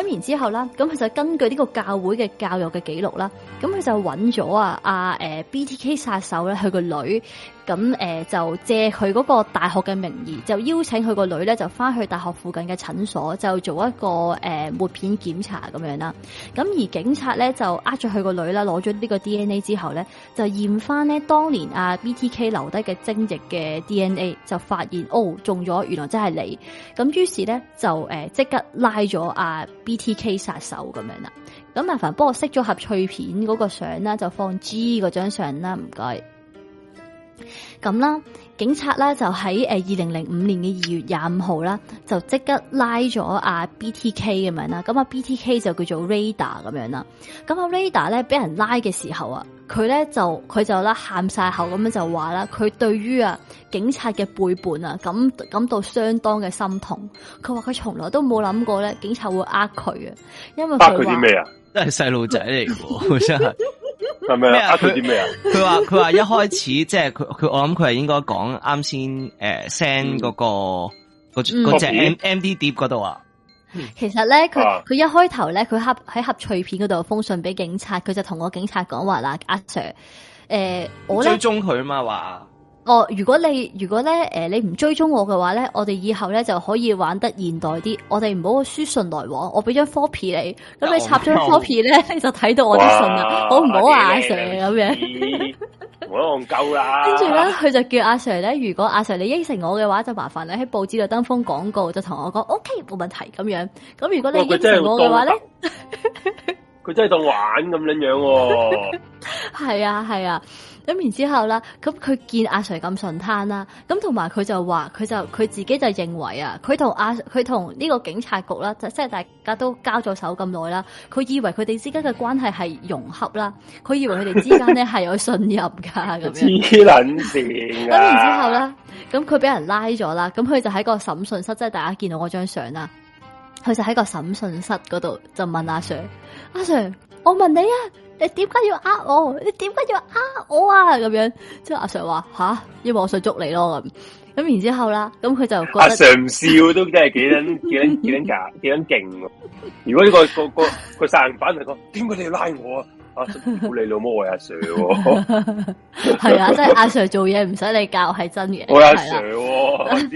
咁然之後啦，咁佢就根據呢個教會嘅教育嘅記錄啦，咁佢就揾咗啊阿、呃、BTK 殺手咧，佢個女。咁誒、呃、就借佢嗰個大學嘅名義，就邀請佢個女咧就翻去大學附近嘅診所，就做一個誒抹、呃、片檢查咁樣啦。咁而警察咧就呃咗佢個女啦，攞咗呢個 DNA 之後咧，就驗翻咧當年阿、啊、BTK 留低嘅精液嘅 DNA，就發現哦中咗，原來真係你。咁於是咧就誒即、呃、刻拉咗阿 BTK 殺手咁樣啦。咁麻煩幫我熄咗盒脆片嗰個相啦，就放 G 嗰張相啦，唔該。咁啦，警察呢就喺誒二零零五年嘅二月廿五號啦，就即刻拉咗阿 BTK 咁樣啦。咁阿 BTK 就叫做 Radar 咁樣啦。咁阿 Radar 咧，俾人拉嘅時候啊，佢咧就佢就啦喊晒口咁樣就話啦，佢對於啊警察嘅背叛啊，咁感到相當嘅心痛。佢話佢從來都冇諗過咧，警察會呃佢啊，因為佢話。啲咩啊？係細路仔嚟嘅，真係。咩？佢啲咩啊？佢話佢話一開始 即係佢佢我諗佢係應該講啱先誒 send 嗰個嗰隻 M M D 碟，嗰度啊。其實咧佢佢一開頭咧佢合喺盒脆片嗰度，封信俾警察，佢就同個警察講話啦，阿 Sir，誒我呢追蹤佢啊嘛話。我、哦、如果你如果咧誒、呃、你唔追蹤我嘅話咧，我哋以後咧就可以玩得現代啲。我哋唔好個書信來往，我俾張 copy 你，咁你插張 copy 咧，你就睇到我啲信啦。好唔好阿 Sir 咁樣， 我都唔夠啦。跟住咧，佢就叫阿 Sir 咧，如果阿 Sir 你應承我嘅話，就麻煩你喺報紙度登封廣告就跟，就同我講 OK，冇問題咁樣。咁如果你應承我嘅話咧，佢真係當， 當玩咁樣樣、哦。係 啊，係啊。是啊。咁然之後啦，咁佢見阿 Sir 咁順攤啦，咁同埋佢就話佢就佢自己就認為啊，佢同阿佢同呢個警察局啦，即係大家都交咗手咁耐啦，佢以為佢哋之間嘅關係係融合啦，佢以為佢哋之間咧係有信任噶咁樣。咁 痴撚線啊。然之後啦，咁佢俾人拉咗啦，咁佢就喺個審訊室，即係大家見到我張相啦，佢就喺個審訊室嗰度就問阿 Sir，阿 Sir，我問你啊。你點解要呃我？你點解要呃我啊？咁樣，即、就、係、是、阿 Sir 話吓，要我上捉你咯咁。咁然之後啦，咁佢就阿 Sir 唔笑，笑都真係幾撚，幾撚，幾撚架，勁。如果呢、這個、那個、那個佢殺人犯嚟，講點解你要拉我，阿 Sir，我，阿 Sir 我 啊？啊，你老母我阿 Sir，係啊，即係阿 Sir 做嘢唔使你教係真嘅。我阿 Sir，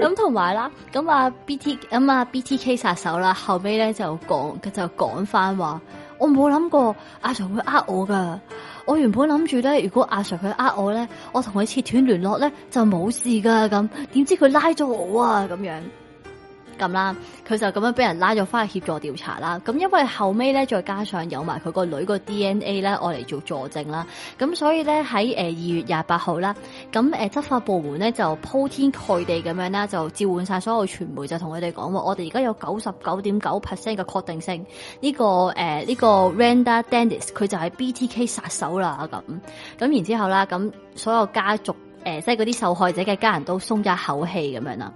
咁同埋啦，咁 是啊 B T，咁啊 B T K 殺手啦，後尾咧就講，就講翻話。我冇諗過阿 Sir 會呃我噶，我原本諗住咧，如果阿 Sir 佢呃我咧，我同佢切斷聯絡咧就冇事噶咁，點知佢拉咗我啊咁樣。咁啦，佢就咁樣俾人拉咗翻去協助調查啦。咁因為後尾咧，再加上有埋佢個女個 DNA 咧，我嚟做助證啦。咁所以咧喺誒二月廿八號啦，咁誒執法部門咧就鋪天蓋地咁樣啦，就召喚曬所有傳媒，就同佢哋講喎。我哋而家有九十九點九 percent 嘅確定性，呢、呢個、呃呢個 Randa Dennis 佢就係 BTK 殺手啦。咁咁然之後啦，咁所有家族。誒、呃，即係嗰啲受害者嘅家人都鬆咗一口氣咁樣啦。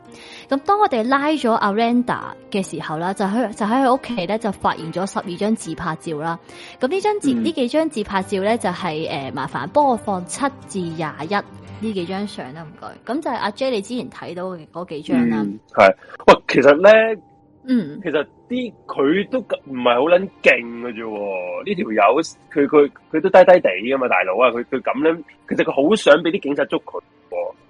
咁當我哋拉咗阿 Randa 嘅時候啦，就去就喺佢屋企咧就發現咗十二張自拍照啦。咁呢張自呢、嗯、幾張自拍照咧就係、是、誒，麻煩幫我放七至廿一呢幾張相啦，唔該。咁就係阿 J 你之前睇到嘅嗰幾張啦。係、嗯，喂，其實咧。嗯，其實啲佢都唔係好撚勁嘅啫，呢條友佢佢佢都低低地噶嘛，大佬啊，佢佢咁樣，其實佢好想俾啲警察捉佢，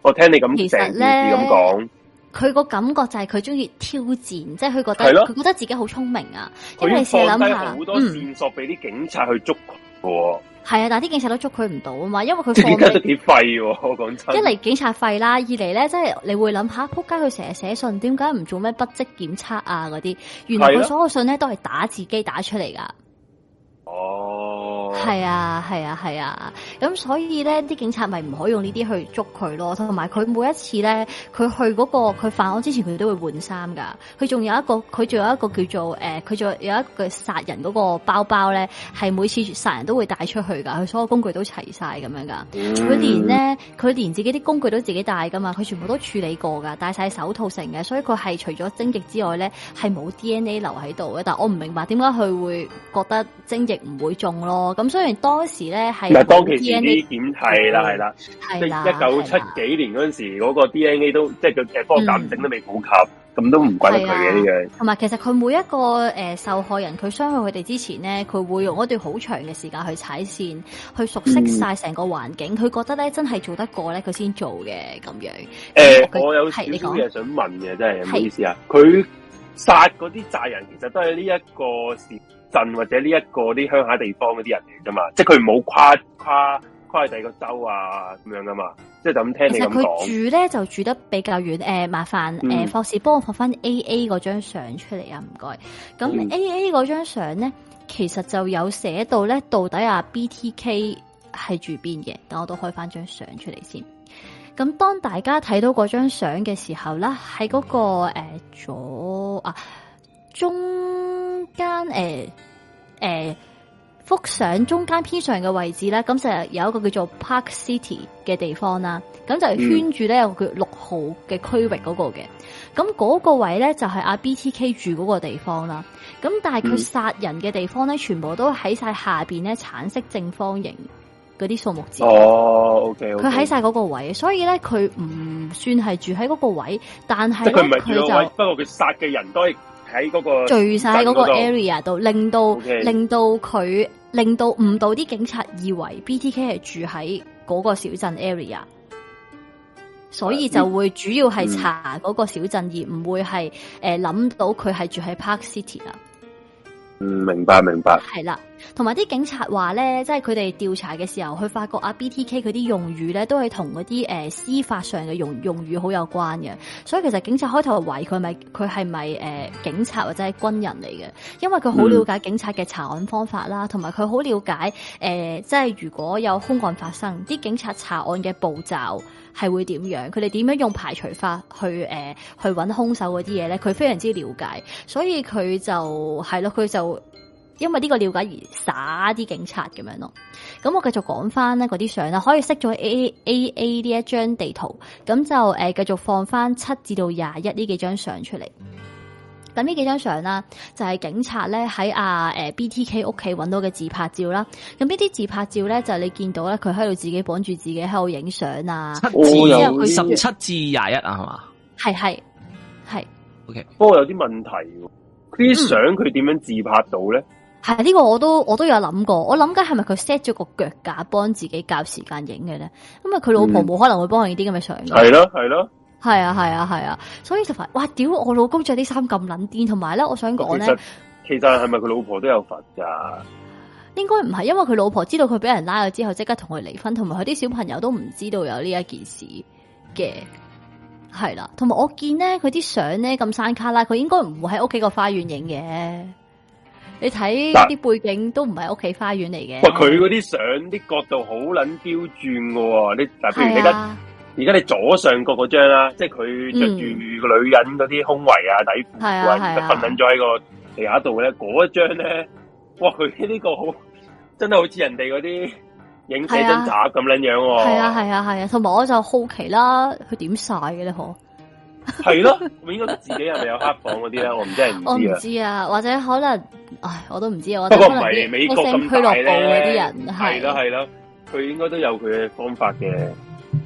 我聽你咁寫，你咁講，佢個感覺就係佢中意挑戰，即係佢覺得，佢覺得自己好聰明啊，佢放低好多線索俾啲警察去捉佢嘅。嗯係啊，但係啲警察都捉佢唔到啊嘛，因為佢放你。而家幾廢喎，我講真。一嚟警察廢啦，二嚟咧，即係你會諗下，仆街佢成日寫信，點解唔做咩筆跡檢測啊？嗰啲原來佢所有信咧都係打字機打出嚟噶。哦，係啊，係啊，係啊，咁、嗯、所以咧，啲警察咪唔可以用呢啲去捉佢咯，同埋佢每一次咧，佢去嗰、那個佢犯案之前，佢都會換衫噶。佢仲有一個，佢仲有一個叫做誒，佢、呃、仲有一個殺人嗰個包包咧，係每次殺人都會帶出去噶，佢所有工具都齊晒咁樣噶。佢連咧，佢連自己啲工具都自己帶噶嘛，佢全部都處理過噶，戴晒手套成嘅，所以佢係除咗精液之外咧，係冇 DNA 留喺度嘅。但我唔明白點解佢會覺得精液唔會中咯，咁雖然當時咧係嗱，是 DNA, 當其時啲檢係啦係啦，即係一九七幾年嗰陣時，嗰、那個 DNA 都即係佢嘅嗰個鑒定都未普及，咁、嗯、都唔怪得佢嘅呢樣。同埋其實佢每一個誒、呃、受害人，佢傷害佢哋之前咧，佢會用一段好長嘅時間去踩線，去熟悉晒成個環境，佢、嗯、覺得咧真係做得過咧，佢先做嘅咁樣。誒、嗯呃，我有少少嘢想問嘅，真係咩意思啊？佢殺嗰啲債人，其實都係呢一個事。鎮或者呢一個啲鄉下地方嗰啲人嚟噶嘛，即係佢唔好跨跨跨第個州啊咁樣噶嘛，即係就咁聽你咁，其實佢住咧就住得比較遠，誒、呃、麻煩誒，博士幫我拍翻 A A 嗰張相出嚟啊，唔該。咁 A.、嗯、A A 嗰張相咧，其實就有寫到咧，到底啊 B T K 係住邊嘅？等我都開翻張相出嚟先。咁當大家睇到嗰張相嘅時候啦，喺嗰、那個誒、嗯呃、左啊。中間誒誒，幅、呃、相、呃、中間偏上嘅位置咧，咁就有一個叫做 Park City 嘅地方啦。咁就圈住咧，有個叫六號嘅區域嗰個嘅。咁、那、嗰個位咧，就係阿 BTK 住嗰個地方啦。咁但係佢殺人嘅地方咧，全部都喺晒下邊咧，橙色正方形嗰啲數目字。哦，OK，佢喺晒嗰個位，所以咧，佢唔算係住喺嗰個位，但係，即係佢唔係住個位，不過佢殺嘅人都係。喺嗰個聚晒個 area 度、那個，令到、Okay. 令到佢，令到誤導啲警察以為 BTK 係住喺個小鎮 area，所以就會主要係查個小鎮、嗯，而唔會係誒諗到佢係住喺 Park City 啊。嗯，明白明白。係啦。同埋啲警察話咧，即係佢哋調查嘅時候，佢發覺阿 BTK 佢啲用語咧，都係同嗰啲誒司法上嘅用用語好有關嘅。所以其實警察開頭懷疑佢係咪佢係咪誒警察或者係軍人嚟嘅，因為佢好了解警察嘅查案方法啦，同埋佢好了解誒、呃，即係如果有兇案發生，啲警察查案嘅步驟係會點樣，佢哋點樣用排除法去誒、呃、去揾兇手嗰啲嘢咧，佢非常之了解，所以佢就係咯，佢就。因為呢個了解而耍啲警察咁樣咯，咁我繼續講翻咧嗰啲相啦，可以熄咗 A A A 呢一張地圖，咁就誒繼續放翻七至到廿一呢幾張相出嚟。咁呢幾張相啦，就係警察咧喺阿誒 B T K 屋企揾到嘅自拍照啦。咁呢啲自拍照咧，就係你見到咧，佢喺度自己綁住自己喺度影相啊。七至十七至廿一啊，係嘛？係係係。O K，不過有啲問題，啲相佢點樣自拍到咧？嗯係、這、呢個我都我都有諗過，我諗緊係咪佢 set 咗個腳架幫自己校時間影嘅咧？因為，佢老婆冇、嗯、可能會幫佢啲咁嘅相。係咯，係咯，係啊，係啊，係啊！所以就話，哇，屌我老公着啲衫咁撚癲，同埋咧，我想講咧，其實其實係咪佢老婆都有份噶？應該唔係，因為佢老婆知道佢俾人拉咗之後，即刻同佢離婚，同埋佢啲小朋友都唔知道有呢一件事嘅。係啦，同埋我見咧，佢啲相咧咁山卡拉，佢應該唔會喺屋企個花園影嘅。你睇啲背景都唔係屋企花園嚟嘅。喂，佢嗰啲相啲角度好捻刁轉嘅喎，啊、你嗱，譬如而家，而家你左上角嗰張啦，即係佢着住個女人嗰啲胸圍啊、嗯、底褲啊，而家瞓緊咗喺個地下度咧，嗰張咧，哇，佢呢個好真係好似人哋嗰啲影寫真集咁捻樣。係啊係啊係啊，同埋、啊啊啊啊啊啊、我就好奇啦，佢點曬嘅咧？嗬？係 咯，應該自己係咪有黑房嗰啲咧？我唔知係唔知我唔知啊，或者可能，唉，我都唔知啊。不過係美國咁大咧，係咯係咯，佢應該都有佢嘅方法嘅。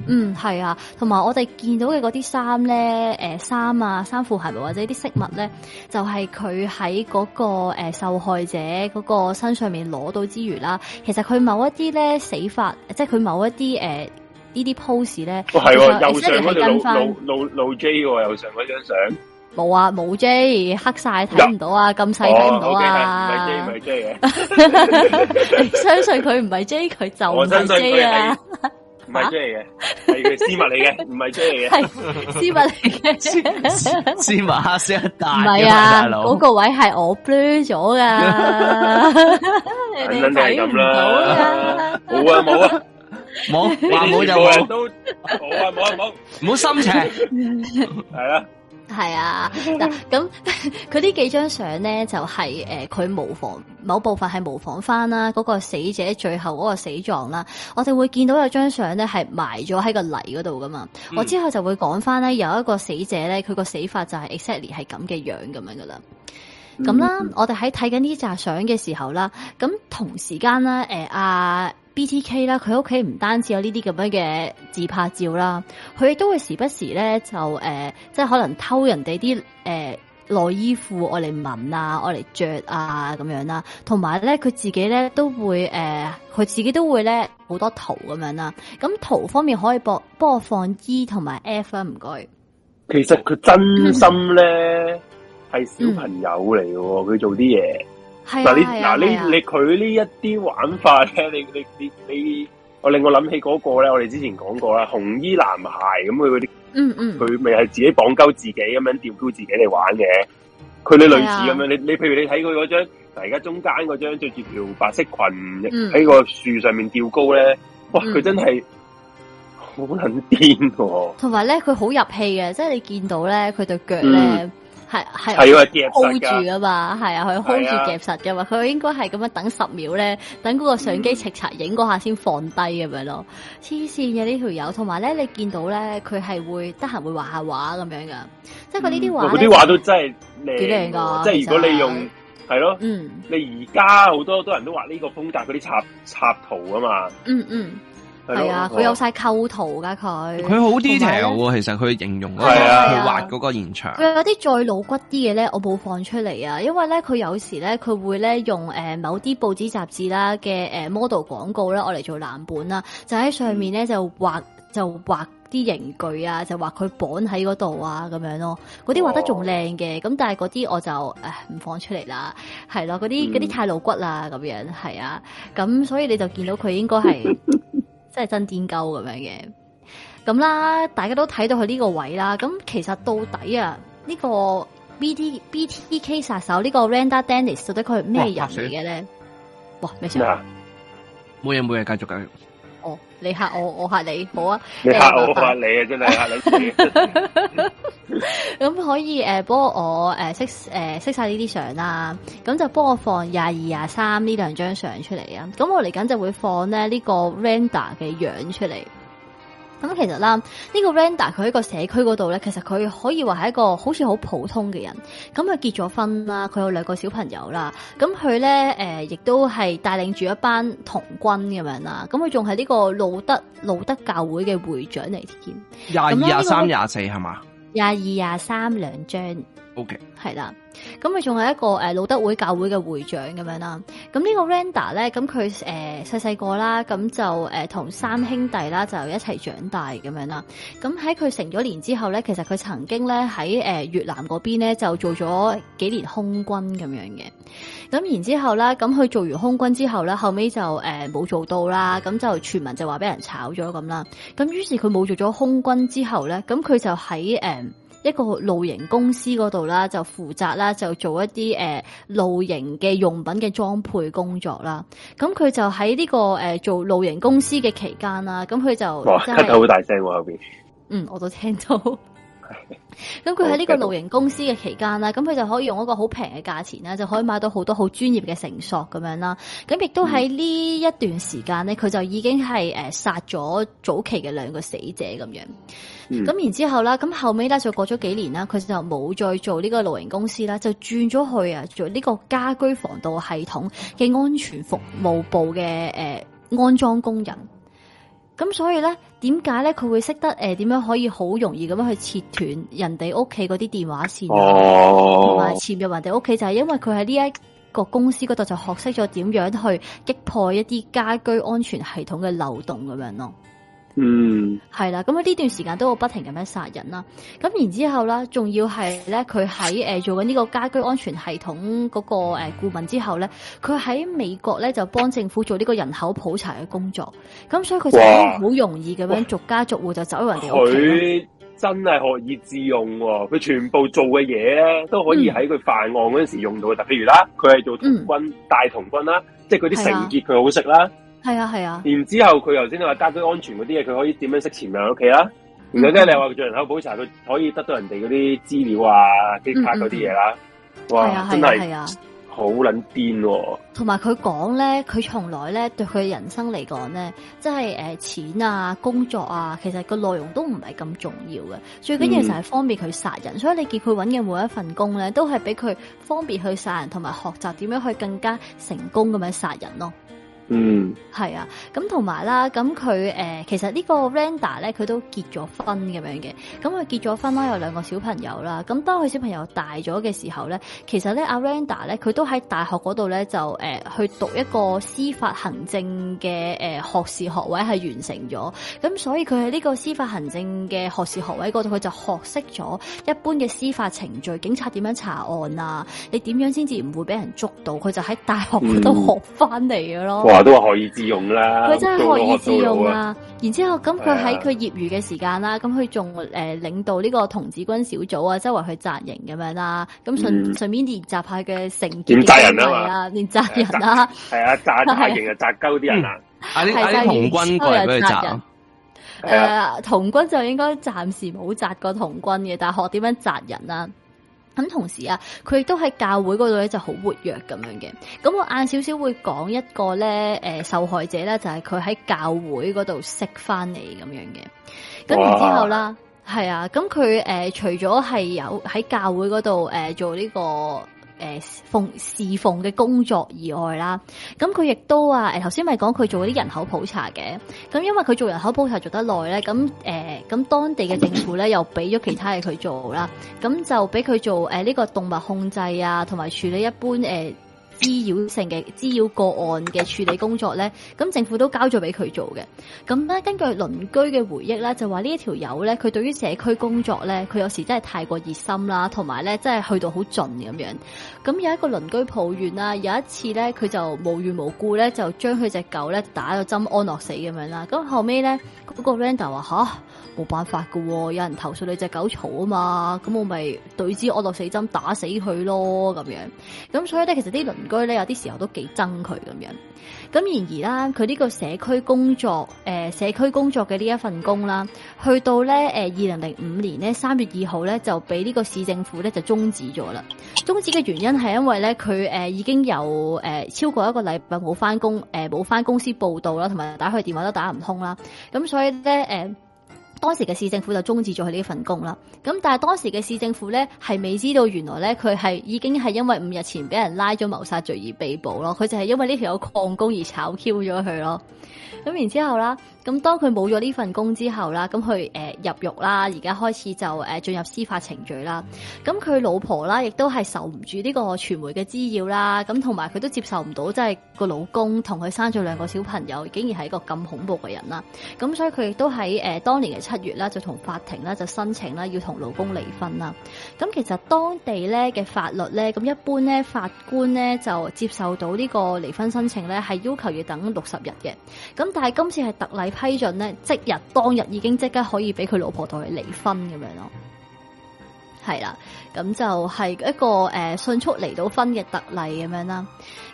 嗯，係、呃、啊，同埋我哋見到嘅嗰啲衫咧，誒，衫啊，衫褲係或者啲飾物咧，就係佢喺嗰個誒受害者嗰個身上面攞到之餘啦，其實佢某一啲咧死法，即係佢某一啲誒。呃這呢啲 pose 咧，係、哦、喎右上嗰張露露露 J 喎，右上嗰張相、哦 OK, 相 J，冇啊冇 J，黑晒睇唔到啊，咁細睇唔到啊，唔係 J 唔係 J 嘅，你相信佢唔係 J 佢就真係 J 啊，唔係 J 嘅，係絲襪嚟嘅，唔係 J 嘅，係絲襪嚟嘅，絲襪黑色大，唔係啊，嗰個位係我 blue 咗噶，簡單係咁啦，冇啊冇啊。冇，話冇就話都冇，啊！ 冇啊！冇，唔好心情，係 是啊，係 啊。嗱、咁佢呢幾張相咧，就係、是、誒，佢、呃、模仿某部分係模仿翻啦，嗰、那個死者最後嗰個死狀啦。我哋會見到有張相咧，係埋咗喺個泥嗰度噶嘛、嗯。我之後就會講翻咧，有一個死者咧，佢個死法就係 exactly 係咁嘅樣咁樣噶啦。咁、嗯、啦，我哋喺睇緊呢扎相嘅時候啦，咁同時間啦，誒、呃、阿。啊 BTK 啦，佢屋企唔單止有呢啲咁樣嘅自拍照啦，佢亦都會時不時咧就誒、呃，即係可能偷人哋啲誒內衣褲我嚟聞啊，我嚟着啊咁樣啦，同埋咧佢自己咧都會誒，佢、呃、自己都會咧好多圖咁樣啦。咁圖方面可以幫幫我放 E 同埋 F 啊，唔該。其實佢真心咧係 小朋友嚟嘅，佢 做啲嘢。嗱 你嗱你你佢呢一啲玩法咧，你你你你，我令我諗起嗰個咧、那個，我哋之前講過啦，紅衣男孩咁佢嗰啲，嗯嗯，佢咪係自己綁鳩自己咁樣吊高自己嚟玩嘅，佢你類似咁樣，你你譬如你睇佢嗰張嗱而家中間嗰張着住條白色裙，喺個樹上面吊高咧，哇，佢真係好捻癲喎！同埋咧，佢好入戲嘅，即係你見到咧，佢對腳咧。係係係 hold 住噶嘛，係啊，佢 hold 住夾實噶嘛，佢應該係咁樣等十秒咧，等嗰個相機攝、擦影嗰下先放低咁樣咯。黐線嘅呢條友，同埋咧你見到咧佢係會得閒會畫下畫咁樣噶，即係佢呢啲畫咧，啲畫都真係幾靚噶。即係如果你用係咯，嗯，你而家好多都人都畫呢個風格嗰啲插插圖啊嘛，嗯嗯。係啊，佢有晒構圖㗎佢。佢好 detail 喎，其實佢形容嗰、嗰個佢畫嗰個現場。佢有啲再老骨啲嘢咧，我冇放出嚟啊，因為咧佢有時咧佢會咧用誒某啲報紙雜誌啦嘅誒 model 廣告咧，我嚟做藍本啦，就喺上面咧就畫、嗯、就畫啲刑具啊，就畫佢綁喺嗰度啊，咁樣咯。嗰啲畫得仲靚嘅，咁、哦、但係嗰啲我就誒唔放出嚟啦，係咯，嗰啲啲太老骨啦，咁樣係啊，咁所以你就見到佢應該係。 真係真癲鳩咁樣嘅，咁啦，大家都睇到佢呢個位啦。咁其實到底啊，呢個 B T B T K 殺手呢個 Randa Dennis 到底佢係咩人嚟嘅咧？哇！冇嘢，冇嘢，繼續，繼續。你吓我，我吓你，好啊！你吓我，你嚇吓你啊！真係吓你咁 可以誒，幫、呃、我誒、呃、識誒、呃、識晒呢啲相啦。咁就幫我放廿二廿三呢兩張相出嚟啊。咁我嚟緊就會放咧呢、這個 render 嘅樣出嚟。咁其實啦，呢、這個 Randa 佢喺個社區嗰度咧，其實佢可以話係一個好似好普通嘅人。咁佢結咗婚啦，佢有兩個小朋友啦。咁佢咧，誒、呃，亦都係帶領住一班童軍咁樣啦。咁佢仲係呢個路德路德教會嘅會長嚟添。廿二、這個、廿三、廿四係嘛？廿二、廿三兩張。O K。係啦，咁佢仲係一個誒、呃、老德會教會嘅會長咁樣啦，呃、小小啦。咁呢個 Randa 咧，咁佢誒細細個啦，咁就誒同三兄弟啦就一齊長大咁樣啦。咁喺佢成咗年之後咧，其實佢曾經咧喺誒越南嗰邊咧就做咗幾年空軍咁樣嘅。咁然之後咧，咁佢做完空軍之後咧，後尾就誒冇，呃、做到啦。咁就傳聞就話俾人炒咗咁啦。咁於是佢冇做咗空軍之後咧，咁佢就喺誒。呃一個露營公司嗰度啦，就負責啦，就做一啲誒、呃、露營嘅用品嘅裝配工作啦。咁佢就喺呢、這個誒、呃、做露營公司嘅期間啦，咁佢就哇，太太好大聲喎、啊、後邊，嗯，我都聽到。 咁佢喺呢個露營公司嘅期間啦，咁佢就可以用一個好平嘅價錢啦，嗯，就可以買到好多好專業嘅繩索咁樣啦。咁亦都喺呢一段時間咧，佢就已經係誒殺咗早期嘅兩個死者咁樣。咁、嗯、然之後啦，咁後尾咧就過咗幾年啦，佢就冇再做呢個露營公司啦，就轉咗去啊做呢個家居防盜系統嘅安全服務部嘅誒、呃、安裝工人。咁所以咧。點解咧？佢會識得誒，點樣可以好容易咁樣去切斷人哋屋企嗰啲電話線，同埋潛入人哋屋企，就係因為佢喺呢一個公司嗰度就學識咗點樣去擊破一啲家居安全系統嘅漏洞咁樣咯。嗯，係啦，咁呢段時間都會不停咁樣殺人啦，咁然之後咧，仲要係咧，佢喺誒做緊呢個家居安全系統嗰個誒顧問之後咧，佢喺美國咧就幫政府做呢個人口普查嘅工作，咁所以佢就好容易咁樣逐家逐戶就走人哋屋企。佢真係學以致用。啊，佢全部做嘅嘢咧都可以喺佢犯案嗰陣時用到嘅，就、嗯、譬如啦，佢係做童軍、嗯、大童軍啦，即係佢啲繩結，佢好識啦。係啊，係啊，然之後佢，頭先你話家居安全嗰啲嘢，佢可以點樣識潛入屋企啊？然之後即係你話做人口普查，佢可以得到人哋嗰啲資料啊、機、嗯嗯、卡嗰啲嘢啦。哇，真係係啊，好捻癲！同埋佢講咧，佢、啊啊、從來咧對佢人生嚟講咧，即係誒錢啊、工作啊，其實個內容都唔係咁重要嘅。最緊要就係方便佢殺人、嗯，所以你見佢揾嘅每一份工咧，都係俾佢方便去殺人，同埋學習點樣去更加成功咁樣殺人咯。嗯，係啊，咁同埋啦，咁佢誒，其實呢個 Randa 咧，佢都結咗婚咁樣嘅，咁佢結咗婚啦，有兩個小朋友啦，咁當佢小朋友大咗嘅時候咧，其實咧阿、啊、Randa 咧，佢都喺大學嗰度咧就誒、呃、去讀一個司法行政嘅誒、呃、學士學位係完成咗，咁所以佢喺呢個司法行政嘅學士學位嗰度，佢就學識咗一般嘅司法程序，警察點樣查案啊，你點樣先至唔會俾人捉到，佢就喺大學佢都學翻嚟嘅咯。嗯都話學以致用啦，佢真係學以致用啊！然之後咁，佢喺佢業餘嘅時間啦，咁佢仲誒領導呢個童子軍小組啊，周圍去紮營咁樣啦，咁順順便練習下嘅成點紮人啊嘛，練紮人啊，係啊紮紮營啊，紮夠啲、啊啊、人啊，啲童軍過嚟俾佢紮、啊。誒，童軍、啊呃、就應該暫時冇紮過童軍嘅，但學點樣紮人啊？咁同時啊，佢亦都喺教會嗰度咧就好活躍咁樣嘅。咁我晏少少會講一個咧、呃，受害者咧就係佢喺教會嗰度識翻嚟咁樣嘅。咁然之後啦，係啊，咁佢、呃、除咗係有喺教會嗰度、呃、做呢個。誒、呃，奉侍奉嘅工作以外啦，咁佢亦都啊，誒頭先咪講佢做啲人口普查嘅，咁因為佢做人口普查做得耐咧，咁誒，咁、呃、當地嘅政府咧又俾咗其他嘢佢做啦，咁就俾佢做誒呢、呃這個動物控制啊，同埋處理一般誒。呃滋擾性嘅滋擾個案嘅處理工作咧，咁政府都交咗俾佢做嘅。咁咧根據鄰居嘅回憶咧，就話呢一條友咧，佢對於社區工作咧，佢有時真係太過熱心啦，同埋咧真係去到好盡咁樣。咁有一個鄰居抱怨啦，有一次咧，佢就無緣無故咧，就將佢隻狗咧打咗針安樂死咁樣啦。咁後尾咧，嗰個 Randa 話吓。冇辦法噶、哦，有人投訴你隻狗嘈啊嘛，咁我咪對之安樂死針打死佢咯，咁樣，咁所以咧，其實啲鄰居咧有啲時候都幾憎佢咁樣。咁然而啦，佢呢個社區工作誒、呃，社區工作嘅呢一份工啦，去到咧誒二零零五年咧三月二號咧就俾呢個市政府咧就終止咗啦。終止嘅原因係因為咧佢誒已經有誒、呃、超過一個禮拜冇翻工，誒冇翻公司報道啦，同埋打佢電話都打唔通啦，咁、呃、所以咧誒。呃當時嘅市政府就終止咗佢呢份工啦，咁但係當時嘅市政府咧係未知道原來咧佢係已經係因為五日前俾人拉咗謀殺罪而被捕咯，佢就係因為呢條有曠工而炒 Q 咗佢咯，咁然之後啦。 咁當佢冇咗呢份工之後啦，咁佢誒入獄啦，而家開始就誒進入司法程序啦。咁佢老婆啦，亦都係受唔住呢個傳媒嘅滋擾啦，咁同埋佢都接受唔到，即係個老公同佢生咗兩個小朋友，竟然係一個咁恐怖嘅人啦。咁所以佢亦都喺誒當年嘅七月啦，就同法庭啦，就申請啦，要同老公離婚啦。咁其實當地咧嘅法律咧，咁一般咧法官咧就接受到呢個離婚申請咧，係要求要等六十日嘅。咁但係今次係特例批准咧，即日當日已經即刻可以俾佢老婆同佢離婚咁樣咯。係啦，咁就係一個誒迅速嚟到分嘅特例咁樣啦。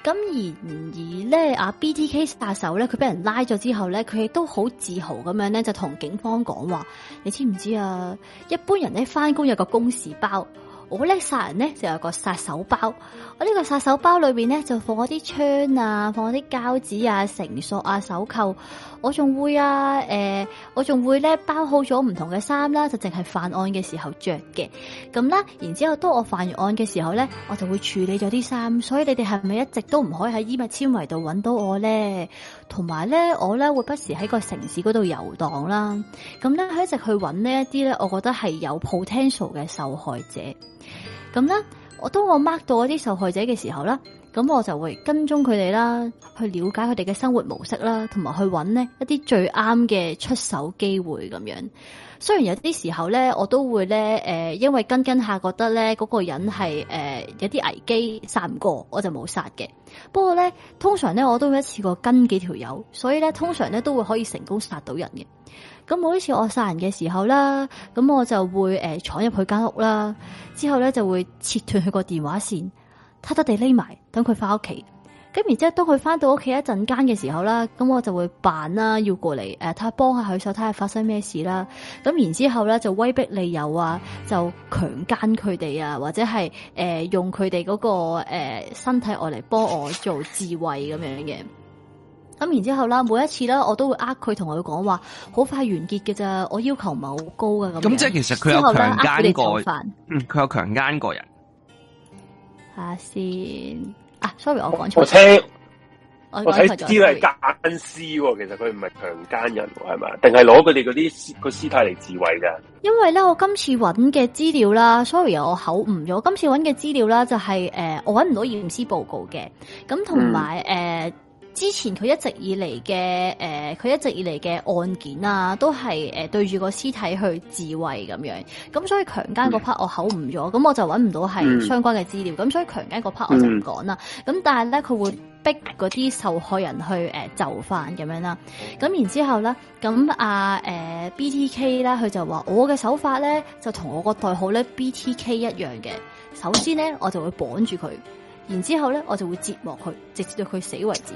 咁然而咧，阿 BTK 殺手咧，佢俾人拉咗之後咧，佢亦都好自豪咁樣咧，就同警方講話：「你知唔知啊？一般人咧翻工有個公事包。我咧殺人咧就有個殺手包，我呢個殺手包裏邊咧就放我啲槍啊，放我啲膠紙啊、繩索啊、手扣，我仲會啊，誒、欸，我仲會咧包好咗唔同嘅衫啦，就淨係犯案嘅時候着嘅，咁啦，然之後當我犯案嘅時候咧，我就會處理咗啲衫，所以你哋係咪一直都唔可以喺衣物纖維度搵到我咧？同埋咧，我咧會不時喺個城市嗰度遊蕩啦，咁咧佢一直去揾呢一啲咧，我覺得係有 potential 嘅受害者。咁咧，我當我 mark 到一啲受害者嘅時候咧，咁我就會跟蹤佢哋啦，去了解佢哋嘅生活模式啦，同埋去揾呢一啲最啱嘅出手機會咁樣。雖然有啲時候咧，我都會咧，誒、呃，因為跟跟下覺得咧，嗰個人係誒、呃、有啲危機殺唔過，我就冇殺嘅。不過咧，通常咧，我都會一次過跟幾條友，所以咧，通常咧都會可以成功殺到人嘅。咁每一次我殺人嘅時候啦，咁我就會誒闖、呃、入佢間屋啦，之後咧就會切斷佢個電話線，偷偷地匿埋，等佢翻屋企。咁然之後，當佢翻到屋企一陣間嘅時候啦，咁我就會扮啦，要過嚟誒，睇下幫下佢手，睇下發生咩事啦。咁然之後咧，就威逼利誘啊，就強姦佢哋啊，或者係誒、呃、用佢哋嗰個誒身體外嚟幫我做自慰咁樣嘅。咁然之後啦，每一次咧，我都會呃佢同佢講話，好快完結嘅咋，我要求唔係好高㗎。樣」咁。咁即係其實佢有強姦過，佢有強姦過人。下先。啊，sorry，我講錯。我聽，我睇資料係奸屍，其實佢唔係強奸人，係咪？定係攞佢哋嗰啲屍個屍體嚟自慰噶？因為咧，我今次揾嘅資料啦，sorry，我口誤咗。今次揾嘅資料啦，就係誒，我揾唔、就是呃、到驗屍報告嘅，咁同埋誒。嗯呃之前佢一直以嚟嘅，誒、呃，佢一直以嚟嘅案件啊，都係誒、呃、對住個屍體去自慰咁樣，咁所以強姦嗰 part 我口誤咗，咁、mm. 我就揾唔到係相關嘅資料，咁所以強姦嗰 part 我就唔講啦。咁、mm. 但係咧，佢會逼嗰啲受害人去誒、呃、就範咁樣啦。咁然之後咧，咁阿誒 BTK 咧，佢就話我嘅手法咧，就同我個代號咧 BTK 一樣嘅。首先咧，我就會綁住佢，然之後咧，我就會折磨佢，直至到佢死為止。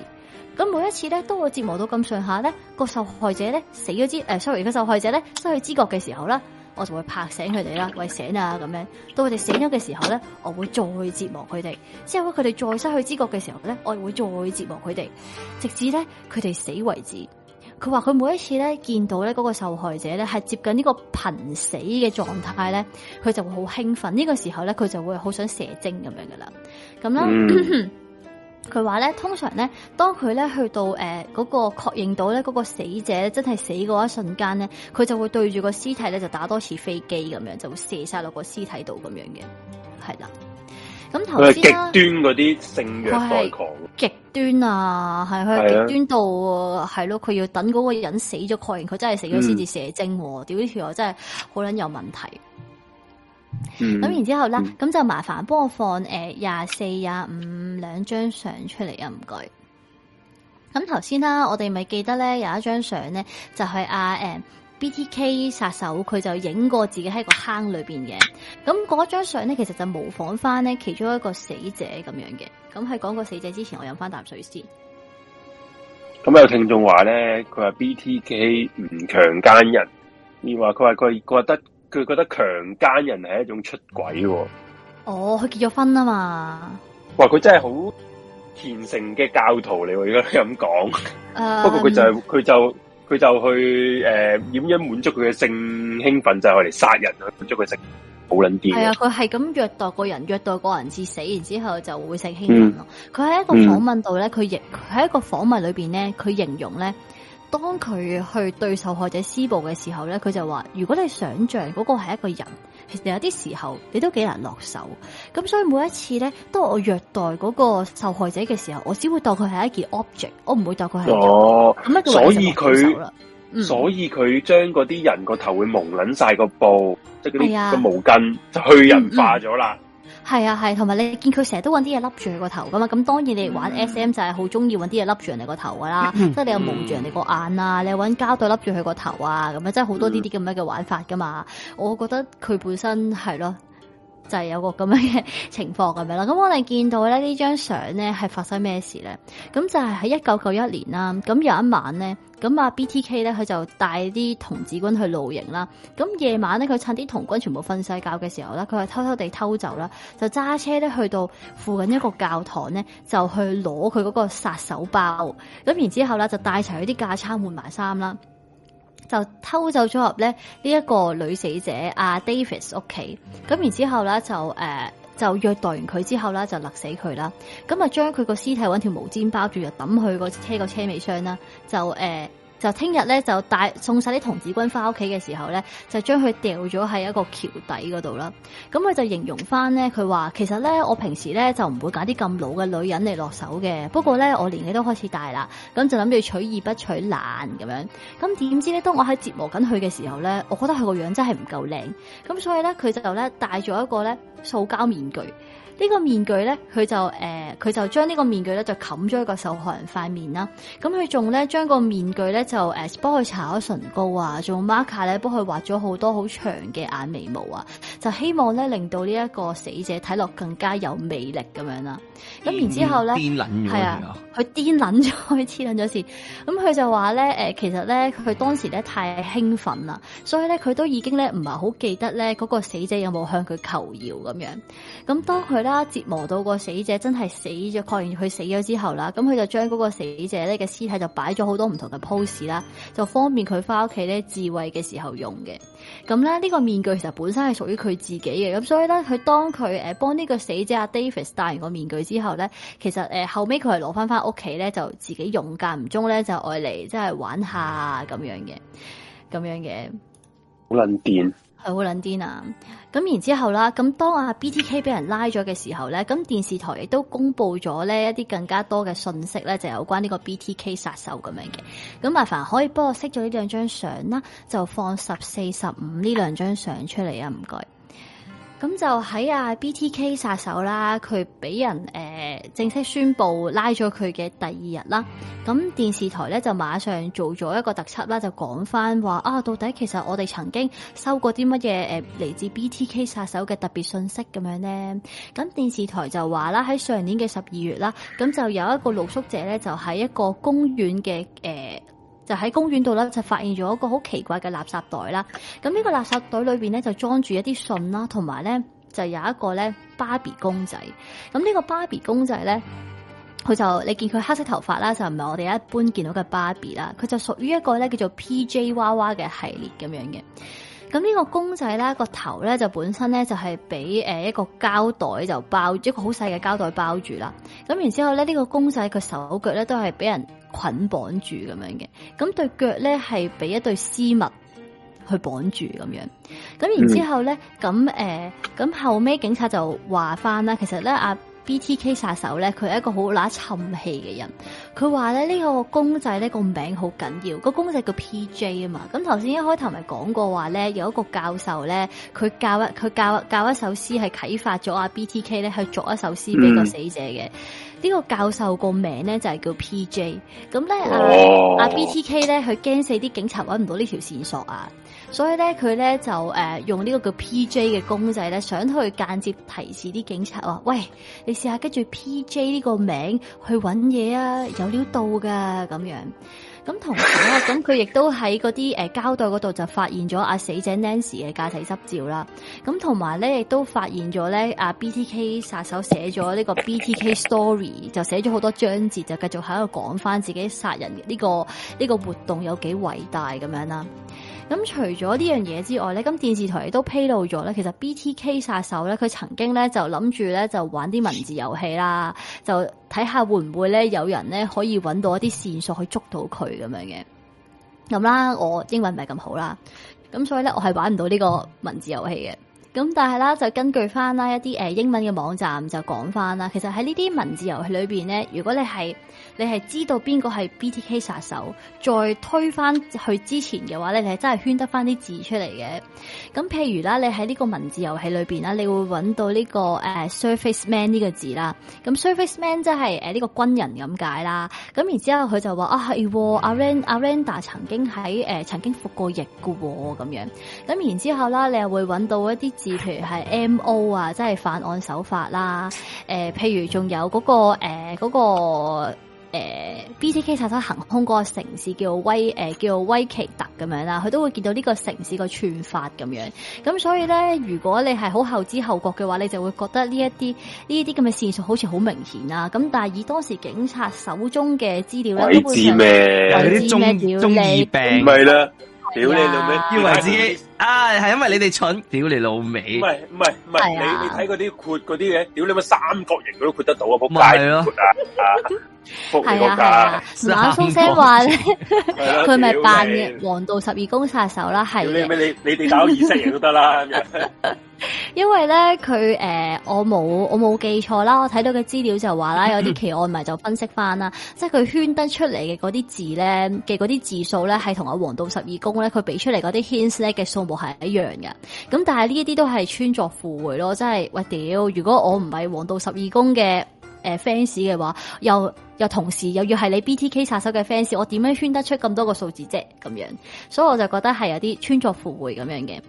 咁每一次咧，都會折磨到咁上下咧，那個受害者咧死咗之誒、呃、sorry，個受害者咧失去知覺嘅時候啦，我就會拍醒佢哋啦，喂醒啊咁樣，到佢哋醒咗嘅時候咧，我會再折磨佢哋，之後佢哋再失去知覺嘅時候咧，我亦會再折磨佢哋，直至咧佢哋死為止。佢話佢每一次咧見到咧嗰個受害者咧係接近個呢個瀕死嘅狀態咧，佢就會好興奮，呢、這個時候咧佢就會好想射精咁樣噶啦，咁啦。嗯佢話咧，通常咧，當佢咧去到誒嗰、呃那個確認到咧，嗰、那個死者真係死嗰一瞬間咧，佢就會對住個屍體咧就打多次飛機咁樣，就會射晒落個屍體度咁樣嘅，係啦。咁頭先啦，極端嗰啲性虐待狂，極端啊，係佢極端度，係咯，佢要等嗰個人死咗，確認佢真係死咗先至射精啊。屌呢條友真係好撚有問題。嗯，咁然之後咧，咁、嗯、就麻煩幫我放誒廿四廿五兩張相出嚟啊！唔該。咁頭先啦，我哋咪記得咧有一張相咧，就係阿誒 BTK 殺手，佢就影過自己喺個坑裡邊嘅。咁嗰張相咧，其實就模仿翻咧其中一個死者咁樣嘅。咁喺講個死者之前，我飲翻啖水先。咁有聽眾話咧，佢話 BTK 唔強奸人，你話佢話佢覺得。佢覺得強奸人係一種出軌喎。哦，佢、oh, 結咗婚啊嘛。哇，佢真係好虔誠嘅教徒嚟，應該咁講。Uh, 不過佢就係、是、佢就佢就，就去誒，點樣滿足佢嘅性興奮就係嚟殺人去滿足佢性好捻癲。係啊，佢係咁虐待個人，虐待個人至死，然之後就會性興奮咯。佢、嗯、喺一個訪問度咧，佢形喺一個訪問裏邊咧，佢形容咧。當佢去對受害者施暴嘅時候咧，佢就話：如果你想象嗰個係一個人，其實有啲時候你都幾難落手。咁所以每一次咧，當我虐待嗰個受害者嘅時候，我只會當佢係一件 object，我唔會當佢係哦。咁所以佢、嗯，所以佢將嗰啲人個頭會蒙捻晒個布，即係嗰啲個毛巾就去人化咗啦。係啊，係、啊，同埋你見佢成日都搵啲嘢笠住佢個頭噶嘛，咁當然你玩 SM 就係好中意搵啲嘢笠住人哋個頭噶啦，即 係你又蒙住人哋個眼啊，你搵膠袋笠住佢個頭啊，咁樣即係好多呢啲咁樣嘅玩法噶嘛，我覺得佢本身係咯。就係、是、有個咁樣嘅情況咁樣啦，咁我哋見到咧呢張相咧係發生咩事咧？咁就係喺一九九一年啦，咁有一晚咧，咁啊 BTK 咧佢就帶啲童子軍去露營啦，咁夜晚咧佢趁啲童軍全部瞓晒覺嘅時候咧，佢係偷偷地偷走啦，就揸車咧去到附近一個教堂咧，就去攞佢嗰個殺手包，咁然之後咧就帶齊佢啲架撐換埋衫啦。就偷走咗入咧呢一個女死者阿 Davis 屋企，咁然之後咧就誒、啊、就虐待完佢之後咧就勒死佢啦，咁啊，將佢個屍體揾，條毛氈包住，就抌去個車，個車尾箱啦，就誒。啊就聽日咧，就帶送晒啲童子軍翻屋企嘅時候咧，就將佢掉咗喺一個橋底嗰度啦。咁佢就形容翻咧，佢話其實咧，我平時咧就唔會揀啲咁老嘅女人嚟落手嘅。不過咧，我年紀都開始大啦，咁就諗住取易不取難咁樣。咁點知咧，當我喺折磨緊佢嘅時候咧，我覺得佢個樣真係唔夠靚。咁所以咧，佢就咧戴咗一個咧塑膠面具。呢、這個面具咧，佢就誒，佢、呃、就將呢個面具咧就冚咗一個受害人塊面啦。咁佢仲咧將個面具咧就誒，幫佢搽咗唇膏啊，仲用 marker 咧幫佢畫咗好多好長嘅眼眉毛啊，就希望咧令到呢一個死者睇落更加有魅力咁樣啦。咁、欸、然之後咧，係啊，佢癲捻咗，黐捻咗線。咁佢就話咧，誒、呃，其實咧，佢當時咧太興奮啦，所以咧佢都已經咧唔係好記得咧嗰、那個死者有冇向佢求饒咁樣。咁當佢啦，折磨到個死者真係死咗，確認佢死咗之後啦，咁佢就將嗰個死者咧嘅屍體就擺咗好多唔同嘅 pose 啦，就方便佢翻屋企咧自慰嘅時候用嘅。咁咧呢個面具其實本身係屬於佢自己嘅，咁所以咧佢當佢誒幫呢個死者阿 Davis 戴完個面具之後咧，其實誒後尾佢係攞翻翻屋企咧就自己用間唔中咧就愛嚟即係玩下咁樣嘅，咁樣嘅。好撚掂。係好撚癲啊！咁然之後啦，咁當阿 BTK 俾人拉咗嘅時候咧，咁電視台亦都公布咗咧一啲更加多嘅信息咧，就有關呢個 BTK 殺手咁樣嘅。咁麻煩可以幫我熄咗呢兩張相啦，就放十四十五呢兩張相出嚟啊！唔該。咁就喺啊，BTK 殺手啦，佢俾人、呃、正式宣布拉咗佢嘅第二日啦。咁電視台咧就馬上做咗一個特輯啦，就講返話啊，到底其實我哋曾經收過啲乜嘢嚟自 BTK 殺手嘅特別信息咁樣咧？咁電視台就話啦，喺上年嘅十二月啦，咁就有一個露宿者咧，就喺一個公園嘅、呃就喺公園度咧，就發現咗一個好奇怪嘅垃圾袋啦。咁呢個垃圾袋裏邊咧，就裝住一啲信啦，同埋咧就有一個咧芭比公仔。咁呢個芭比公仔咧，佢就你見佢黑色頭髮啦，就唔係我哋一般見到嘅芭比啦。佢就屬於一個咧叫做 PJ 娃娃嘅系列咁樣嘅。咁呢個公仔咧，個頭咧就本身咧就係俾誒一個膠袋就包，一個好細嘅膠袋包住啦。咁然之後咧，呢個公仔佢手腳咧都係俾人，捆綁住咁樣嘅，咁對腳咧係俾一對絲襪去綁住咁樣，咁然之後咧，咁、嗯、誒，咁、呃、後尾警察就話翻啦，其實咧阿、啊、BTK 殺手咧，佢係一個好拿沉氣嘅人，佢話咧呢、這個公仔咧個名好緊要，個公仔叫 PJ 啊嘛。咁頭先一開頭咪講過話咧有一個教授咧，佢教一佢教教一首詩係啟發咗阿、啊、BTK 咧去作一首詩俾個死者嘅。嗯呢、這個教授個名咧就係叫 P. J. 咁咧阿阿 B. T. K. 咧，佢驚死啲警察揾唔到呢條線索啊，所以咧佢咧就誒、呃、用呢個叫 P. J. 嘅公仔咧，想去間接提示啲警察話：喂，你試下跟住 P. J. 呢個名去揾嘢啊，有料到噶咁樣。咁同時啊，咁佢亦都喺嗰啲誒膠袋嗰度就發現咗阿死者 Nancy 嘅駕駛執照啦。咁同埋咧，亦都發現咗咧、啊、BTK 殺手寫咗呢個 BTK story，就寫咗好多章節，就繼續喺度講翻自己殺人呢、呢個呢、呢個活動有幾偉大咁樣啦。咁除咗呢樣嘢之外咧，咁電視台亦都披露咗咧，其實 BTK 殺手咧，佢曾經咧就諗住咧就玩啲文字遊戲啦， 就睇下會唔會咧有人咧可以揾到一啲線索去捉到佢咁樣嘅。咁啦，我英文唔係咁好啦，咁所以咧我係玩唔到呢個文字遊戲嘅。咁但係啦，就根據翻啦一啲誒英文嘅網站就講翻啦，其實喺呢啲文字遊戲裏邊咧，如果你係，你係知道邊個係 BTK 殺手，再推翻去之前嘅話咧，你係真係圈得翻啲字出嚟嘅。咁譬如啦，你喺呢個文字遊戲裏邊啦，你會揾到呢、呢個誒、uh, Surface Man 呢個字啦。咁 Surface Man 即係誒呢個軍人咁解啦。咁然之後佢就話啊係，阿、啊啊、Ren 阿 Renda 曾經喺誒、呃、曾經服過役嘅喎咁樣。咁然之後啦，你又會揾到一啲字，譬如係 MO 啊，即係犯案手法啦。誒、呃，譬如仲有嗰個誒嗰個。呃嗰個誒、呃、B T K 殺手行空嗰個城市叫威誒、呃，叫威奇特咁樣啦，佢都會見到呢個城市個串法咁樣，咁所以咧，如果你係好後知後覺嘅話，你就會覺得呢一啲呢啲咁嘅線索好似好明顯啊！咁但係以當時警察手中嘅資料咧，都冇咩，係啲中中二病，唔係啦，屌你為 啊，係因為你哋蠢，屌你老尾！唔係唔係唔係，你你睇嗰啲括嗰啲嘢，屌你乜三角形佢都括得到啊！撲街咯，括啊！係啊係啊，馬蘇聲話咧，佢咪扮嘅《黃 角形 道十二宮殺手》啦，係你咪你哋你搞掩飾人都得啦，因為咧，佢誒、呃，我冇我冇記錯啦，我睇到嘅資料就話啦，有啲奇案咪就分析翻啦、嗯，即係佢圈得出嚟嘅嗰啲字咧嘅嗰啲字數咧，係同阿黃道十二宮咧，佢俾出嚟嗰啲線索嘅數目，係一樣嘅，咁但係呢一啲都係穿鑿附會咯，真係喂屌！如果我唔係黃道十二宮嘅誒 fans 嘅話，又又同時又要係你 BTK 殺手嘅 fans，我點樣圈得出咁多個數字啫？咁樣，所以我就覺得係有啲穿鑿附會咁樣嘅。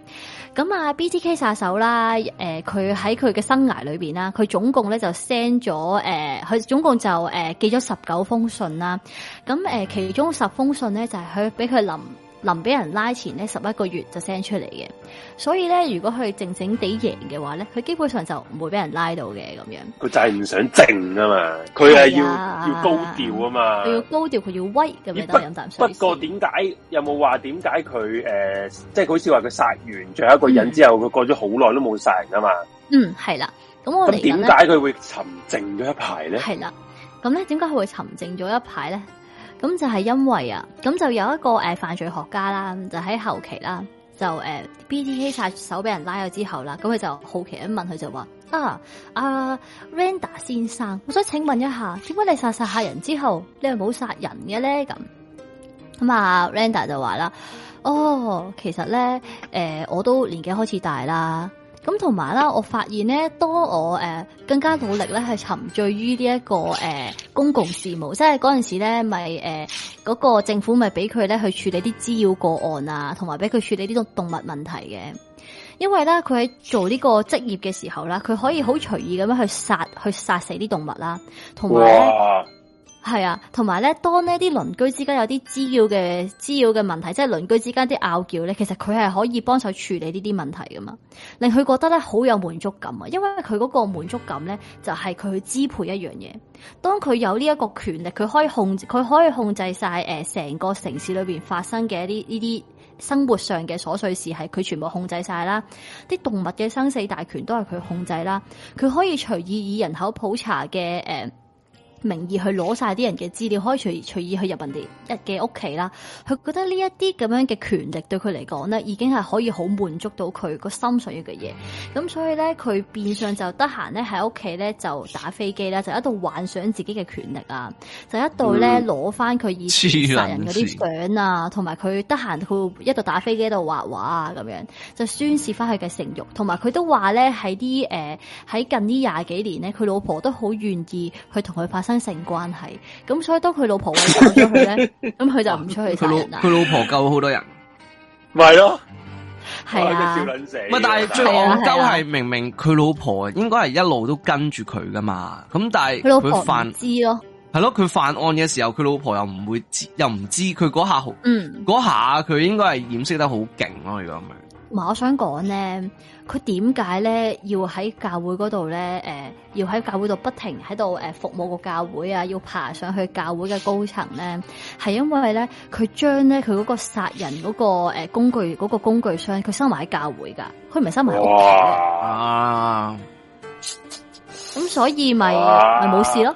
咁啊，BTK 殺手啦，誒、呃，佢喺佢嘅生涯裏邊啦，佢總共咧就 send 咗誒，佢、呃、總共就誒、呃、寄咗十九封信啦。咁誒、呃，其中十封信咧就係佢俾佢林。臨俾人拉前咧十一個月就 send 出嚟嘅，所以咧，如果佢靜靜地贏嘅話咧，佢基本上就唔會俾人拉到嘅咁樣。佢就係唔想靜啊嘛，佢係要要高調啊嘛，佢要高調佢要威咁樣飲啖水。不過點解有冇話點解佢誒，即、呃、係、就是、好似話佢殺完最後一個人之後，佢、嗯、過咗好耐都冇殺人啊嘛？嗯，係啦，咁我咁點解佢會沉靜咗一排咧？係啦，咁咧點解佢會沉靜咗一排咧？咁就係因為啊，咁就有一個誒、呃、犯罪學家啦，就喺後期啦，就誒、呃、BTK 殺手俾人拉咗之後啦，咁佢就好奇咁問，佢就話啊，啊，Randa 先生，我想請問一下，點解你殺殺客人之後，你係冇殺人嘅咧？咁咁啊 Randa 就話啦，哦，其實咧，誒、呃，我都年紀開始大啦。咁同埋咧，我發現咧，當我誒、呃、更加努力咧，係沉醉於呢一個誒、呃、公共事務，即係嗰陣時咧，咪誒嗰個政府咪俾佢咧去處理啲滋擾個案啊，同埋俾佢處理呢種動物問題嘅。因為咧，佢喺做呢個職業嘅時候啦，佢可以好隨意咁樣去殺去殺死啲動物啦，同埋呢。係啊，同埋咧，當呢啲鄰居之間有啲滋擾嘅滋擾嘅問題，即係鄰居之間啲拗撬咧，其實佢係可以幫手處理呢啲問題噶嘛，令佢覺得咧好有滿足感啊！因為佢嗰個滿足感咧，就係佢去支配一樣嘢。當佢有呢一個權力，佢可以控，佢可以控制晒誒成個城市裏邊發生嘅一啲呢啲生活上嘅瑣碎事，係佢全部控制晒啦。啲動物嘅生死大權都係佢控制啦，佢可以隨意以人口普查嘅誒。呃名義去攞晒啲人嘅資料，可以隨隨意去入人哋嘅屋企啦。佢覺得呢一啲咁樣嘅權力對佢嚟講咧，已經係可以好滿足到佢個心想要嘅嘢。咁所以咧，佢變相就得閒咧喺屋企咧就打飛機咧，就一度幻想自己嘅權力啊，就一度咧攞翻佢以前殺人嗰啲相啊，同埋佢得閒佢一度打飛機喺度畫畫啊咁樣，就宣泄翻佢嘅性慾。同埋佢都話咧喺啲誒喺近這多年呢廿幾年咧，佢老婆都好願意去同佢發生性關係，咁所以當佢老婆搵咗佢咧，咁佢就唔出去。佢 老佢老婆救好多人，咪 咯，係、那個這個、啊，咪，但係最戇鳩係明明佢老婆應該係一路都跟住佢噶嘛，咁但係佢老婆犯知咯，係咯，佢犯案嘅時候，佢老婆又唔會知，又唔知佢嗰下，嗯，嗰下佢應該係掩飾得好勁咯，如果咁樣。嘛，我想講咧，佢點解咧要喺教會嗰度咧？誒、呃，要喺教會度不停喺度誒服務個教會啊！要爬上去教會嘅高層咧，係因為咧佢將咧佢嗰個殺人嗰個誒工具嗰、那個工具箱，佢收埋喺教會噶，佢唔係收埋喺屋企嘅。咁所以咪咪冇事咯。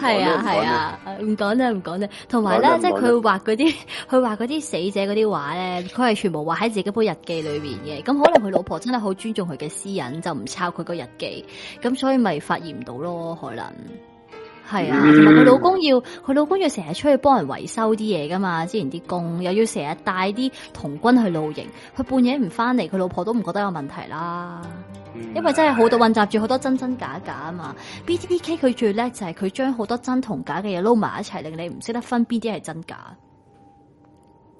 係啊係啊，唔講啦，唔講啦。同埋咧，即係佢畫嗰啲，佢畫嗰啲死者嗰啲畫咧，佢係全部畫喺自己本日記裏邊嘅。咁可能佢老婆真係好尊重佢嘅私隱，就唔抄佢個日記，咁所以咪發現唔到咯。可能係啊，同埋佢老公要，佢老公要成日出去幫人維修啲嘢噶嘛。之前啲工又要成日帶啲童軍去露營，佢半夜唔翻嚟，佢老婆都唔覺得有問題啦。因為真係好多混雜住好多真真假假啊嘛，B T P K 佢最叻就係佢將好多真同假嘅嘢撈埋一齊，令你唔識得分邊啲係真假。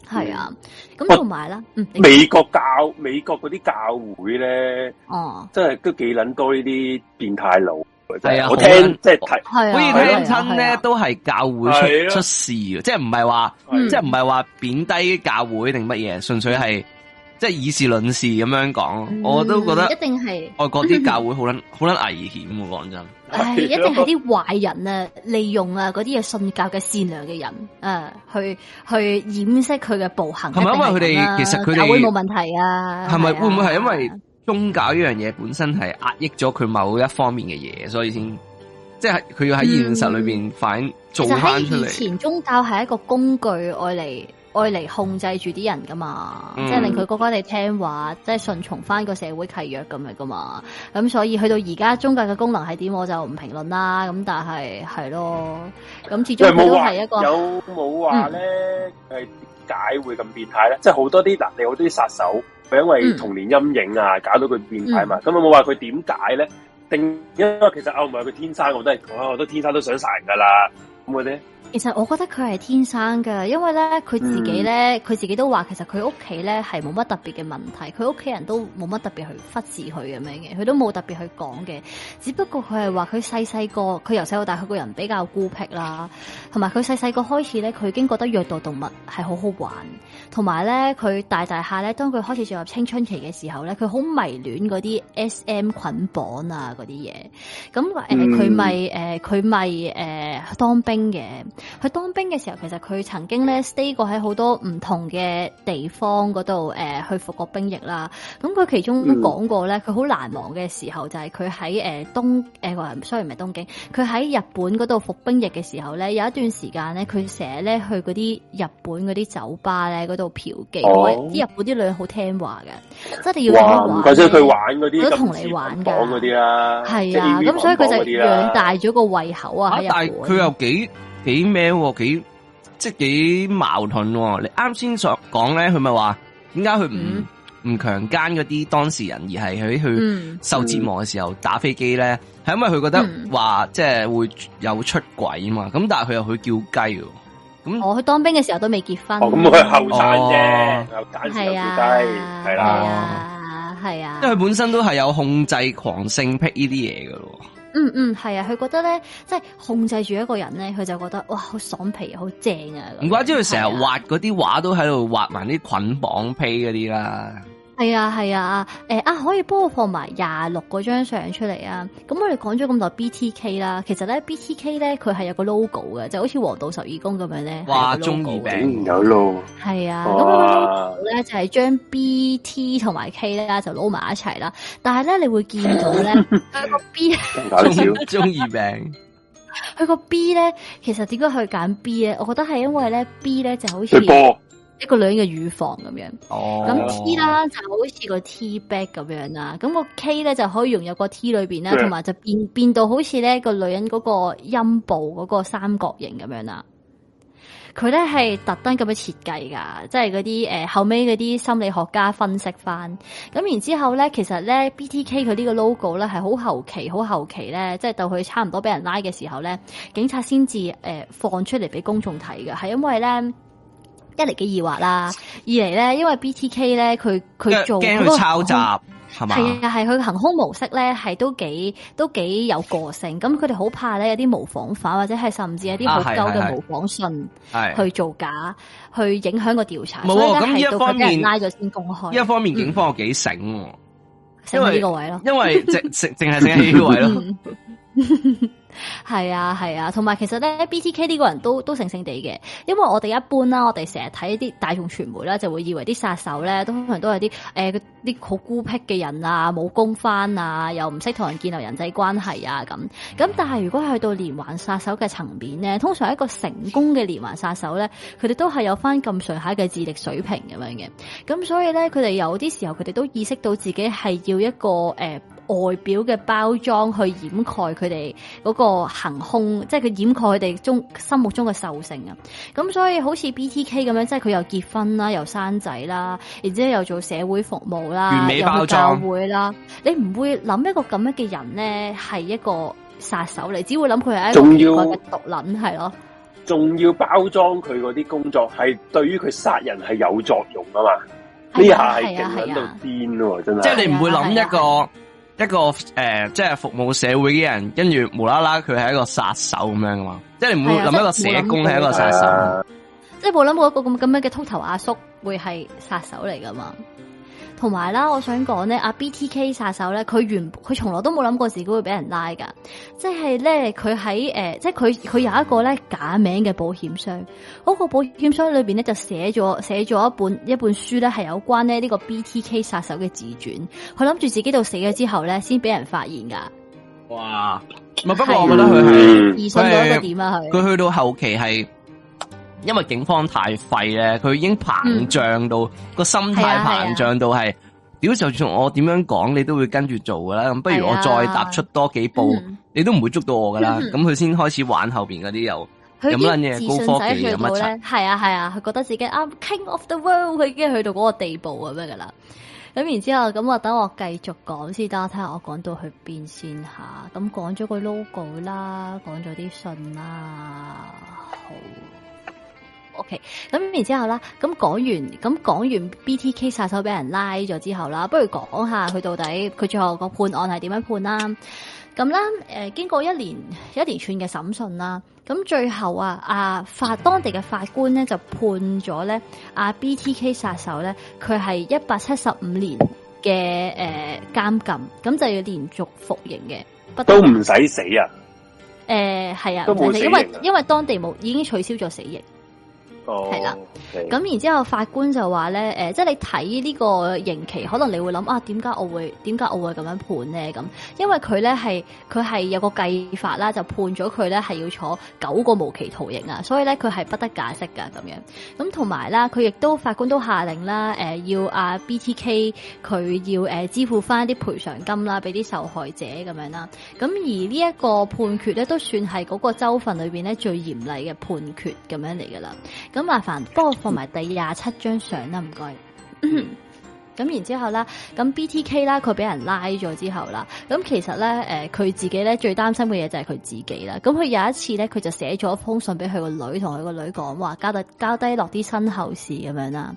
係、嗯、啊，咁同埋啦，美國教美國嗰啲教會咧，哦、啊，真係都幾捻多呢啲變態佬，係啊，我聽好、啊、即係係、啊，可以聽親咧、啊啊、都係教會出係、啊、出事，即係唔係話，即係唔係話貶低教會定乜嘢，純粹係。即係以事論事咁樣講、嗯，我都覺得一定係外國啲教會好撚好撚危險喎！講真，唉、哎，一定係啲壞人啊， 利用啊嗰啲嘢信教嘅善良嘅人、啊、去去掩飾佢嘅暴行。係咪因為佢哋、啊、其實佢哋教會冇問題啊？係咪會唔會係因為宗教呢樣嘢本身係壓抑咗佢某一方面嘅嘢，所以先即係佢要喺現實裏面反、嗯、做翻出嚟？其實以前宗教係一個工具愛嚟。愛嚟控制住啲人噶嘛，嗯、即係令佢乖乖地聽話，即係順從翻個社會契約咁嚟噶嘛。咁所以去到而家，宗教嘅功能係點，我就唔評論啦。咁但係係咯，咁始終都係一個沒說有冇話咧，點解會咁變態咧、嗯？即係好多啲嗱，你好多啲殺手佢因為童年陰影啊，搞到佢變態嘛。咁、嗯、有冇話佢點解咧？定因為其實我唔係個天生，我都係，我我都天生都想殺人噶啦。咁嗰啲。其實我覺得佢係天生噶，因為咧佢自己咧，佢、嗯、自己都話，其實佢屋企咧係冇乜特別嘅問題，佢屋企人都冇乜特別去忽視佢咁樣嘅，佢都冇特別去講嘅。只不過佢係話佢細細個，佢由細到大，佢個人比較孤僻啦，同埋佢細細個開始咧，佢已經覺得虐待動,動物係好好玩，同埋咧佢大大下咧，當佢開始進入青春期嘅時候咧，佢好迷戀嗰啲 SM 捆綁啊嗰啲嘢。咁誒佢咪誒佢咪誒當兵嘅。嗯嗯佢當兵嘅時候，其實佢曾經咧 stay 過喺好多唔同嘅地方嗰度，誒去服過兵役啦。咁佢其中講過咧，佢、嗯、好難忘嘅時候就係佢喺誒東誒雖然唔係東京，佢喺日本嗰度服兵役嘅時候咧，有一段時間咧，佢成日咧去嗰啲日本嗰啲酒吧咧，嗰度嫖妓。啲、哦、日本啲女好聽話嘅，真係要玩佢或玩啲，都同你玩噶。講嗰啲啦，係啊，咁、啊就是、所以佢就養大咗個胃口啊。吓、啊，但佢又幾？幾咩、啊？幾即係幾矛盾、啊？你啱先所講咧，佢咪話點解佢唔唔強奸嗰啲當事人，而係喺佢受折磨嘅時候打飛機咧？係因為佢覺得話、嗯、即係會有出軌啊嘛？咁但係佢又去叫雞、啊？咁我去當兵嘅時候都未結婚，咁佢後生啫，有暫時有叫雞，係啦、啊，係啊,啊,啊，因為佢本身都係有控制狂性癖呢啲嘢噶咯。嗯嗯，係、嗯、啊，佢覺得咧，即係控制住一個人咧，佢就覺得哇，好爽皮，好正啊！唔怪之佢成日畫嗰啲畫都喺度畫埋啲捆綁癖嗰啲啦。係啊，係啊誒、欸、啊，可以幫我放埋廿六嗰張相出嚟啊！咁我哋講咗咁耐 BTK 啦，其實咧 BTK 咧佢係有個 logo 嘅，就好似黃道十二宮咁樣咧。哇！中二病唔有 l 係，係啊，咁咧就係、是、將 B、T 同埋 K 呢，就攞埋一齊啦。但係咧，你會見到咧，佢 一個 B 中二中二病佢個 B 咧，其實點解佢揀 B 呢？我覺得係因為咧，B 咧就好似。一個女人嘅乳房咁樣，咁、oh. T 啦就好似個 T back 咁樣啦，咁個 K 咧就可以融入個 T 裏邊啦，同、yeah. 埋就變變到好似咧個女人嗰個陰部嗰、嗰個三角形咁樣啦。佢咧係特登咁樣設計噶，即係嗰啲誒後尾嗰啲心理學家分析翻，咁然之後咧其實咧 BTK 佢呢個 logo 咧係好後期好後期咧，即係到佢差唔多俾人拉嘅時候咧，警察先至誒放出嚟俾公眾睇嘅，係因為咧。一嚟幾疑惑啦，二嚟咧，因為 BTK 咧，佢佢做驚佢抄襲係嘛？係啊，係佢行兇模式咧，係都幾都幾有個性，咁佢哋好怕咧有啲模仿犯，或者係甚至有啲好高嘅模仿信係去做假、啊、假，去影響個調查。冇咁、啊、一方面拉咗先公開，一方面警方有幾醒，醒呢個位咯，因為淨淨淨係醒呢個位咯。 係啊，係啊，同埋其實咧，BTK 呢個人都都醒醒哋嘅，因為我哋一般啦，我哋成日睇啲大眾傳媒啦，就會以為啲殺手咧都通常都係啲誒啲好孤僻嘅人啊，冇工返啊，又唔識同人建立人際關係啊咁，咁但係如果去到連環殺手嘅層面咧，通常一個成功嘅連環殺手咧，佢哋都係有返咁上下嘅智力水平咁樣嘅，咁所以咧佢哋有啲時候佢哋都意識到自己係要一個誒。外表嘅包裝去掩蓋佢哋嗰個行凶，即係佢掩蓋佢哋中心目中嘅獸性啊！咁所以好似 BTK 咁樣，即係佢又結婚啦，又生仔啦，然之後又做社會服務啦，又去教會啦，你唔會諗一個咁樣嘅人咧係一個殺手嚟，只會諗佢係一個要毒捻係咯。仲要包裝佢嗰啲工作係對於佢殺人係有作用是是啊嘛？呢下係勁到癲喎，真係，即係、啊啊啊就是、你唔會諗一個、啊。一個誒、呃，即係服務社會嘅人，跟住無啦啦佢係一個殺手咁樣噶嘛，即係你唔會諗一個社工係一個殺手，是啊、即係冇諗過一個咁咁樣嘅禿頭阿叔會係殺手嚟噶嘛。啊。同埋啦，我想講咧，阿 BTK 殺手咧，佢原佢從來都冇諗過自己會俾人拉噶，即係咧佢喺誒，即係佢佢有一個咧假名嘅保險箱，嗰個保險箱裏邊咧就寫咗寫咗一本一本書咧係有關呢呢個 BTK 殺手嘅自傳，佢諗住自己到死咗之後咧先俾人發現噶。哇！係，不過我覺得佢係，係想咗一個點啊，佢佢去到後期係。因為警方太廢咧，佢已經膨脹到個、嗯、心態膨脹到係，點、嗯啊啊、就算我點樣講，你都會跟住做噶啦。咁不如我再踏出多幾步，啊、你都唔會捉到我噶啦。咁佢先開始玩後邊嗰啲又有，咁乜嘢高科技什麼，又乜柒？係啊係啊，佢、啊啊、覺得自己啊 King of the world 佢已經去到嗰個地步咁樣噶啦。咁然之後咁我等我繼續講先，等我睇下我講到去邊先吓，咁講咗個 logo 啦，講咗啲信啦，好。O K，咁然之後啦，咁講完，咁講完 B T K 殺手俾人拉咗之後啦，不如講下佢到底佢最後個判案係點樣判啦？咁啦，誒、呃，經過一年一連串嘅審訊啦，咁最後啊，阿法當地嘅法官咧就判咗咧，阿、啊、B T K 殺手咧，佢係一百七十五年嘅誒、呃、監禁，咁就要連續服刑嘅，不都唔使死啊？誒、呃，係啊，因為因為，因為當地冇已經取消咗死刑。係、哦、啦，咁然之後法官就話咧，誒，即係你睇呢個刑期，可能你會諗啊，點解我會，點解我會咁樣判咧？咁，因為佢咧係，佢係有個計法啦，就判咗佢咧係要坐九個無期徒刑啊，所以咧佢係不得解釋噶咁樣。咁同埋啦，佢亦都法官都下令啦，誒，要阿 BTK 佢要誒支付翻啲賠償金啦，俾啲受害者咁樣啦。咁而呢一個判決咧，都算係嗰個州份裏邊咧最嚴厲嘅判決咁樣嚟噶啦。咁麻煩幫我放埋第廿七張相啦，唔該。咁 然之後啦，咁 B T K 啦，佢俾人拉咗之後啦，咁其實咧，誒、呃，佢自己咧最擔心嘅嘢就係佢自己啦。咁佢有一次咧，佢就寫咗一封信俾佢個女，同佢個女講話交得交低落啲身後事咁樣啦。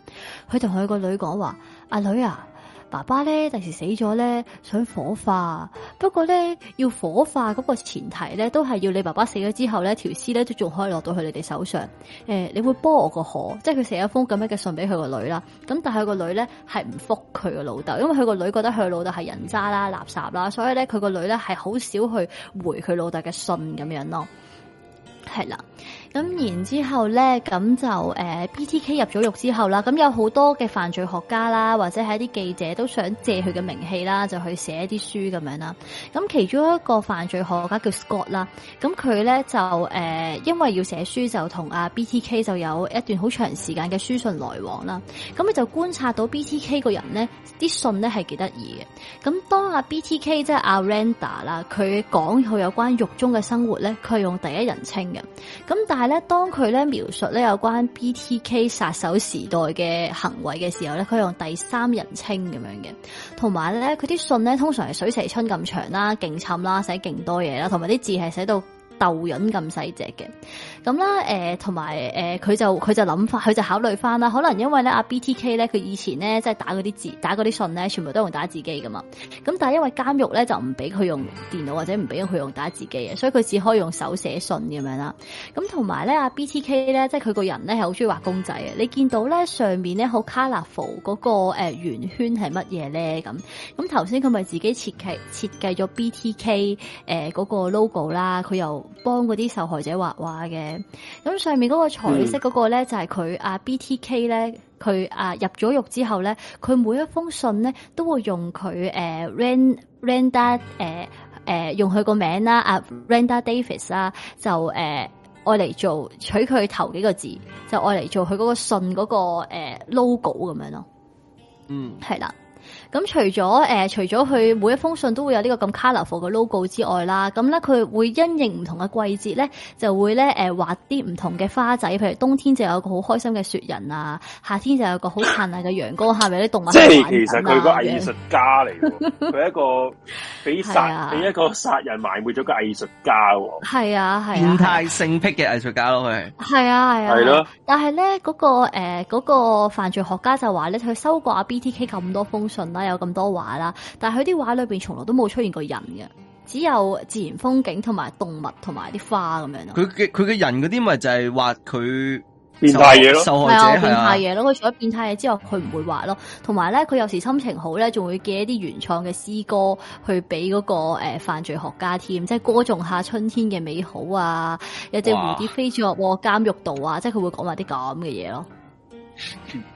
佢同佢個女講話，阿女啊。女爸爸咧第時死咗咧想火化，不過咧要火化嗰個前提咧都係要你爸爸死咗之後咧條屍咧都仲可以落到去你哋手上。誒、欸，你會幫我個河即係佢寫一封咁樣嘅信俾佢個女啦。咁但係佢個女咧係唔覆佢個老豆，因為佢個女覺得佢老豆係人渣啦、垃圾啦，所以咧佢個女咧係好少去回佢老豆嘅信咁樣咯、啊。係啦。咁然之後咧，咁就誒、呃，BTK 入咗獄之後啦，咁有好多嘅犯罪學家啦，或者係一啲記者都想借佢嘅名氣啦，就去寫一啲書咁樣啦。咁其中一個犯罪學家叫 Scott 啦，咁佢咧就誒、呃，因為要寫書，就同阿 BTK 就有一段好長時間嘅書信來往啦。咁佢就觀察到 BTK 個人咧，啲信咧係幾得意嘅。咁當阿 BTK 即係阿 Randa 啦，佢講佢有關獄中嘅生活咧，佢係用第一人稱嘅。咁但係咧，當佢咧描述咧有關 BTK 殺手時代嘅行為嘅時候咧，佢用第三人稱咁樣嘅，同埋咧佢啲信咧通常係水蛇春咁長啦，勁沉啦，寫勁多嘢啦，同埋啲字係寫到豆潤咁細隻嘅。咁啦，誒同埋誒佢就佢就諗翻，佢就考慮翻啦。可能因為咧阿 B T K 咧，佢以前咧即係打嗰啲字、打嗰啲信咧，全部都用打字機噶嘛。咁但係因為監獄咧就唔俾佢用電腦或者唔俾佢用打字機，所以佢只可以用手寫信咁樣啦。咁同埋咧阿 B T K 咧，即係佢個人咧係好中意畫公仔嘅。你見到咧上面咧好 colorful 嗰個誒圓圈係乜嘢咧？咁咁頭先佢咪自己設計設計咗 B T K 誒嗰個 logo 啦，佢又幫嗰啲受害者畫畫嘅。咁、嗯嗯、上面嗰個彩色嗰個咧，就係、是、佢啊 BTK 咧，佢啊入咗獄之後咧，佢每一封信咧，都會用佢誒、呃、Randa 誒、呃、誒、呃、用佢個名啦、啊，阿 Randa Davis 啦、啊，就誒愛嚟做取佢頭幾個字，就愛嚟做佢嗰個信嗰、那個誒、呃、logo 咁樣咯，嗯，係啦。咁、嗯、除咗誒、呃、除咗佢每一封信都會有呢個咁 colorful 嘅 logo 之外啦，咁咧佢會因應唔同嘅季節咧，就會咧誒畫啲唔同嘅花仔，譬如冬天就有個好開心嘅雪人啊，夏天就有個好燦爛嘅陽光，下面啲動物即係、啊、其實佢個藝術家嚟，嘅，佢一個俾殺俾一個殺、啊、人埋沒咗嘅藝術家喎，係啊係變態性癖嘅藝術家咯，佢係係啊係啊，係咯，但係咧、嗰個誒、呃嗰個犯罪學家就話咧，佢收過阿 BTK 咁多封信啦、啊。有咁多畫啦，但係佢啲畫裏邊從來都冇出現過人嘅，只有自然風景同埋動物同埋啲花咁樣咯。佢嘅佢嘅人嗰啲咪就係話佢變態嘢咯，受害者、啊、變態嘢咯。佢、啊、除咗變態嘢之後，佢唔會畫咯。同埋咧，佢有時心情好咧，仲會寄一啲原創嘅詩歌去俾嗰、那個誒、呃、犯罪學家添，即係歌頌下春天嘅美好啊！有隻蝴蝶飛咗入監獄度啊！即係佢會講埋啲咁嘅嘢咯。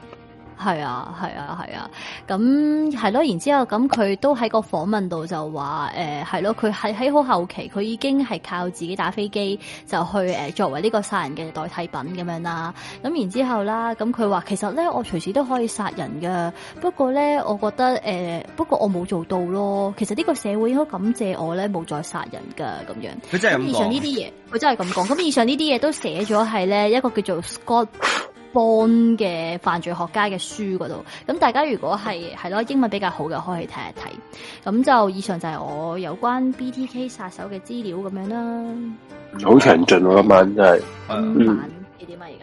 係啊，係啊，係啊，咁係咯，然之後咁佢都喺個訪問度就話，誒、呃，係咯，佢喺喺好後期，佢已經係靠自己打飛機就去誒、呃、作為呢個殺人嘅代替品咁樣啦。咁然之後啦，咁佢話其實咧我隨時都可以殺人噶，不過咧我覺得誒、呃，不過我冇做到咯。其實呢個社會應該感謝我咧冇再殺人噶咁樣。佢真係咁講。咁以上呢啲嘢，佢真係咁講。咁 以上呢啲嘢都寫咗係咧一個叫做 Scott。幫嘅犯罪學家嘅書度，咁大家如果係係咯英文比較好嘅，可以睇一睇。咁就以上就係我有關 BTK 殺手嘅資料咁樣啦。好詳盡，今晚真係。晚幾點啊？嗯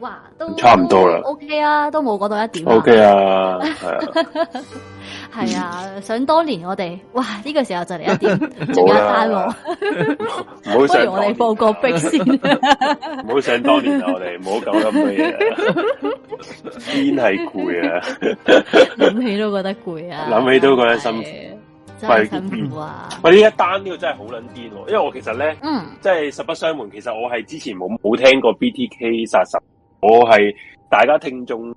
哇，都差唔多啦，OK 啊，都冇過到一點，OK 啊，係啊， 是啊、嗯，想當年我哋，哇呢、這個時候就嚟一點，仲有一單喎、啊，唔好想我哋報過逼先，唔好想當年我哋冇咁咁嘅嘢，癲係攰啊，諗起， 累 起都覺得攰啊，諗起都覺得辛苦，真辛苦啊！我、嗯、呢一單呢個真係好撚癲、哦，因為我其實咧，嗯，即係實不相瞞，其實我係之前冇冇聽過 BTK 殺手。我係大家聽眾，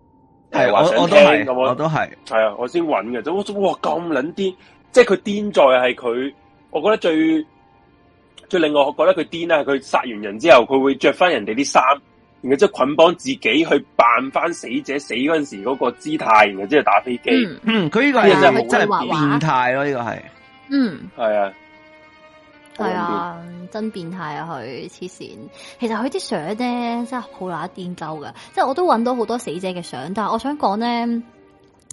係我我都係，我都係，係啊，我先揾嘅，就我哇，咁撚癲，即係佢癲在係佢，我覺得最最令我覺得佢癲咧，係佢殺完人之後，佢會着翻人哋啲衫，然後即係捆綁自己去扮翻死者死嗰陣時嗰個姿態，然後即係打飛機。嗯，佢呢個係真係變態咯，呢個係，嗯，係啊。係 啊，真變態啊佢，黐線。其實佢啲相咧真係好乸癲鳩嘅，即係我都揾到好多死者嘅相。但係我想講咧，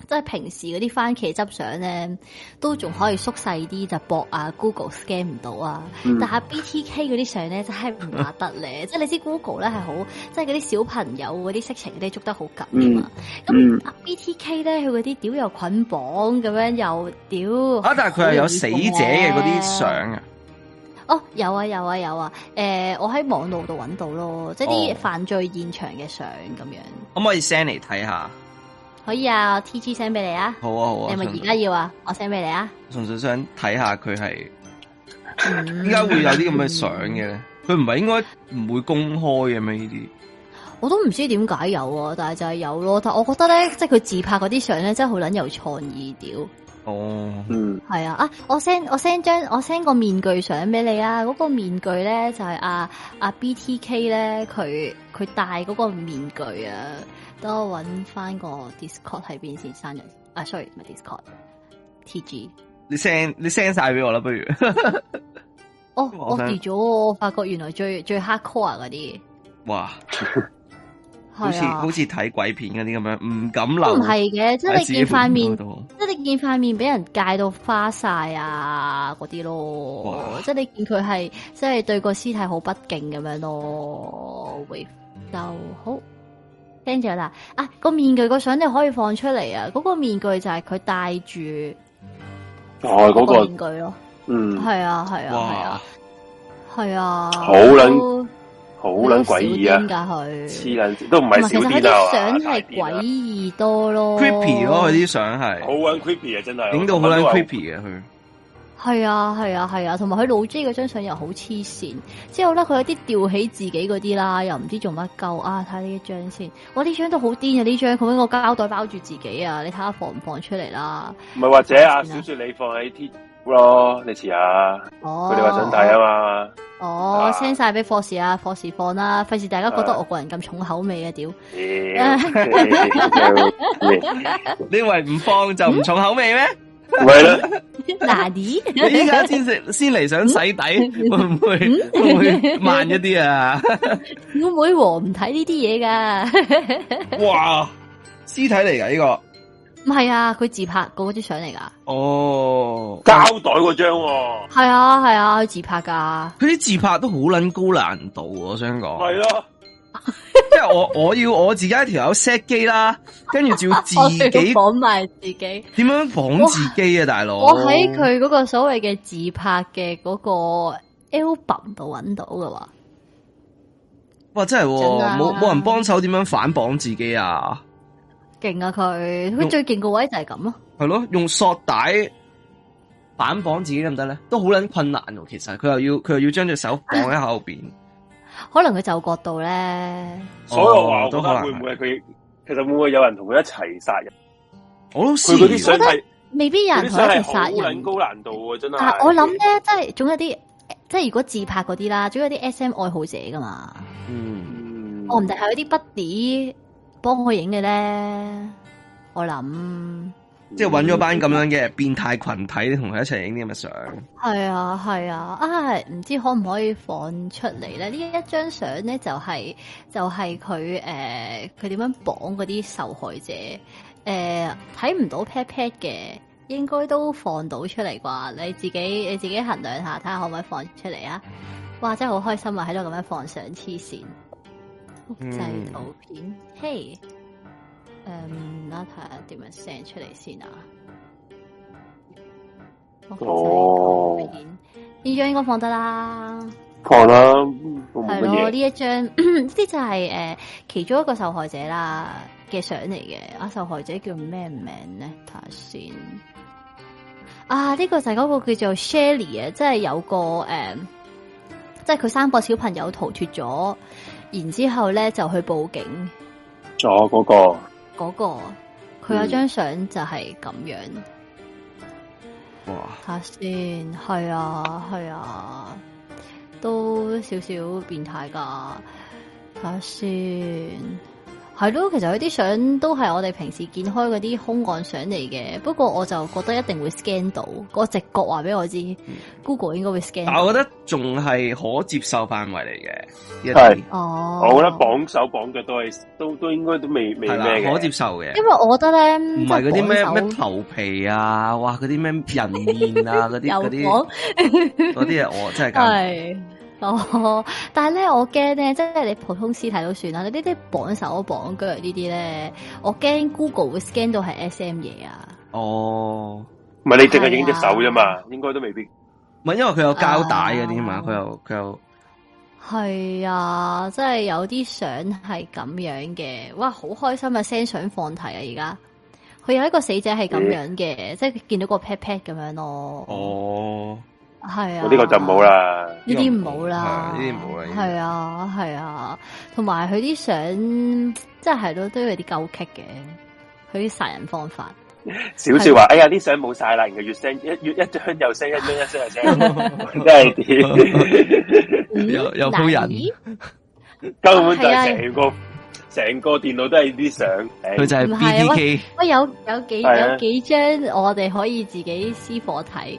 即係平時嗰啲番茄汁相咧，都仲可以縮細啲就搏啊 Google scan 唔到啊。但係 BTK 嗰啲相咧就係唔得咧，即係你知 Google 咧係好，即係嗰啲小朋友嗰啲色情咧捉得好緊噶嘛。咁啊 BTK 咧佢嗰啲屌又捆綁咁樣又屌，啊但係佢係有死者嘅嗰啲相啊。哦、oh, 啊，有啊有啊有啊！誒、呃，我喺網路度搵到咯，即係啲犯罪現場嘅相咁樣。可唔可以 send 嚟睇下？可以啊，TG send 俾你啊。好啊好啊。你係咪而家要啊？純純我 send 俾你啊。純粹想睇下佢係，點、嗯、解會有啲咁嘅相嘅咧？佢唔係應該唔會公開嘅咩？呢啲我都唔知點解有啊，但係就係有咯、啊。但我覺得咧，即係佢自拍嗰啲相咧，真係好捻有創意屌。哦，嗯，係啊，啊，我 send 我 send 張我 send 個面具相俾你啊，嗰個面具咧就係阿阿 BTK 咧佢佢戴嗰個面具啊，等我揾返個 Discord 喺邊先刪人，啊，sorry，唔係 Discord，TG，你 send 你 send 晒俾我啦，不如，哦，我 delete 咗，我發覺原來最最 hardcore 啊嗰啲，哇。好似、啊、好似睇鬼片嗰啲咁樣，唔敢留。都唔係嘅，即係你見塊面被人花、啊那些，即係你見塊面俾人戒到花晒啊嗰啲咯。即係你見佢係，即係對個屍體好不敬咁樣咯。喂就好。聽住啦，啊個面具個相你可以放出嚟啊！嗰，那個面具就係佢戴住。個面具咯，哦那個啊那個，嗯，係啊，係啊，係啊，係啊，啊，好靚。好好捻詭異啊！點解佢，黐捻都唔係，其實啲相係詭異多咯，creepy 咯，佢啲相係好捻 creepy 啊，真係影到好捻 creepy 嘅佢。係啊係啊係啊，同埋佢老 J 嗰張相又好黐線，之後咧佢有啲吊起自己嗰啲啦，又唔知做乜鳩啊！睇呢一張先，我呢張都好癲啊！呢張佢用個膠袋包住自己啊，你睇下放唔放出嚟啦？唔係或者啊，小說你放喺貼咯，Bro，你持下，佢哋話想睇啊嘛。哦，send 晒俾貨時啊，貨時、啊、放啦、啊，費事大家覺得我個人咁重口味啊，屌、啊！你以 為唔放就唔重口味咩？係啦嗱你，你依家先食，先嚟想洗底，嗯、會唔會、嗯、會，會慢一啲啊？我妹唔睇呢啲嘢噶， 哇，屍體嚟噶呢個。唔係啊，佢自拍嗰啲相嚟噶。哦，膠袋嗰張。係啊係啊，佢、啊啊、自拍噶。佢啲自拍都好撚高難度、啊，我想講。係啊，即 係我我要我自己一條友 set 機啦，跟住照自己綁 埋自己。點樣綁自己啊，大佬？我喺佢嗰個所謂嘅自拍嘅嗰個 album 度搵到㗎話。哇，真係冇冇人幫手，點樣反綁自己啊？勁啊佢，佢最勁個位就係咁咯。係咯，用索帶反綁自己得唔得咧？都好卵困難哦。其實佢又、啊、要佢又要將隻手放喺後邊、嗯，可能佢就角度咧。所有話都可能會唔會佢？其實會唔會有人同佢一齊殺人？哦、我都試覺得未必有人同佢一齊殺人。高難度啊，真係。但係我諗咧，即係仲有啲，即係如果自拍嗰啲啦，仲有啲 S M 愛好者噶嘛。嗯，我唔定係有啲 b o 幫佢影嘅咧，我諗，即係揾咗班咁樣嘅變態群體同佢、嗯、一齊影啲咁嘅相。係啊係啊，是啊唔、哎、知可唔可以放出嚟咧？呢一張相咧就係、是、就係佢誒，佢、呃、點樣綁嗰啲受害者誒，睇、呃、唔到 pat pat 嘅，應該都放到出嚟啩？你自己你自己衡量下，睇下可唔可以放出嚟啊？哇，真係好開心啊！喺度咁樣放相，黐線，複製圖片。嘿，誒，我睇下點樣 send 出嚟先啊！哦，呢張應該放得啦，放啦，係咯，呢一張呢就係誒其中一個受害者啦嘅相嚟嘅。阿、uh、受害者叫咩名咧？睇下先。啊，呢個就係嗰個叫做 Shelly 啊，即係有個誒，即係佢三個小朋友逃脫咗，然之後咧就去報警。左嗰、嗰個，嗰、嗰個，佢有張相就係咁樣。哇、嗯，睇下先，係啊係啊，都少少變態噶，睇下先。係咯，其實有啲相都係我哋平時見開嗰啲空岸相嚟嘅，不過我就覺得一定會 scan 到，個直覺話俾我知、嗯、，Google 應該會 scan。但我覺得仲係可接受範圍嚟嘅，一定。哦。我覺得綁手綁腳都係都都應該都未未咩可接受嘅。因為我覺得咧，唔係嗰啲咩咩頭皮啊，哇，嗰啲咩人面啊，嗰啲嗰啲嗰啲啊，我即係。 哦、oh，但係咧，我驚咧，即係你普通屍體都算啦，你呢啲綁手綁腳呢啲咧，我驚 Google 會 scan 到係 SM 嘢啊！哦，唔係你淨係影隻手啫嘛，yeah. 應該都未必。唔係因為佢有膠帶嗰啲嘛，佢又佢又係啊，即、uh. 係、啊 yeah, 有啲相係咁樣嘅，哇，好開心啊！send 相放題啊，而家佢有一個死者係咁樣嘅，yeah. 即係見到個 pat pat 咁樣咯。哦、oh.。係啊，呢、哦這個就冇啦，呢啲唔好啦，呢啲唔好啦。係啊，係啊，同埋佢啲相，即係都都有啲夠棘嘅，佢啲殺人方法。少少話、啊，哎呀，啲相冇晒啦，而家越聲一越一張又聲一張 一張又聲，真係點？又有鋪人， 啊是啊、 根本就成個成 個電腦都係啲相，佢就係 B D K。喂，有有幾、啊、有幾張我哋可以自己私貨睇？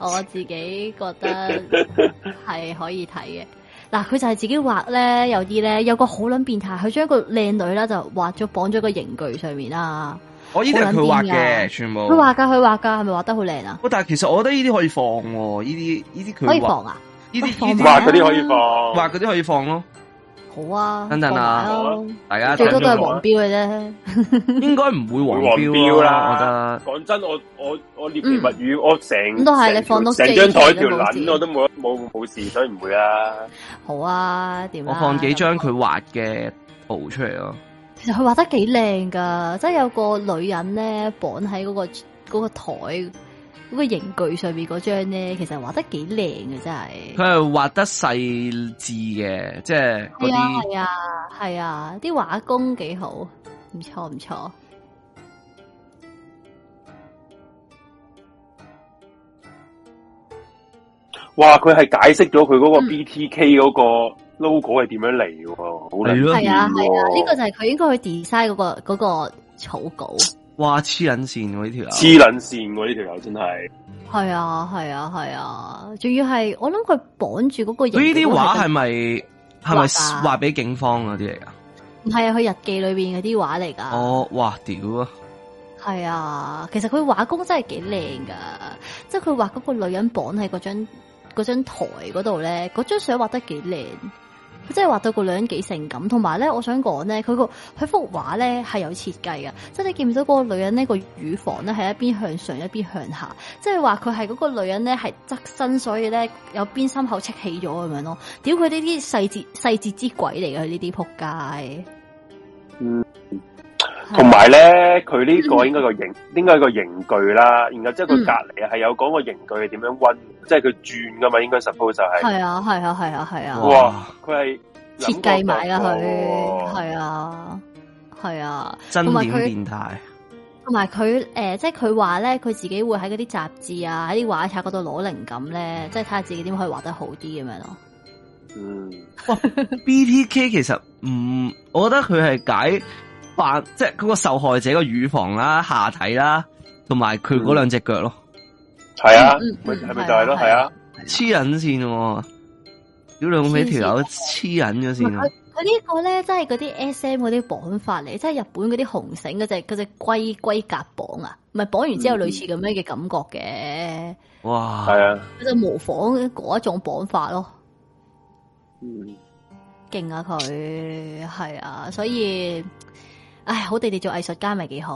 我自己覺得係可以睇嘅。嗱，佢就係自己畫咧，有啲咧，有個好卵變態，佢將一個靚女啦就畫咗綁咗個刑具上面啦。我呢啲係佢畫嘅，全部。佢畫噶，佢畫噶，係咪畫得好靚啊？哦、但係其實我覺得呢啲可以放喎、哦，呢啲呢啲佢畫可以放呢啲啊！呢啲畫嗰啲可以放，畫、啊、嗰啲可以放咯。好啊，等等啊，大家最多都係黃標嘅啫，應該唔會黃標啦、啊啊。我覺得講真，我我我獵奇物語，我成咁、嗯、都係你放到四張台條捻，我都冇冇冇事，所以唔會啊。好啊，點我放幾張佢畫嘅圖出嚟咯、啊。其實佢畫得幾靚噶，即係有個女人咧綁喺嗰個嗰、嗰個台。嗰、那個刑具上面嗰張咧，其實畫得幾靚嘅，真係。佢係畫得細緻嘅，即係嗰啲係啊係啊係啊，啲畫、啊啊、工幾好，唔錯唔錯。哇！佢係解釋咗佢嗰個 BTK 嗰個 logo 係點樣嚟喎，好靚點。係啊係啊，呢、啊哦啊啊這個就係佢應該去 design 嗰、那個、那個草稿。哇！黐捻線我呢條，黐捻線我呢條狗真係，係啊係啊係啊，仲、啊啊、要係我諗佢綁住嗰個。呢啲畫係咪係咪畫俾警方嗰啲嚟㗎？唔係啊，佢日記裏邊嗰啲畫嚟噶。哦，哇屌！係啊，其實佢畫工真係幾靚噶，即係佢畫嗰個女人綁喺嗰張嗰張台嗰度咧，嗰張相畫得幾靚。即係話對個女人幾性感，同埋咧，我想講咧，佢個佢幅畫咧係有設計嘅。即係你見唔到嗰個女人呢個乳房咧，係一邊向上一邊向下，即係話佢係嗰個女人咧係側身，所以咧有邊心口戚起咗咁樣咯。屌佢呢啲細節細節之鬼嚟嘅，呢啲仆街！同埋咧，佢呢個應該個型、嗯，應該個型具啦。嗯、然後即係佢隔籬啊，係有嗰個型具係點樣溫，即係佢轉噶嘛。應該 suppose 係。係啊，係啊，係啊，係啊。哇！佢係設計埋啦，佢係啊，係啊，真點、啊、變態。同埋佢誒，即係佢話咧，佢、就是、自己會喺嗰啲雜誌啊，喺啲畫冊嗰度攞靈感咧，即係睇下自己點可以畫得好啲咁樣咯。嗯。 哦、BTK 其實唔、嗯，我覺得佢係解。即係嗰個受害者個乳房啦、啊、下體啦、啊，同埋佢嗰兩隻腳咯，係、嗯嗯嗯嗯、啊，係咪就係咯，係啊，黐引線喎，屌兩尾條友黐引咗先啊！佢呢個咧，真係嗰啲 S.M. 嗰啲綁法嚟，即係日本嗰啲紅繩嗰隻嗰隻龜龜甲綁啊，唔係綁完之後、嗯、類似咁樣嘅感覺嘅，哇，係啊，佢就模仿嗰一種綁法咯，嗯，勁啊佢，係啊，所以。唉，好地地做藝術家咪幾好？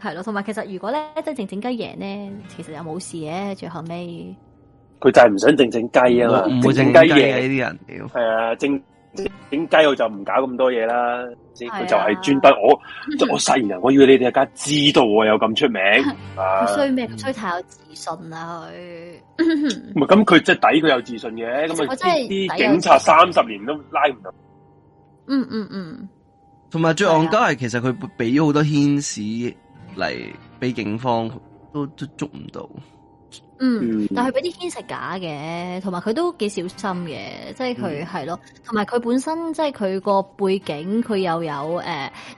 係咯，同埋其實如果咧真正整雞贏咧，其實又冇事嘅。最後尾佢就係唔想整整雞啊嘛，唔會整雞贏呢啲人料。係啊，整整雞我就唔搞咁多嘢啦。即佢就係專登我我細人，我以為你哋一家知道我有咁出名。佢衰咩？佢、啊、衰太有自信啦！佢唔係咁，佢即係抵，佢有自信嘅。咁啊，啲警察三十年都拉唔到。嗯嗯嗯。嗯同埋最戇鳩係，其實佢俾咗好多牽線嚟俾警方，都都捉唔到。嗯，嗯但係俾啲牽線假嘅，同埋佢都幾小心嘅，即係佢係咯。同埋佢本身即係佢個背景，佢又有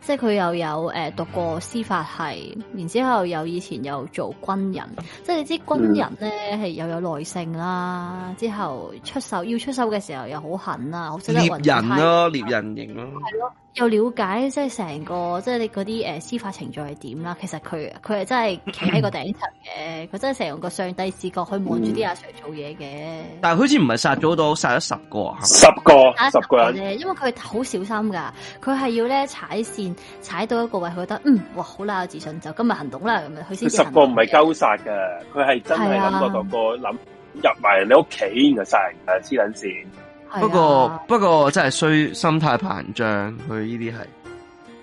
即係佢又有誒、呃、讀過司法系，嗯、然之後又以前又做軍人。即、嗯、係、就是、你知軍人咧係、嗯、又有耐性啦、啊，之後出手要出手嘅時候又好狠啊！獵人咯、啊，獵、啊、人型咯、啊。又了解即係成個即係你嗰啲誒司法程序係點啦，其實佢佢係真係企喺個頂層嘅，佢 真係成個上帝視角去望住啲阿 Sir 做嘢嘅、嗯。但係好似唔係殺咗到，多，殺咗十個十個，是是十個啫。因為佢好小心噶，佢係要咧踩線，踩到一個位，佢覺得嗯，哇，好啦，自信就今日行動啦，咁樣佢先。十個唔係鳩殺噶，佢係真係諗過個個諗入埋你屋企，然後殺人啊，黐捻線。啊、不過不過真係需心態膨脹，佢呢啲係，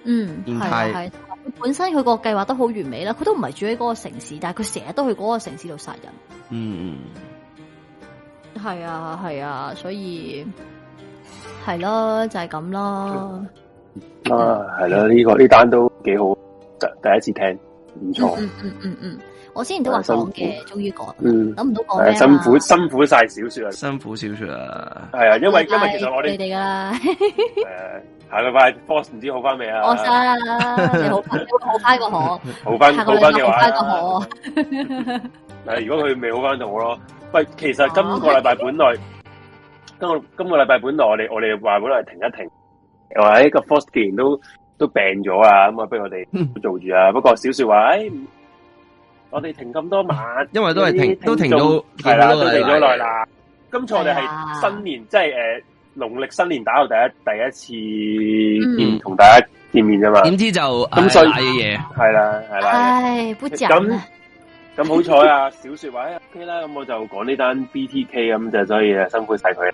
嗯係係，啊啊啊、本身佢個計劃都好完美啦，佢都唔係住喺嗰個城市，但係佢成日都去嗰個城市度殺人，嗯嗯，係啊係啊，所以係咯、啊、就係咁咯，啊係咯，呢個呢單都幾好，第第一次聽，唔錯，嗯嗯嗯嗯。嗯嗯嗯我之前都話講嘅，終於講，諗唔到講咩辛苦、嗯能能啊、辛苦晒小說啊，辛苦小說啊，係啊，因為今日其實我哋你哋啦，誒 星 星 星 下個禮拜 force 唔知好翻未啊？我 知，好翻好翻個河，好翻下個禮拜好翻個河。誒，如果佢未好翻就好咯，喂，其實今個禮拜本來， 今個今個禮拜本來我哋我哋話本來停一停，因為呢個 force 既然都都病咗啊，咁啊不如我哋做住啊。不過小說話，誒、哎。我哋停咁多晚，因為都係停、停，都停到係啦，都停咗耐啦。今次我哋係新年，即係誒，農曆新年打到第一第一次見同、嗯、大家見面啫嘛。點知就咁衰嘅嘢，係啦係啦。唉，不咁咁好彩啊！少說話，O K 啦。咁我就講呢單 B T K 咁就，所以辛苦晒佢。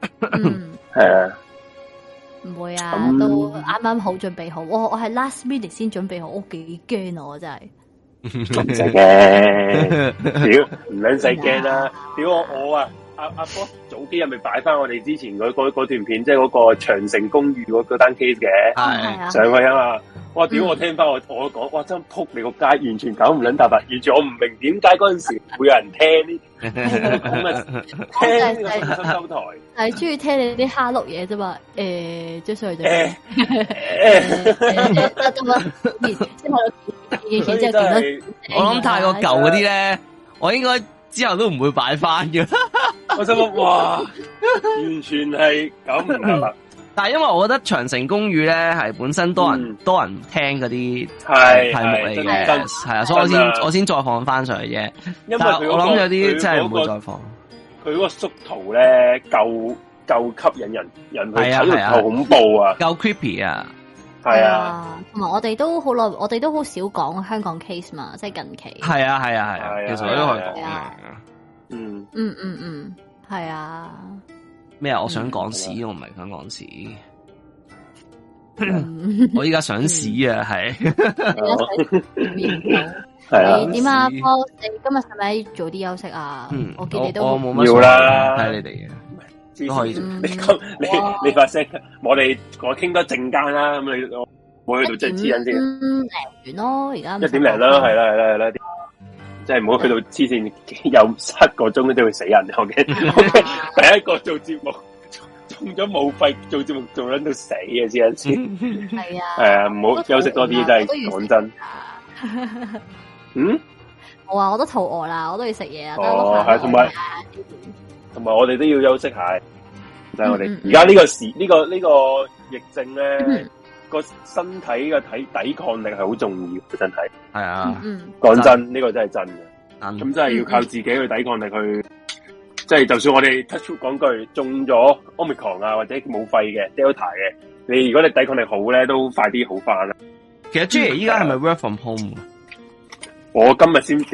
係係啊，唔會啊，都啱啱好準備好、嗯、準備好。我我係 last minute 先準備好，我幾驚我真係。唔使驚，屌唔卵使驚啦，屌我我啊阿阿、啊啊、哥早幾日咪擺翻我哋之前嗰嗰嗰段片，即係嗰個長城公寓嗰嗰單 case 嘅，係 上去啊吧嘛。 哇！屌！我聽翻我同我講，哇！真撲你個街，完全搞唔撚大白，完全我唔明點解嗰陣時會有人聽呢？咁啊，收收台，係中意聽你啲哈鹿嘢啫嘛？誒，Joseph，誒，得、就、啦、是，而之後幾多？聽到我諗太過舊啲咧，我應該之後都唔會擺翻嘅。我想話，完全係搞唔大白。但係因為我覺得長城公寓咧係本身多人、嗯、多人聽嗰啲係題目嚟嘅，係啊，所以我先是是我先再放翻上嚟啫。因為、那個、我諗有啲真係唔會再放。佢嗰、那個縮圖咧，夠夠、那個、吸引人，人去睇，夠恐怖啊，夠 creepy 啊，係啊。同、啊、埋、啊、我哋都好耐，我哋都好少講香港 case 嘛，即係近期。係啊係啊係啊，其實我都可以講嘅。嗯嗯嗯嗯，係、嗯嗯、啊。咩？我想講屎，嗯、我唔係想講屎。嗯、 我依家想屎、嗯嗯、啊！係，係啊。點啊？你今日係咪早啲休息啊？我嗯，我我冇乜要啦，睇你哋嘅。都可以、嗯。你、嗯、你,你發聲、嗯，我哋我傾多陣間啦。咁你我冇去到，即係指引先。零完咯，而家一點零啦，係啦，係啦，係啦。即係唔好去到黐線有七個鐘都會死人，OK？okay? 第一個做節目中咗武肺，做節目做緊到死嘅。先係啊，係 啊、 uh,，唔好休息多啲，真係講真。嗯，我話我都肚餓啦，我都要食嘢啊！哦 真的，係同埋同埋，我哋都,都,、oh, 都, 都要休息下。但係我哋而家呢個時，呢、這個呢、這個疫症咧。 個身體嘅體抵抗力係好重要嘅，真係係啊，講 真呢、呢個真係真嘅，咁真係要靠自己去抵抗力去，即、就、係、是、就算我哋 touch 講句中咗 omicron 啊，或者冇肺嘅 delta 嘅，你如果你抵抗力好咧，都快啲好翻啦。其實 Jee 依家係咪 work from home？我今日先少，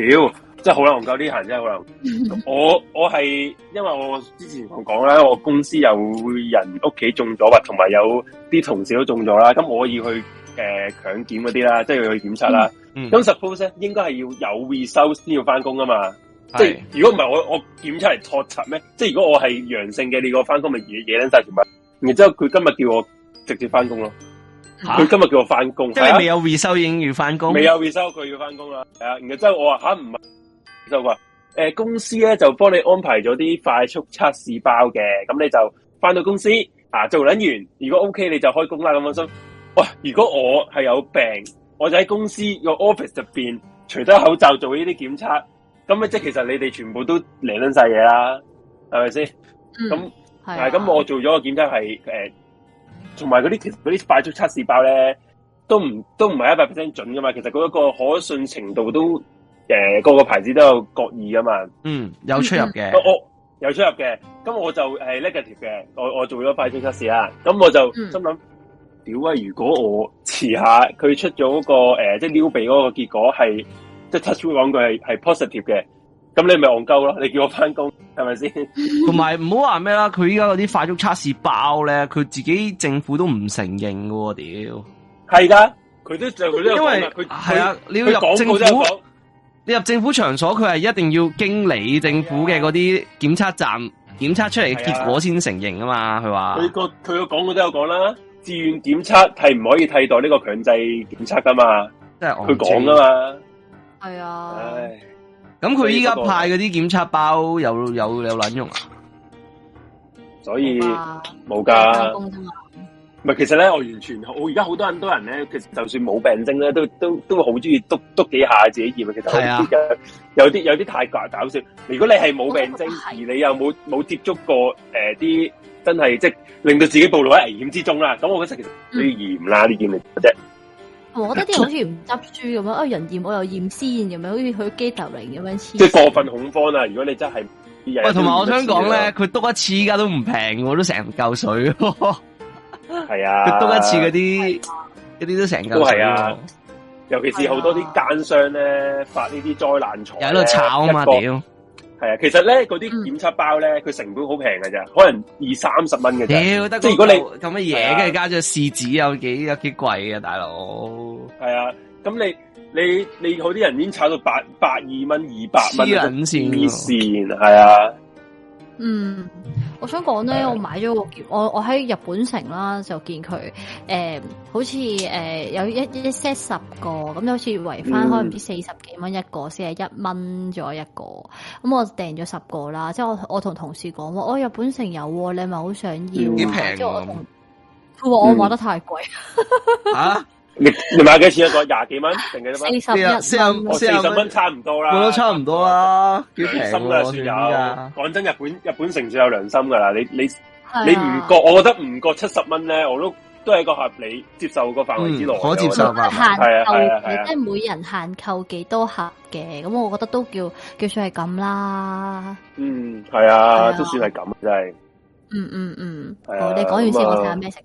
即係好難熬呢。行，真係好難。我難 我係因為我之前同講咧，我公司有人屋企中咗啊，同埋有，有。啲同事都中咗啦，咁我要去誒強檢嗰啲啦，即係要去檢測啦。咁、嗯嗯、suppose 咧，應該係要有 result 先要翻工啊嘛。即係如果唔係，我我檢測係拖柒咩？即係如果我係陽性嘅，你個翻工咪野野甩晒全部。然之後佢今日叫我直接翻工咯。佢、啊、今日叫我翻工，即係未有 result 已經要翻工。未、啊、有 result 佢要翻工啦。係啊，然之後我話吓唔係，就話誒、呃、公司咧就幫你安排咗啲快速測試包嘅，咁你就翻到公司。啊，做捻完，如果 OK 你就開工啦咁樣先。哇，嗯哦，如果我係有病，我就喺公司個 office 入邊除咗口罩做呢啲檢測，咁咪即係其實你哋全部都嚟捻晒嘢啦，係咪先？咁、嗯、係、嗯、咁我做咗個檢測係誒，同埋嗰啲其實啲快速測試包咧，都唔都唔係一百 percent 準噶嘛。其實嗰一個可信程度都誒、呃，個個牌子都有各異噶嘛。嗯，有出入嘅。嗯嗯，有出入嘅，咁我就係 negative 嘅，我我做咗快速測試啦，咁我就心諗，屌、嗯、啊！如果我遲下佢出咗、嗰個誒、呃，即係撩鼻嗰個結果係，即係 touch 講句係 positive 嘅，咁你咪戇鳩咯，你叫我翻工係咪先？同埋唔好話咩啦，佢依家嗰啲快速測試爆咧，佢自己政府都唔承認嘅，屌，係噶，佢都就佢都因為佢係啊，你要入政府。你入政府場所，佢係一定要經理政府嘅嗰啲檢測站檢測、啊、出嚟結果先承認啊嘛？佢、啊這個、話佢個佢有講都有講啦。自願檢測係唔可以替代呢個強制檢測噶嘛？即係佢講噶嘛？係啊。咁佢依家派嗰啲檢測包有有有卵用啊？所以冇噶。唔係，其實咧，我完全我而家好多人很多人咧，其實就算冇病徵咧，都都都會好中意篤篤幾下自己驗。其實有有啲、啊、有啲太搞搞笑。如果你係冇病徵，而你又冇冇接觸過誒啲、呃、真係，即令到自己暴露喺危險之中啦。咁我覺得其實都要驗啦，呢件咪，啫。我覺得啲人好似唔執住咁樣，啊、哦、人驗我又驗先驗，咁樣好似去機頭嚟咁樣即係過分恐慌啦、啊！如果你真係喂，同埋我想講咧，佢篤一次而家都唔平，我都成唔嚿水。 係啊，佢多一次嗰啲，嗰啲、啊、都成日都係啊，尤其是好多啲奸商咧、啊，發這些災呢啲災難財喺度炒啊！嘛。屌，係啊，其實咧嗰啲檢測包咧，佢成本好平噶咋，可能二三十蚊嘅。屌、欸，得即係如果你咁嘅嘢嘅加咗試紙，有幾有幾貴啊，大佬。係啊，咁你你你嗰啲人已經炒到八百二蚊、二百蚊咁先，黐線係啊。嗯，我想講咧，我買咗我我喺日本城啦，就見佢誒、呃，好似誒、呃、有一一 set 十個咁，就好似圍翻開唔知四十幾蚊一個，四十一蚊咗一個，咁我訂咗十個啦。即係我我同同事講，我、哦、日本城有、啊，你咪好想要。幾平啊！佢話、啊、我，我買得太貴。嗯 啊你你買幾錢一個？廿幾蚊定幾多蚊，多四四、哦？四十、四十四十蚊差唔多啦，我都差唔多啦，良心都算有。講真，日本日本城市有良心噶啦。你你你唔覺，我覺得唔覺七十蚊咧，我都都係一個合理接受個範圍之內、嗯，我接受啊。限購即係每人限購幾多盒嘅，咁我覺得都叫叫算係咁啦。嗯，係啊、嗯，都算係咁真係。嗯嗯嗯，好、嗯哦，你講完先、嗯啊，我睇下咩食。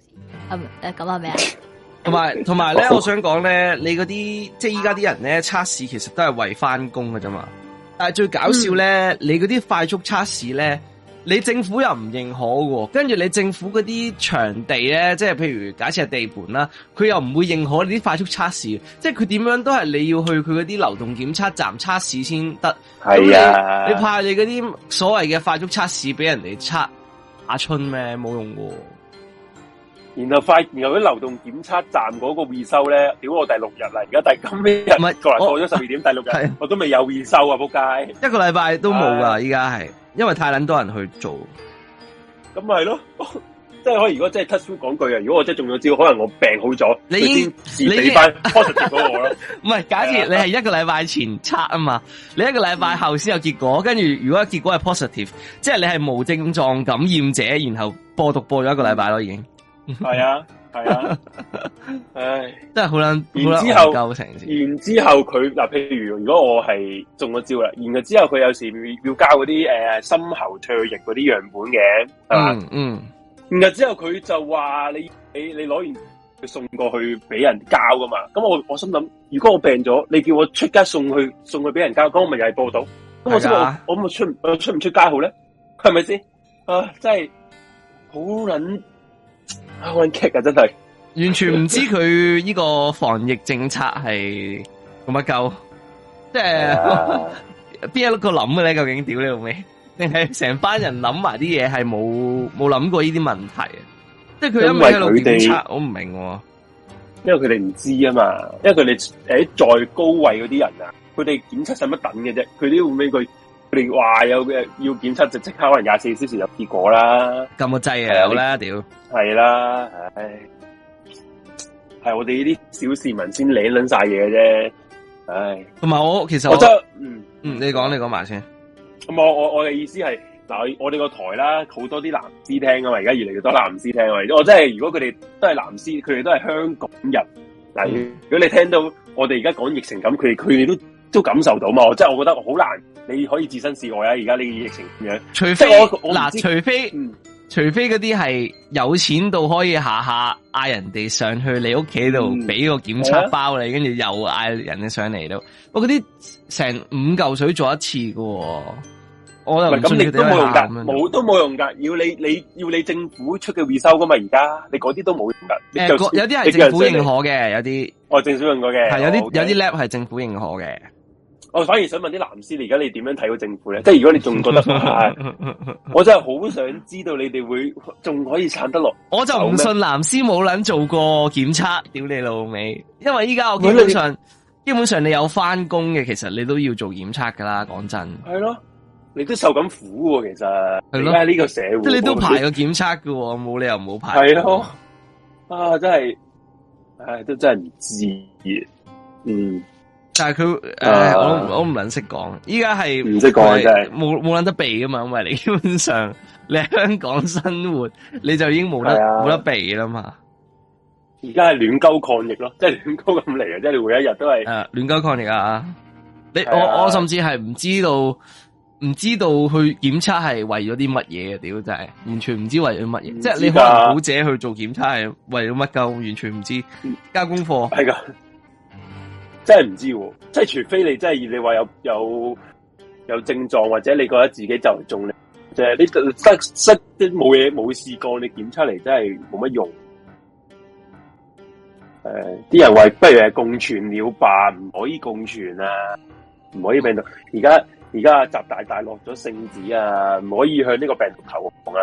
咁咁啊，咩啊？ 同埋，同埋咧，我想講咧，你嗰啲即係依家啲人咧測試，測試其實都係為翻工㗎啫嘛。但係最搞笑咧，嗯、你嗰啲快速測試咧，你政府又唔認可喎，跟住你政府嗰啲場地咧，即係譬如假設係地盤啦，佢又唔會認可你啲快速測試，即係佢點樣都係你要去佢嗰啲流動檢測站測試先得。係啊，你怕你嗰啲所謂嘅快速測試俾人哋測，阿春咩冇用嘅。然後快，然後啲流動檢測站嗰個回收咧，屌我第六日啦，而家第咁咩日過嚟過咗十二點，第六日我都未有回收啊仆街！一個禮拜都冇噶，依家係因為太捻多人去做、嗯。咁咪係咯，即係可如果即係 touch 講句啊，如果我真係中咗招，可能我病好咗，你已經你依塊 positive 咗我咯。唔 係假設你係一個禮拜前測啊嘛， 你一個禮拜後先有結果，跟住如果結果係 positive，即係你係無症狀感染者，然後播毒播咗一個禮拜咯，嗯、已經。係 啊，係啊，唉，真係好捻，然之後成，然之後佢嗱，譬如如果我係中咗招啦，然後之後佢有時要交嗰啲誒深喉唾液嗰啲樣本嘅，係、啊、咪、嗯？嗯，然後之後佢就話你你你攞完，佢送過去俾人交噶嘛，咁我我心諗，如果我病咗，你叫我出街送去送去俾人交，咁我咪又係報到，咁我知我、啊、我，我，出我出出唔出街好咧，係咪先？啊，真係好捻。u n c h 啊，真係完全唔知佢呢個防疫政策係有乜鳩，即係邊一個諗嘅咧？究竟屌你老味，定係成班人諗埋啲嘢係冇冇諗過呢啲問題啊？即係佢一味喺度檢測，我唔明，因為佢哋唔知啊嘛，因為佢哋喺在高位嗰啲人啊，佢哋檢測使乜等嘅啫，佢哋會俾佢。佢哋話有嘅要檢測，就即刻可能廿四小時有結果啦。咁個制係有啦，屌係啦，唉，係我哋呢啲小市民先理撚晒嘢嘅啫，唉。同埋我其實我，嗯嗯，你講你講埋先。咁我我我嘅意思係，嗱，我哋個台啦，好多啲藍絲聽噶嘛，而家越嚟越多藍絲聽啊！我真係，如果佢哋都係藍絲，佢哋都係香港人嗱，如果你聽到我哋而家講疫情咁，佢哋佢哋都。都感受到嘛，即係我覺得好難，你可以置身事外啊！而家呢個疫情點樣？除非我嗱，除非、嗯、除非嗰啲係有錢到可以下下嗌人哋上去你屋企度俾個檢測包你，跟、嗯、住又嗌人哋上嚟都我嗰啲成五嚿水做一次喎，我又唔你都冇用下。冇都冇用噶，要你你要你政府出嘅回收噶嘛？而家你嗰啲都冇用噶、呃。有啲係政府認可嘅，有啲我、哦、政府用過嘅，係、哦、有啲、okay. 有啲 lab 係政府認可嘅。我、哦、反而想問啲藍絲，而家你點樣睇到政府咧？即係如果你仲覺得係， 我真係好想知道你哋會仲可以撐得落。我就唔信藍絲冇捻做過檢測，屌你老味！因為依家我基本上基本上你有翻工嘅，其實你都要做檢測噶啦。講真，係咯，你都受緊苦，其實係咯。呢個社會，即、就是、你都排過檢測噶，冇理由唔好排。係咯，啊，真係，唉，都真係唔知，嗯。但係佢誒，我我唔捻識講，依家係唔識講嘅，係冇冇捻得、就是，能避噶嘛？因為你基本上你喺香港生活，你就已經冇得冇、啊、得避啦嘛。而家係亂鳩抗疫咯，即係亂鳩咁嚟啊！即係你每一日都係誒亂鳩抗疫啊！你啊我我甚至係唔知道唔知道去檢測係為咗啲乜嘢啊？屌就係完全唔知為咗乜嘢，即係你可能好者去做檢測係為咗乜鳩？完全唔知交功課係噶。真係唔知喎，即係除非你真係，你話有有有症狀，或者你覺得自己就中咧，就係你得得啲冇嘢、冇試過，你檢出嚟真係冇乜用。誒、呃，啲人話不如係共存了吧，唔可以共存啊，唔可以病毒。而家而家啊，習大大落咗聖旨啊，唔可以向呢個病毒投降啊，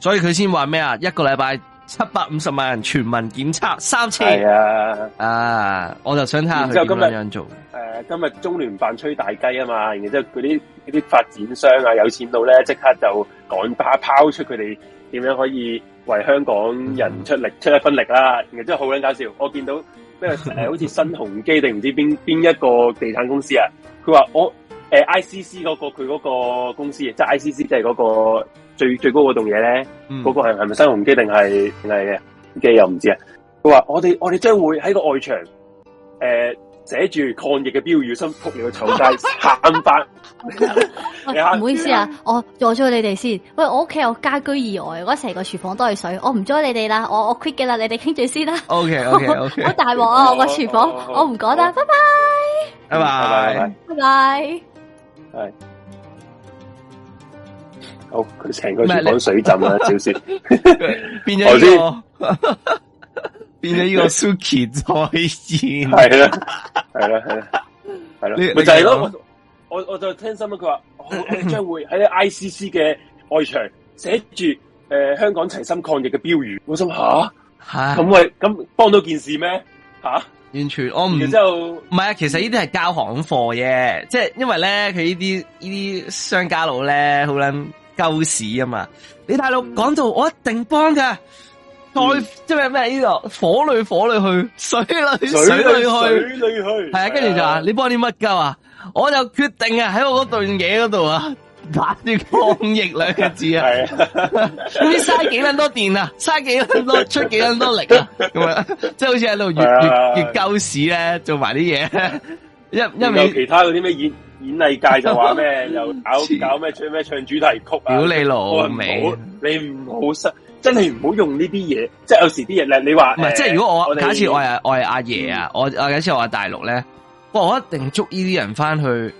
所以佢先話咩啊，一個禮拜。七百五十萬人全民檢測三次，係啊，啊，我就想睇下佢點樣做。誒、呃，今日中聯辦吹大雞啊嘛，然之後嗰啲嗰啲發展商啊，有錢佬咧即刻就趕把拋出佢哋點樣可以為香港人出力、嗯、出一分力啦。然之後好捻搞笑，我見到咩誒、 呃，好似新鴻基定唔知邊邊一個地產公司啊，佢話我誒、呃、ICC 嗰、嗰個佢嗰個公司，即係 ICC 即係嗰個。最最高嗰棟嘢咧，嗰、嗯、個係係咪新鴻基定係定嚟嘅？嘅又唔知啊！佢話我哋我哋將會喺個外牆誒寫住抗疫嘅標語，心撲入去炒街喊翻。唔、 哎哎、好意思啊，啊我阻咗你哋先。喂，我屋企有家居意外，我成個廚房都係水，我唔阻你哋啦，我我 quit 嘅啦，你哋傾住先啦。OK OK OK， 好大鑊啊！我個廚房，我唔講啦，拜拜，拜拜，拜拜，係。好，佢成個全港水浸啊！少先 變咗一，這個， 變咗呢個 Suki 再現， 係啦，係啦，係 啦，係啦，咪就係、是、咯、那個！我我，我就聽新聞，佢話將會喺 ICC 嘅外牆寫住誒香港齊心抗疫嘅標語。我心吓，咁、啊、喂，咁、啊、幫到件事咩？吓、啊，完全我唔，然之後唔係，其實呢啲係交行貨嘅，即係、就是、因為咧，佢呢啲呢啲商家佬咧，好捻。鳩屎啊嘛！你大佬講到我一定幫噶，再即係咩呢個火裏火裏去，水裏水裏，水裡去，水，裏水裏去！係啊！跟住、啊、就話你幫啲乜鳩啊？我就決定在啊，喺我嗰段嘢嗰度啊，打住抗疫兩個字啊，唔知嘥幾多電啊，嘥幾多，多出幾多，多力啊，咁啊，即 係好似喺度越、啊、越越鳩屎咧，做埋啲嘢，因、啊、 一面其他嗰啲咩演。 演藝界就話咩又搞搞咩唱咩唱主題曲啊！屌你老味，你唔好失，真係唔好用呢啲嘢。即係有時啲嘢咧，你話唔係？即係如果我假設我係我係阿爺啊，我假設我係、啊嗯、大陸咧，我一定捉呢啲人翻去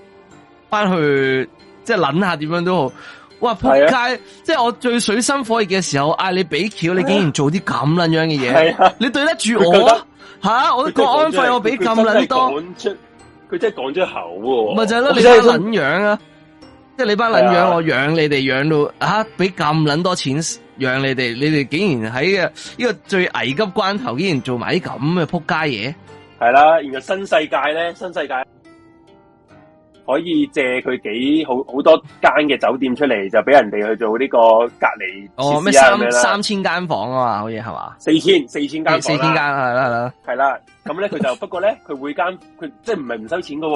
翻去，即係諗下點樣都好。哇！扑街！即係、啊就是、我最水深火熱嘅時候，嗌你俾橋、啊，你竟然做啲咁撚樣嘅嘢，你對得住我吓、啊？我國安費我俾咁撚多。佢真係講咗口喎，咪就係、是、咯，你班撚樣啊！即係你班撚樣，我養你哋養到啊！俾咁撚多錢養你哋，你哋竟然喺呢個最危急關頭，竟然做埋啲咁嘅撲街嘢！係啦、啊，而家新世界咧，新世界可以借佢幾好好多間嘅酒店出嚟，就俾人哋去做呢個隔離哦，咩？啦、啊。三千間房啊嘛，好似係嘛，四千四千間，四千間係啦係啦，係啦、啊。咁咧，佢就不過咧，佢每間佢即係唔係唔收錢噶，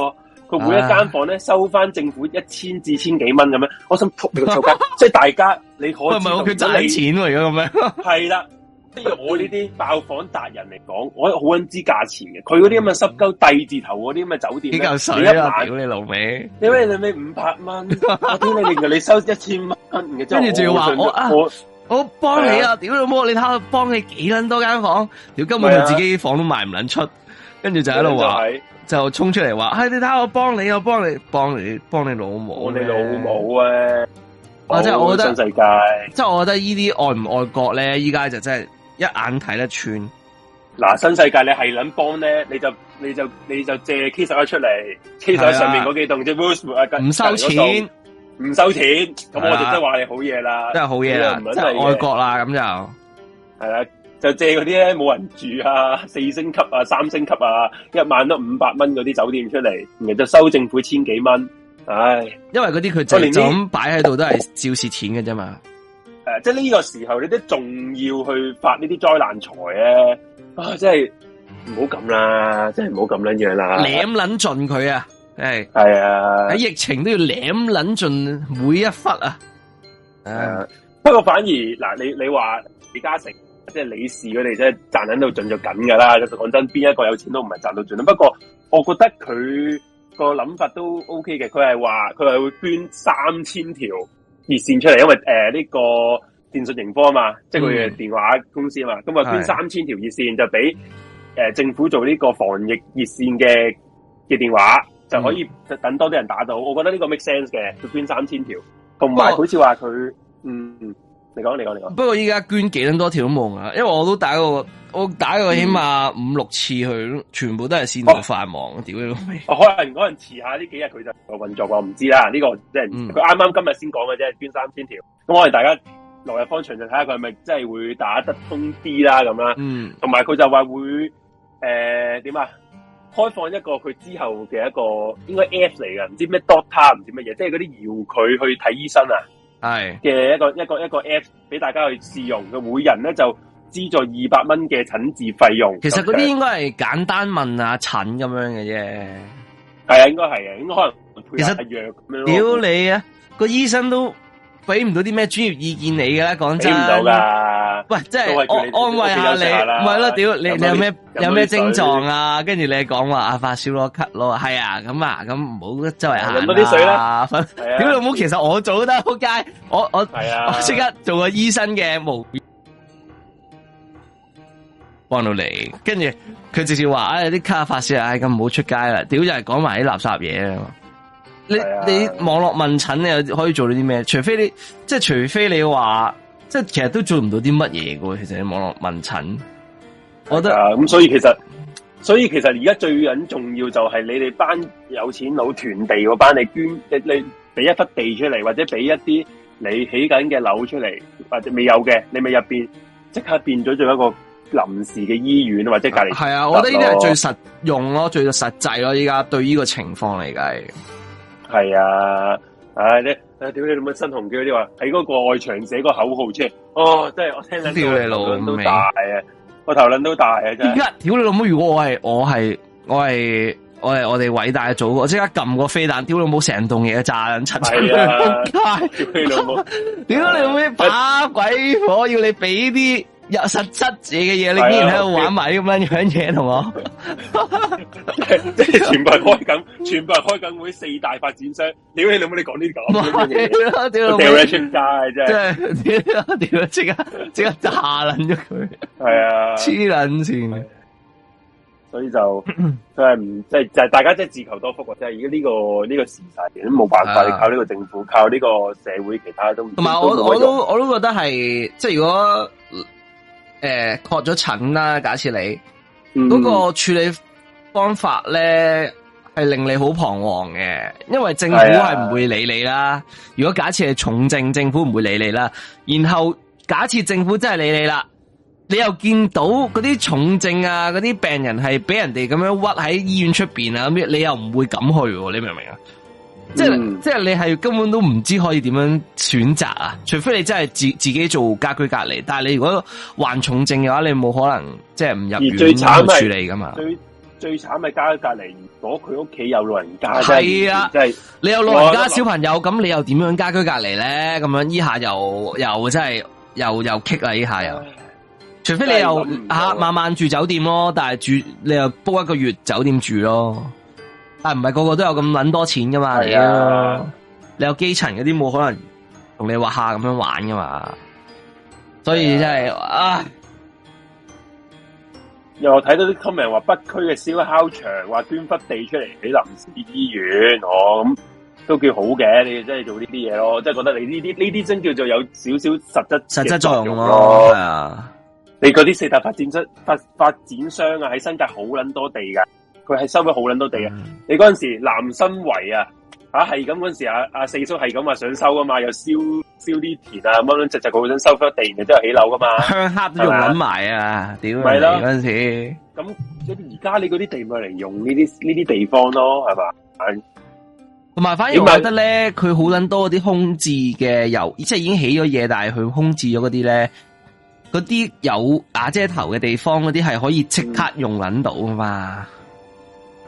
佢每一間房咧收翻政府一千至千幾蚊咁樣。我想撲你個臭街， 即係大家你可唔係冇佢賺你抵錢喎？如果咁樣，係啦，即 係我呢啲爆房達人嚟講，我好撚知價錢嘅。佢嗰啲咁嘅濕鳩低字頭嗰啲咁嘅酒店呢，呢嚿水啊屌，你老味，因為你咪五百蚊，我聽你認為你收一千蚊嘅，跟住仲要話我。我幫你啊！屌老母，啊、我看看我幫你睇我幫你幾捻多間房？屌，根本佢自己房都賣唔捻出，跟住、啊、就喺度話，就衝出嚟話，係、哎、你睇我幫你，我幫你，幫你，幫你，你老母，我哋老母啊！或、就、者、是、我覺得新世界，即、就、係、是、我覺得呢啲愛唔愛國咧？依家就真係一眼睇得穿。嗱，新世界你係捻幫咧，你就你就你就借 K11 出嚟 K11 上面嗰幾棟隻 roof 唔收錢。那裡那裡唔收錢，咁我哋都話你好嘢啦，真係好嘢啦，真係愛國啦，咁就係啦，就借嗰啲咧冇人住啊，四星級啊，三星級啊，一晚都五百蚊嗰啲酒店出嚟，然後就收政府 1,、嗯、千幾蚊，唉，因為嗰啲佢常年咁擺喺度都係照蝕錢嘅啫嘛，誒，即係呢個時候你都仲要去發呢啲災難財啊，唉，真嗯、真啊，即係唔好咁啦，即係唔好咁樣樣啦，舐捻盡佢啊！係、hey, 係啊！喺疫情都要舐捻盡每一忽啊！誒、啊，不過反而嗱，你你話李嘉誠即係李氏佢哋啫，賺緊到盡就緊噶啦。其實講真，邊一個有錢都唔係賺到盡。不過我覺得佢個諗法都 OK 嘅。佢係話佢係會捐三千條熱線出嚟，因為誒呢、呃這個電訊盈科啊嘛，即係佢嘅電話公司啊嘛，咁啊捐三千條熱線就俾誒、呃、政府做呢個防疫熱線嘅嘅電話。就可以等多啲人打到，我覺得呢個 make sense 嘅，佢捐三千條，同埋好似話佢，嗯，你講你講你講。不過依家、嗯、捐幾多條都冇啊，因為我都打過，我打過起碼五六次去，全部都係綫路繁忙，點、哦、樣、哦？可能嗰陣遲下呢幾日佢就運作啩，唔知啦。呢、這個即係佢啱啱今日先講嘅啫，捐三千條。咁我哋大家落日方長就睇下佢係咪真係會打得通啲啦咁樣。嗯。同埋佢就話會，誒、呃，點啊？開放一個佢之後嘅一個應該 app 嚟嘅，唔知咩 doctor 唔知乜嘢，即係嗰啲搖佢去睇醫生啊，係嘅一個一個一個 app 俾大家去試用，佢每人咧就資助二百蚊嘅診治費用。其實嗰啲應該係簡單問啊診咁樣嘅啫，係啊應該係啊，應該可能其實係藥咁樣屌你啊，個醫生都。俾唔到啲咩專業意見你嘅啦，講真，唔到噶。喂，即係安慰下你，唔係咯？屌，你你有咩有咩症狀啊？跟住你講話、啊、發燒咯，咳咯，係啊，咁啊，咁唔好周圍行啦。飲多啲水啦，屌老母，其實我做得好街，我我即、啊、刻做個醫生嘅模樣幫到嚟，跟住佢直接話：，唉、哎，啲卡發燒，唉、哎，咁唔好出街啦。屌就係講埋啲垃圾嘢你你網絡問診你可以做到啲咩？除非你即係，除非你話即係，其實都做唔到啲乜嘢嘅。其實你網絡問診，我覺得啊，咁、嗯、所以其實，所以其實而家最緊重要就係你哋班有錢佬團地嗰班，你捐你你俾一忽地出嚟，或者俾一啲你起緊嘅樓出嚟，或者未有嘅，你咪入邊即刻變咗做一個臨時嘅醫院，或者隔離係啊。我覺得呢啲係最實用咯，最實際咯。依家對呢個情況嚟計。係啊！唉、啊，你唉，屌你老母新鴻基嗰啲話睇嗰個外牆寫個口號啫。哦，真係我聽到，屌你老味，個頭捻都大是啊！個頭捻都大啊！而家，屌你老母！如果我係我係我係我係我哋偉大嘅祖國，即刻撳個飛彈，屌你老母成棟嘢炸，真係。係啊！屌你老母！屌、啊、你老母！打 老、 啊、鬼火，要你俾啲。有實質嘅嘢，你竟然喺度玩埋啲咁樣嘢，同我即係全部開緊，全部開緊會四大發展商，屌你老母！你講呢啲咁嘅嘢，掉咗出街真係，屌屌即刻即刻炸撚咗佢，係啊，黐撚線！所以就即係唔即係就係大家即係自求多福啊即係而家呢個呢個時勢都冇辦法，啊、你靠呢個政府，靠呢個社會，其他都唔同埋我都我都我都覺得係即係如果。誒、呃，確咗診啦！假設你嗰、嗯那個處理方法咧，係令你好彷徨嘅，因為政府係唔會理你啦、哎。如果假設係重症，政府唔會理你啦。然後假設政府真係理你啦，你又見到嗰啲重症啊，嗰啲病人係俾人哋咁樣屈喺醫院出邊啊，咁你又唔會咁去，你明唔明啊？即係、嗯、即係你係根本都唔知可以點樣選擇啊！除非你真係自自己做家居隔離，但係你如果患重症嘅話，你冇可能即係唔入院去處理噶嘛？最慘最慘嘅家居隔離，如果佢屋企有老人家，係啊，即係你有老人家、小朋友，咁你又點樣家居隔離咧？咁樣呢下又又真係又又棘啦！呢下又，除非你又吓慢慢住酒店咯，但係住你又煲一個月酒店住咯。但唔係個個都有咁捻多錢噶嘛？係啊，你有基層嗰啲冇可能同你話下咁樣玩噶嘛、啊？所以真係啊！又睇到啲 comment 話北區嘅燒烤場話捐忽地出嚟，俾臨時醫院，哦，咁都叫好嘅。你真係做呢啲嘢咯，即、就、係、是、覺得你呢啲呢啲真叫做有少少實質實質作用咯，啊哦啊。你嗰啲四大發展出發發展商啊，喺新界好捻多地噶。佢係收咗好捻多地啊、嗯。你嗰陣時南新圍啊，啊係咁嗰陣時，阿、啊、阿四叔係咁話想收啊嘛，又燒燒啲田啊，掹卵就就佢想收翻地嘅，即係起樓噶嘛，香、嗯、克都用捻埋啊，屌，係咯嗰陣時，咁而家你嗰啲地咪嚟用呢啲呢啲地方咯，係嘛？同埋反而你覺得咧，佢好捻多嗰啲空置嘅油，即係已經起咗嘢，但係佢空置咗嗰啲咧，嗰啲有瓦遮頭嘅地方，嗰啲係可以即刻用捻到啊嘛。嗯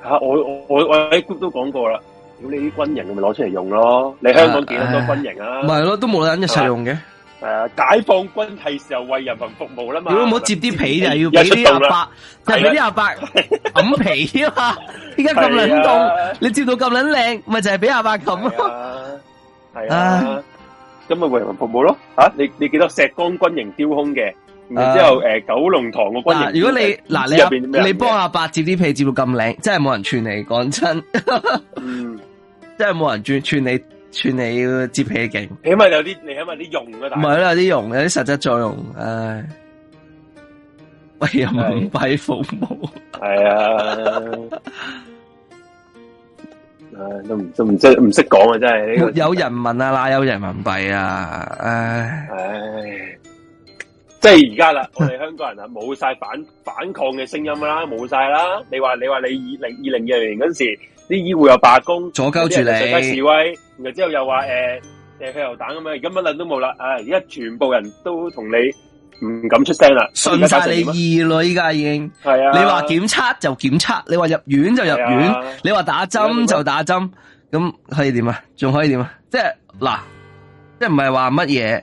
吓我我我我喺 group 都講過啦，如果你啲軍人，我咪攞出嚟用咯。你香港幾多多軍營啊？唔係咯，都冇捻一齊用嘅。係啊，解放軍係時候為人民服務啦嘛。你唔好接啲被就係要俾啲阿伯，就係俾啲阿伯揞被嘛。依家咁卵凍，你接到咁卵靚，咪就係俾阿伯冚咯。係啊，咁咪為人民服務咯。吓，你你記得石崗軍營雕空嘅？然之後誒，uh, 九龍塘嘅軍營、uh，如果你嗱、uh, 你阿你幫阿伯接啲皮接到咁靚，真係冇人串你，講真， mm. 真係冇人串串你，串你接皮勁，起碼有啲，你起碼啲用咯、啊，唔係啦，有啲用，有啲實質作用，唉，喂， 人民幣服務，係 啊，唉、啊啊 哎，都唔都唔識唔識講啊，真係，有人民啊，哪 有人民幣啊，啊，唉，唉。 即係而家啦，我哋香港人啊，冇晒反反抗嘅聲音啦，冇晒啦。你話你話你二零二零二零年嗰陣時，啲醫護又罷工，阻鳩住你，大家示威，然後之後又話誒、呃，射汽油彈咁樣，而家乜捻都冇啦。啊、哎，而家全部人都同你唔敢出聲啦，信晒你二女㗎已經。係啊，你檢測檢測。你話檢測就檢測，你話入院就入院，啊、你話打針就打針，咁、啊、可以點啊？仲可以點啊？即係嗱，即係唔係話乜嘢？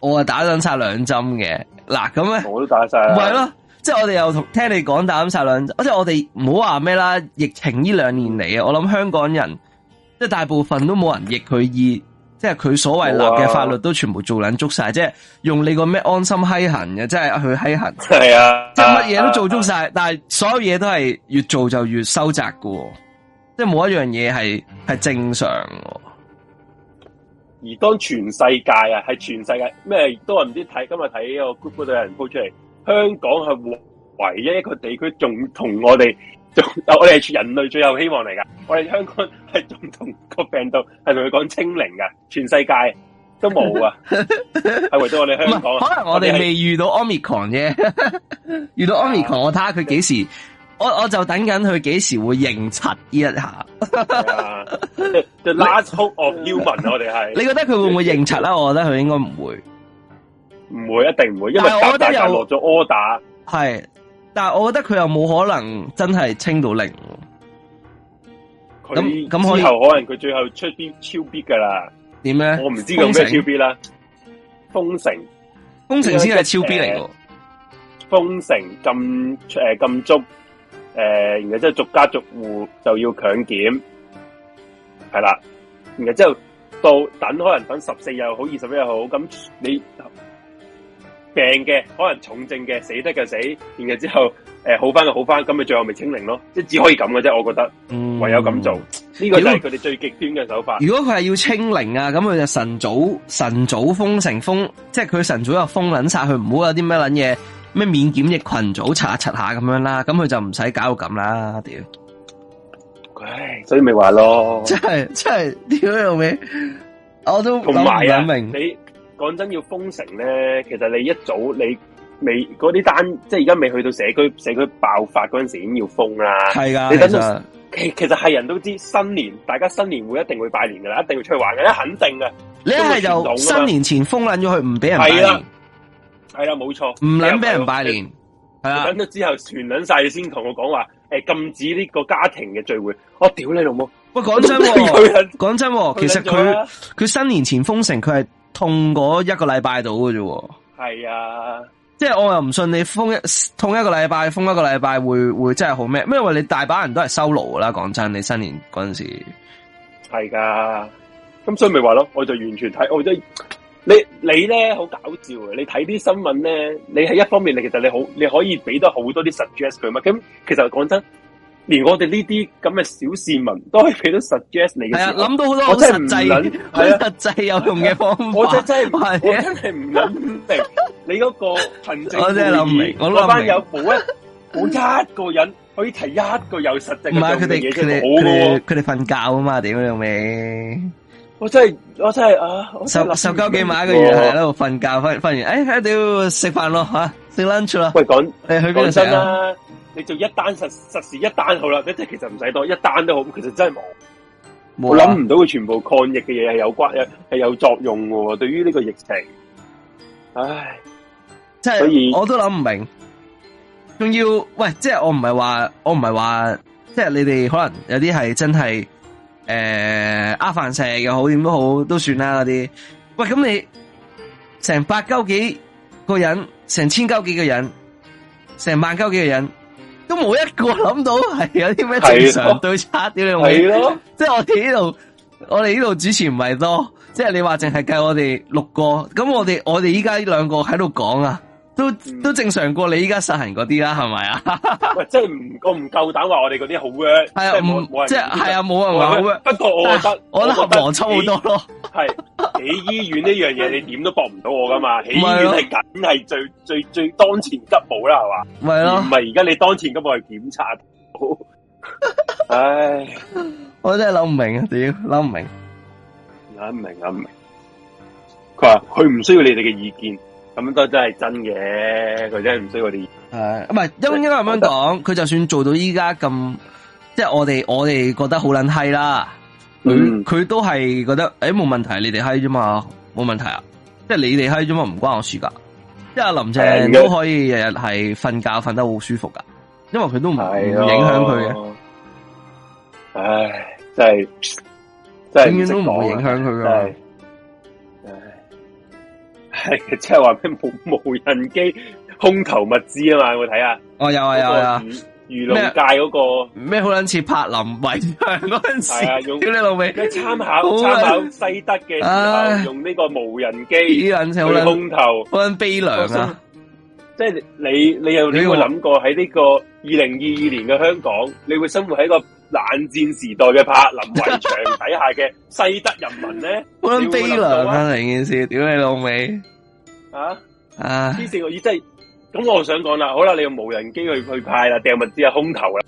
我啊打緊晒兩針嘅，嗱咁咧我都打晒，唔係咯，即係我哋又同聽你講打兩針，即係我哋唔好話咩啦，疫情呢兩年嚟啊，我諗香港人即係大部分都冇人逆佢意，即係佢所謂立嘅法律都全部做捻足晒，即係用你個咩安心閪行嘅，即係佢閪行。係啊，即係乜嘢都做足晒， 但係所有嘢都係越做就越收窄喎。即係冇一樣嘢係係正常。而當全世界啊，係全世界咩都唔知睇，今日睇個 group 度 r 有人鋪出嚟，香港係唯一一個地區仲同我哋，仲我哋係人類最有希望嚟噶，我哋香港係仲同個病毒係同佢講清零噶，全世界都冇啊，係為咗我哋香港。可能我哋未遇到 Omicron 啫， 遇到 Omicron 我睇下佢幾時。我我就等緊佢幾時會認出呢一下 ，The Last Hope of Human， 我哋係你覺得佢會唔會認出啦？ 我覺得佢應該唔會，會，唔會一定唔會，因為我覺得又落咗 order，係，但係我覺得佢又冇可能真係清到零，咁咁之後可能佢最後出啲超必噶啦，點咧？我唔知佢用咩超必啦，封城，封城先係超必嚟，就是，封、欸、城咁誒咁足。誒，然後即係逐家逐戶就要強檢，係啦。然後之後到等可能等十四又好，二十一又好。咁你病嘅可能重症嘅死得就死，然後之後誒好翻，就好翻，咁咪最後咪清零咯。即係只可以咁嘅啫，我覺得、嗯、唯有咁做。呢、呢個都係佢哋最極端嘅手法。如果佢係要清零啊，咁佢就晨早晨早封城封，即係佢晨早又封捻晒，佢唔好有啲咩捻嘢。咩免檢疫群組查查下咁樣啦，咁佢就唔使搞到咁啦，屌！唉，所以咪話咯，即係即係屌又咩？我都同埋啊！明你講真要封城咧，其實你一早你未嗰啲單，即係而家未去到社區，社區爆發嗰陣時已經要封啦，係噶，你等到其其實係人都知，新年大家新年會一定會拜年噶啦，一定會出去玩噶，肯定噶。你一係就新年前封捻咗去唔俾人拜年係啦，冇錯，唔捻俾人拜年，係啊，等咗之後全捻晒，先同我講話，誒，禁止呢個家庭嘅聚會，我屌你老母！喂，講真，講真，其實佢佢 新年前封城，佢係痛嗰一個禮拜到嘅啫。係啊，即係我又唔信你封一痛一個禮拜，封一個禮拜會會真係好咩？因為你大把人都係收爐啦，講真，你新年嗰陣時係噶，咁所以咪話咯，我就完全睇，我即你你咧好搞笑啊！你睇啲新聞咧，你係一方面你其實你好，你可以俾多好多啲 suggest 佢嘛。咁其實講真，連我哋呢啲咁嘅小市民都係俾到 suggest 你嘅。係啊，諗到好多好我真好實際、實際有用嘅方法。啊、我真係真係，我定。你諗唔明。你嗰個行政會議嗰班有冇一冇一個人可以提一,一個有實際用嘅嘢就好、啊。佢哋佢哋佢哋瞓覺啊嘛，屌，樣未？我真係我真係啊！十十交幾萬一個月，係度瞓覺瞓瞓完，哎，丟食飯咯吓，食 lunch 啦。喂，講你去邊度食啊？你做一單實實時一單好啦，即係其實唔使多一單都好。其實真係冇，我諗唔到佢全部抗疫嘅嘢係有關，係有作用喎。對於呢個疫情，唉，即係我都諗唔明，仲要喂，即係我唔係話，我唔係話，即係你哋可能有啲係真係。誒，阿凡社又好，點都好，都算啦嗰啲。喂，咁你成百鳩幾個人，成千鳩幾個人，成萬鳩幾個人，都冇一個諗到係有啲咩正常對策點樣係咯？即係我哋呢度，我哋呢度主持唔係多。即係你話淨係計我哋六個，咁我哋我哋依家呢兩個喺度講啊。都都正常過你依家實行嗰啲啦，係咪 啊？喂，即係唔夠唔夠膽話我哋嗰啲好嘅，係啊，唔即係係啊，冇人話好嘅。不過我覺得，啊、我覺得同王好多咯。係喺醫院呢樣嘢， 你點都駁唔到我噶嘛？喺醫院係梗係最 最最，最當前急務啦，係嘛？咪咯，唔係而家你當前急務去檢查。 唉，我真係諗唔明啊！屌，諗唔明，諗唔明，諗唔明。佢話佢唔需要你哋嘅意見。咁都真係真嘅，佢真係唔需要我哋。係，唔係，應該應該咁樣講，佢就算做到依家咁，即係我哋我哋覺得好撚閪啦，佢佢都係覺得，誒、欸，冇問題，你哋閪啫嘛，冇問題啊，即係你哋閪啫嘛，唔關我事噶。即係林鄭都可以日日係瞓覺瞓得好舒服噶，因為佢都唔唔影響佢嘅。唉，真係，永遠都唔會影響佢噶。係，即係話咩無無人機空投物資啊嘛，有冇睇啊，哦有啊有啊，娛、那、樂、個啊啊啊、界嗰、那個咩好捻似柏林維柏林圍嗰陣時，叫你老味，你 參考參考西德嘅、啊，用呢個無人機，好捻空投好悲涼啊！即係你你又你會諗過喺呢個二零二二年嘅香港，你會生活喺個？冷戰時代嘅柏林圍牆底下嘅西德人民咧，我諗 d y l 件事，屌你老味啊！呢、啊啊、四個以即係，咁我想講啦，好啦，你用無人機去去派啦，掟物資啊，空投啦，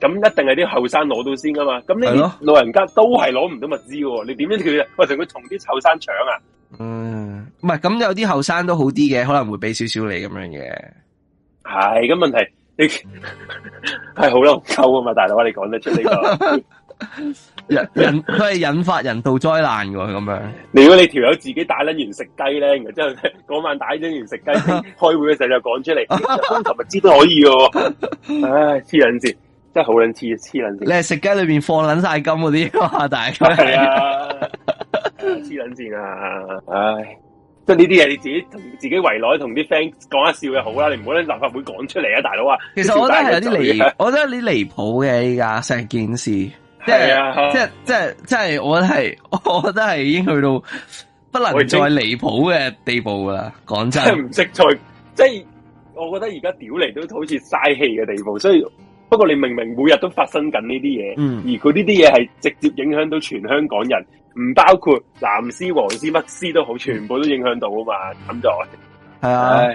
咁一定係啲後生攞到先噶嘛，咁你老人家都係攞唔到物資喎，你點樣叫佢？喂，同佢同啲後生搶啊？嗯，唔係，咁有啲後生都好啲嘅，可能會俾少少你咁樣嘅，係咁問題。你係好咯，溝啊嘛，大佬，你講得出呢個？ 人人佢係引發人道災難噶咁樣。 如果你條友自己打捻完食雞咧，然之後嗰晚打捻完食雞開會嘅時候就講出嚟，空投物資都可以嘅。 唉，黐捻線真係好捻黐黐捻線。 你係食雞裏面放捻晒金嗰啲大佬係啊？黐捻線啊！唉。即呢啲嘢，你自己同自己圍內同啲 friend 講一笑就好啦，你唔好喺立法會講出嚟啊，大佬啊！其實我覺得有啲離，我覺得你離譜嘅依家成件事，即係即係即係即係，我係，我覺得係已經去到不能再離譜嘅地步啦。講真，即係唔識再，即係我覺得而家屌嚟都好似嘥氣嘅地步，所以不過你明明每日都發生緊呢啲嘢，嗯、而佢呢啲嘢係直接影響到全香港人。唔包括藍絲、黃絲、乜絲都好，全部都影響到啊嘛，咁就係啊，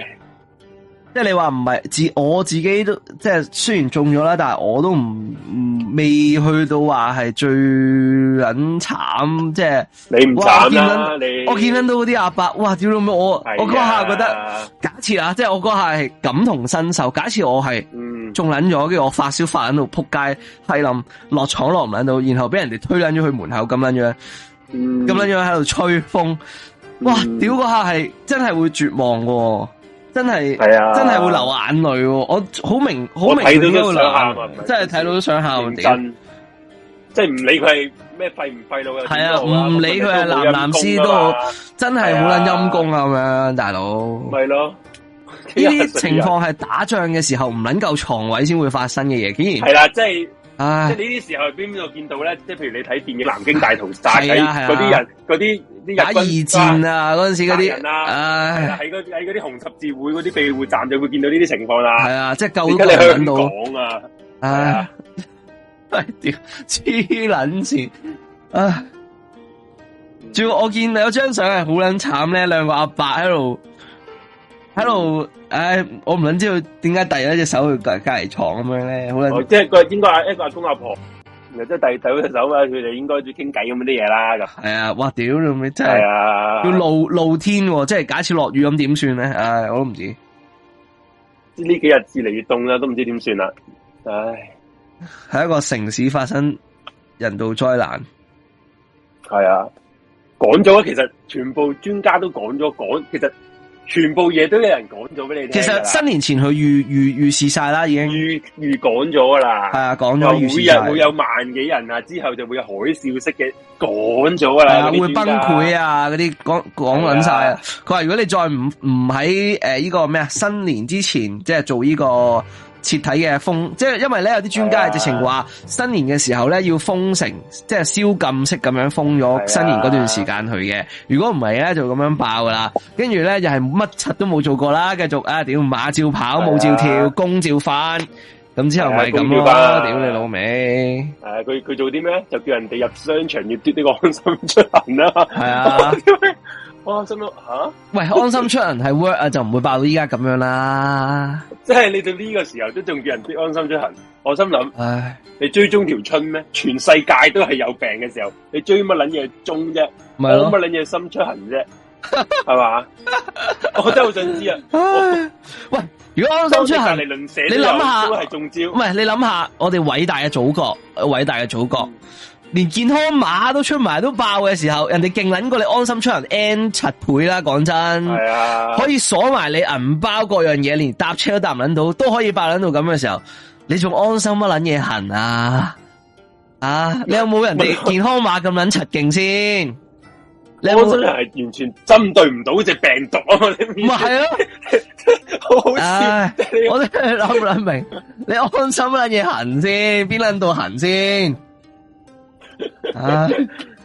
即係你話唔係自我自己都即係雖然中咗啦，但係我都唔唔未去到話係最撚慘，即係你唔慘啦，我見到嗰啲阿伯，哇，屌到咩？我我嗰下覺得假設啊，即係我嗰下係感同身受。假設我係嗯中撚咗，跟住我發燒發喺度撲街，係冧，落廠落唔撚到，然後俾人哋推撚咗去門口咁樣樣。咁、嗯、樣樣喺度吹風，哇！屌、嗯、個下係真係會絕望喎，真係係啊，真係會流眼淚。我好明，好明點解會流眼淚，真係睇到都想喊。真，到想真我，即係唔理佢係咩廢唔廢到，係啊，唔理佢係男男屍都，好、啊，真係好捻陰功啊！咁樣大佬，係咯，呢 啲情況係打仗嘅時候唔捻夠床位先會發生嘅嘢，竟然係啦，即係、啊。就是啊、即係呢啲時候邊度見到咧？即係譬如你睇電影《南京大屠殺》，嗰啲人、嗰啲啲日兵啊，嗰陣時嗰啲啊，喺嗰喺啲紅十字會嗰啲庇護站就會見到呢啲情況啦、啊。係啊，即係救到香港啊！唉，屌，黐捻線啊！仲、啊 啊啊、我見有張相係好捻慘咧，兩個阿伯喺度。hello，嗯哎、我唔諗知道點解第一隻手去隔隔籬床咁樣咧？好即係佢應該阿一,一個阿公阿，阿婆，即係第第二隻手啊，佢哋應該要傾偈咁啲嘢啦。係啊，哇屌你真係、啊、要露露天，啊，即係假設落雨咁點算咧？唉，我都唔知呢幾日越嚟越凍啦，都唔知點算啦。唉，係一個城市發生人道災難，係啊，講咗其實全部專家都講咗講，其實。全部嘢都有人講咗俾你哋。其實新年前佢預預預示晒啦，已經預預講咗噶啦。係啊，講咗預示晒。每會，會，會有萬幾人啊，之後就會有海嘯式嘅講咗噶啦，啊啊，會崩潰啊，嗰啲講講緊晒。佢話，啊，如果你再唔唔喺誒呢個咩啊新年之前，即係做呢，這個。徹底嘅封，即係因為咧有啲專家直情話新年嘅時候咧要封城，即係燒禁式咁樣封咗新年嗰段時間去嘅。如果唔係咧就咁樣爆噶啦，跟住咧又係乜柒都冇做過啦，繼續啊！屌馬照跑，舞照跳，公照翻，咁之後咪咁咯？屌你老味！係啊，佢佢做啲咩？就叫人哋入商場要嘟呢個安心出行啦。係啊。安心吓，喂！安心出行係 work 啊，就唔會爆到依家咁樣啦。即係你到呢個時候都仲叫人啲安心出行，我心諗，唉，你追蹤條春咩？全世界都係有病嘅時候，你追乜捻嘢中啫、就是？我諗乜捻嘢心出行啫？係 嘛？我真係好想知啊！喂，如果安心出行，嚟社都，你諗下，係中招唔係？你諗下，我哋偉大嘅祖國，偉大嘅祖國。嗯連健康碼都出埋都爆嘅時候，人哋勁捻過你安心出行 n 七倍啦！講真，係啊，可以鎖埋你銀包各樣嘢，連搭車都搭唔捻到，都可以爆捻到咁嘅時候，你仲安心乜捻嘢行啊？啊，你有冇人哋健康碼咁捻七勁先？你我真係完全針對唔到隻病毒啊！唔係啊，好好笑！我真係諗唔捻明， 是啊、 笑的 你安心乜捻嘢行先？邊捻到行先？啊！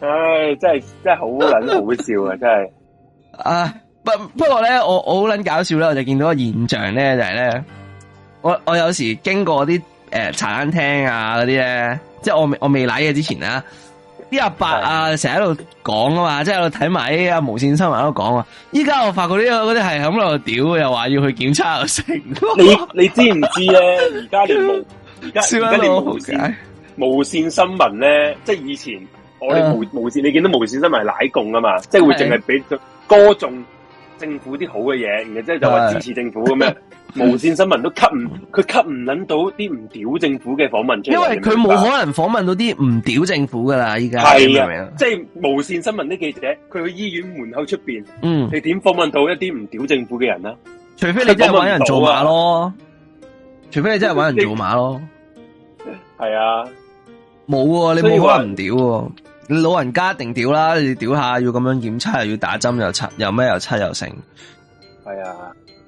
唉、 哎，真係真係好捻好笑啊！真係啊，不不過咧，我我好捻搞笑咧，我就見到個現象咧，就係、是、咧，我我有時經過啲誒、呃、茶餐廳啊嗰啲咧，即係我我未嚟嘅之前啊，啲阿伯啊成日喺度講啊嘛，即係喺度睇埋阿無線新聞喺度講啊，依家我發覺個嗰啲係喺咁度屌，又話要去檢測又成，你知知你知唔知咧？而家連而家而家連無綫新聞咧，即係以前我哋無、嗯、無綫，你見到無綫新聞係奶共噶嘛？即係會淨係俾歌頌政府啲好嘅嘢，然後即係就話支持政府咁樣。無綫新聞都吸唔，佢吸唔捻到啲唔屌政府嘅訪問者。因為佢冇可能訪問到啲唔屌政府噶啦，依家係，明唔明啊？即係無綫新聞啲記者，佢去醫院門口出邊，嗯，你點訪問到一啲唔屌政府嘅人，呢人啊？除非你真係搵人做馬咯，啊、除非你真係搵人做馬咯，係啊。冇、啊，你冇可能唔屌、啊，你老人家一定屌啦、啊！你屌下要咁樣檢測，又要打針又測，又咩又測又成。係啊，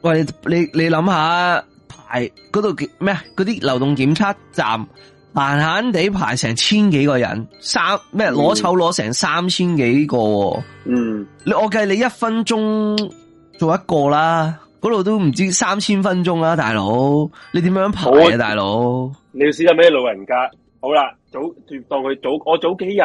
喂，你你諗下排嗰度咩？嗰啲流動檢測站，閒閒地排成千幾個人，三咩攞籌攞成三千幾個。嗯，你我計你一分鐘做一個啦，嗰度都唔知三千分鐘啦，大佬，你點樣排啊，大佬？你、啊、佬你要試下咩老人家？好啦，早當佢早，我早幾日，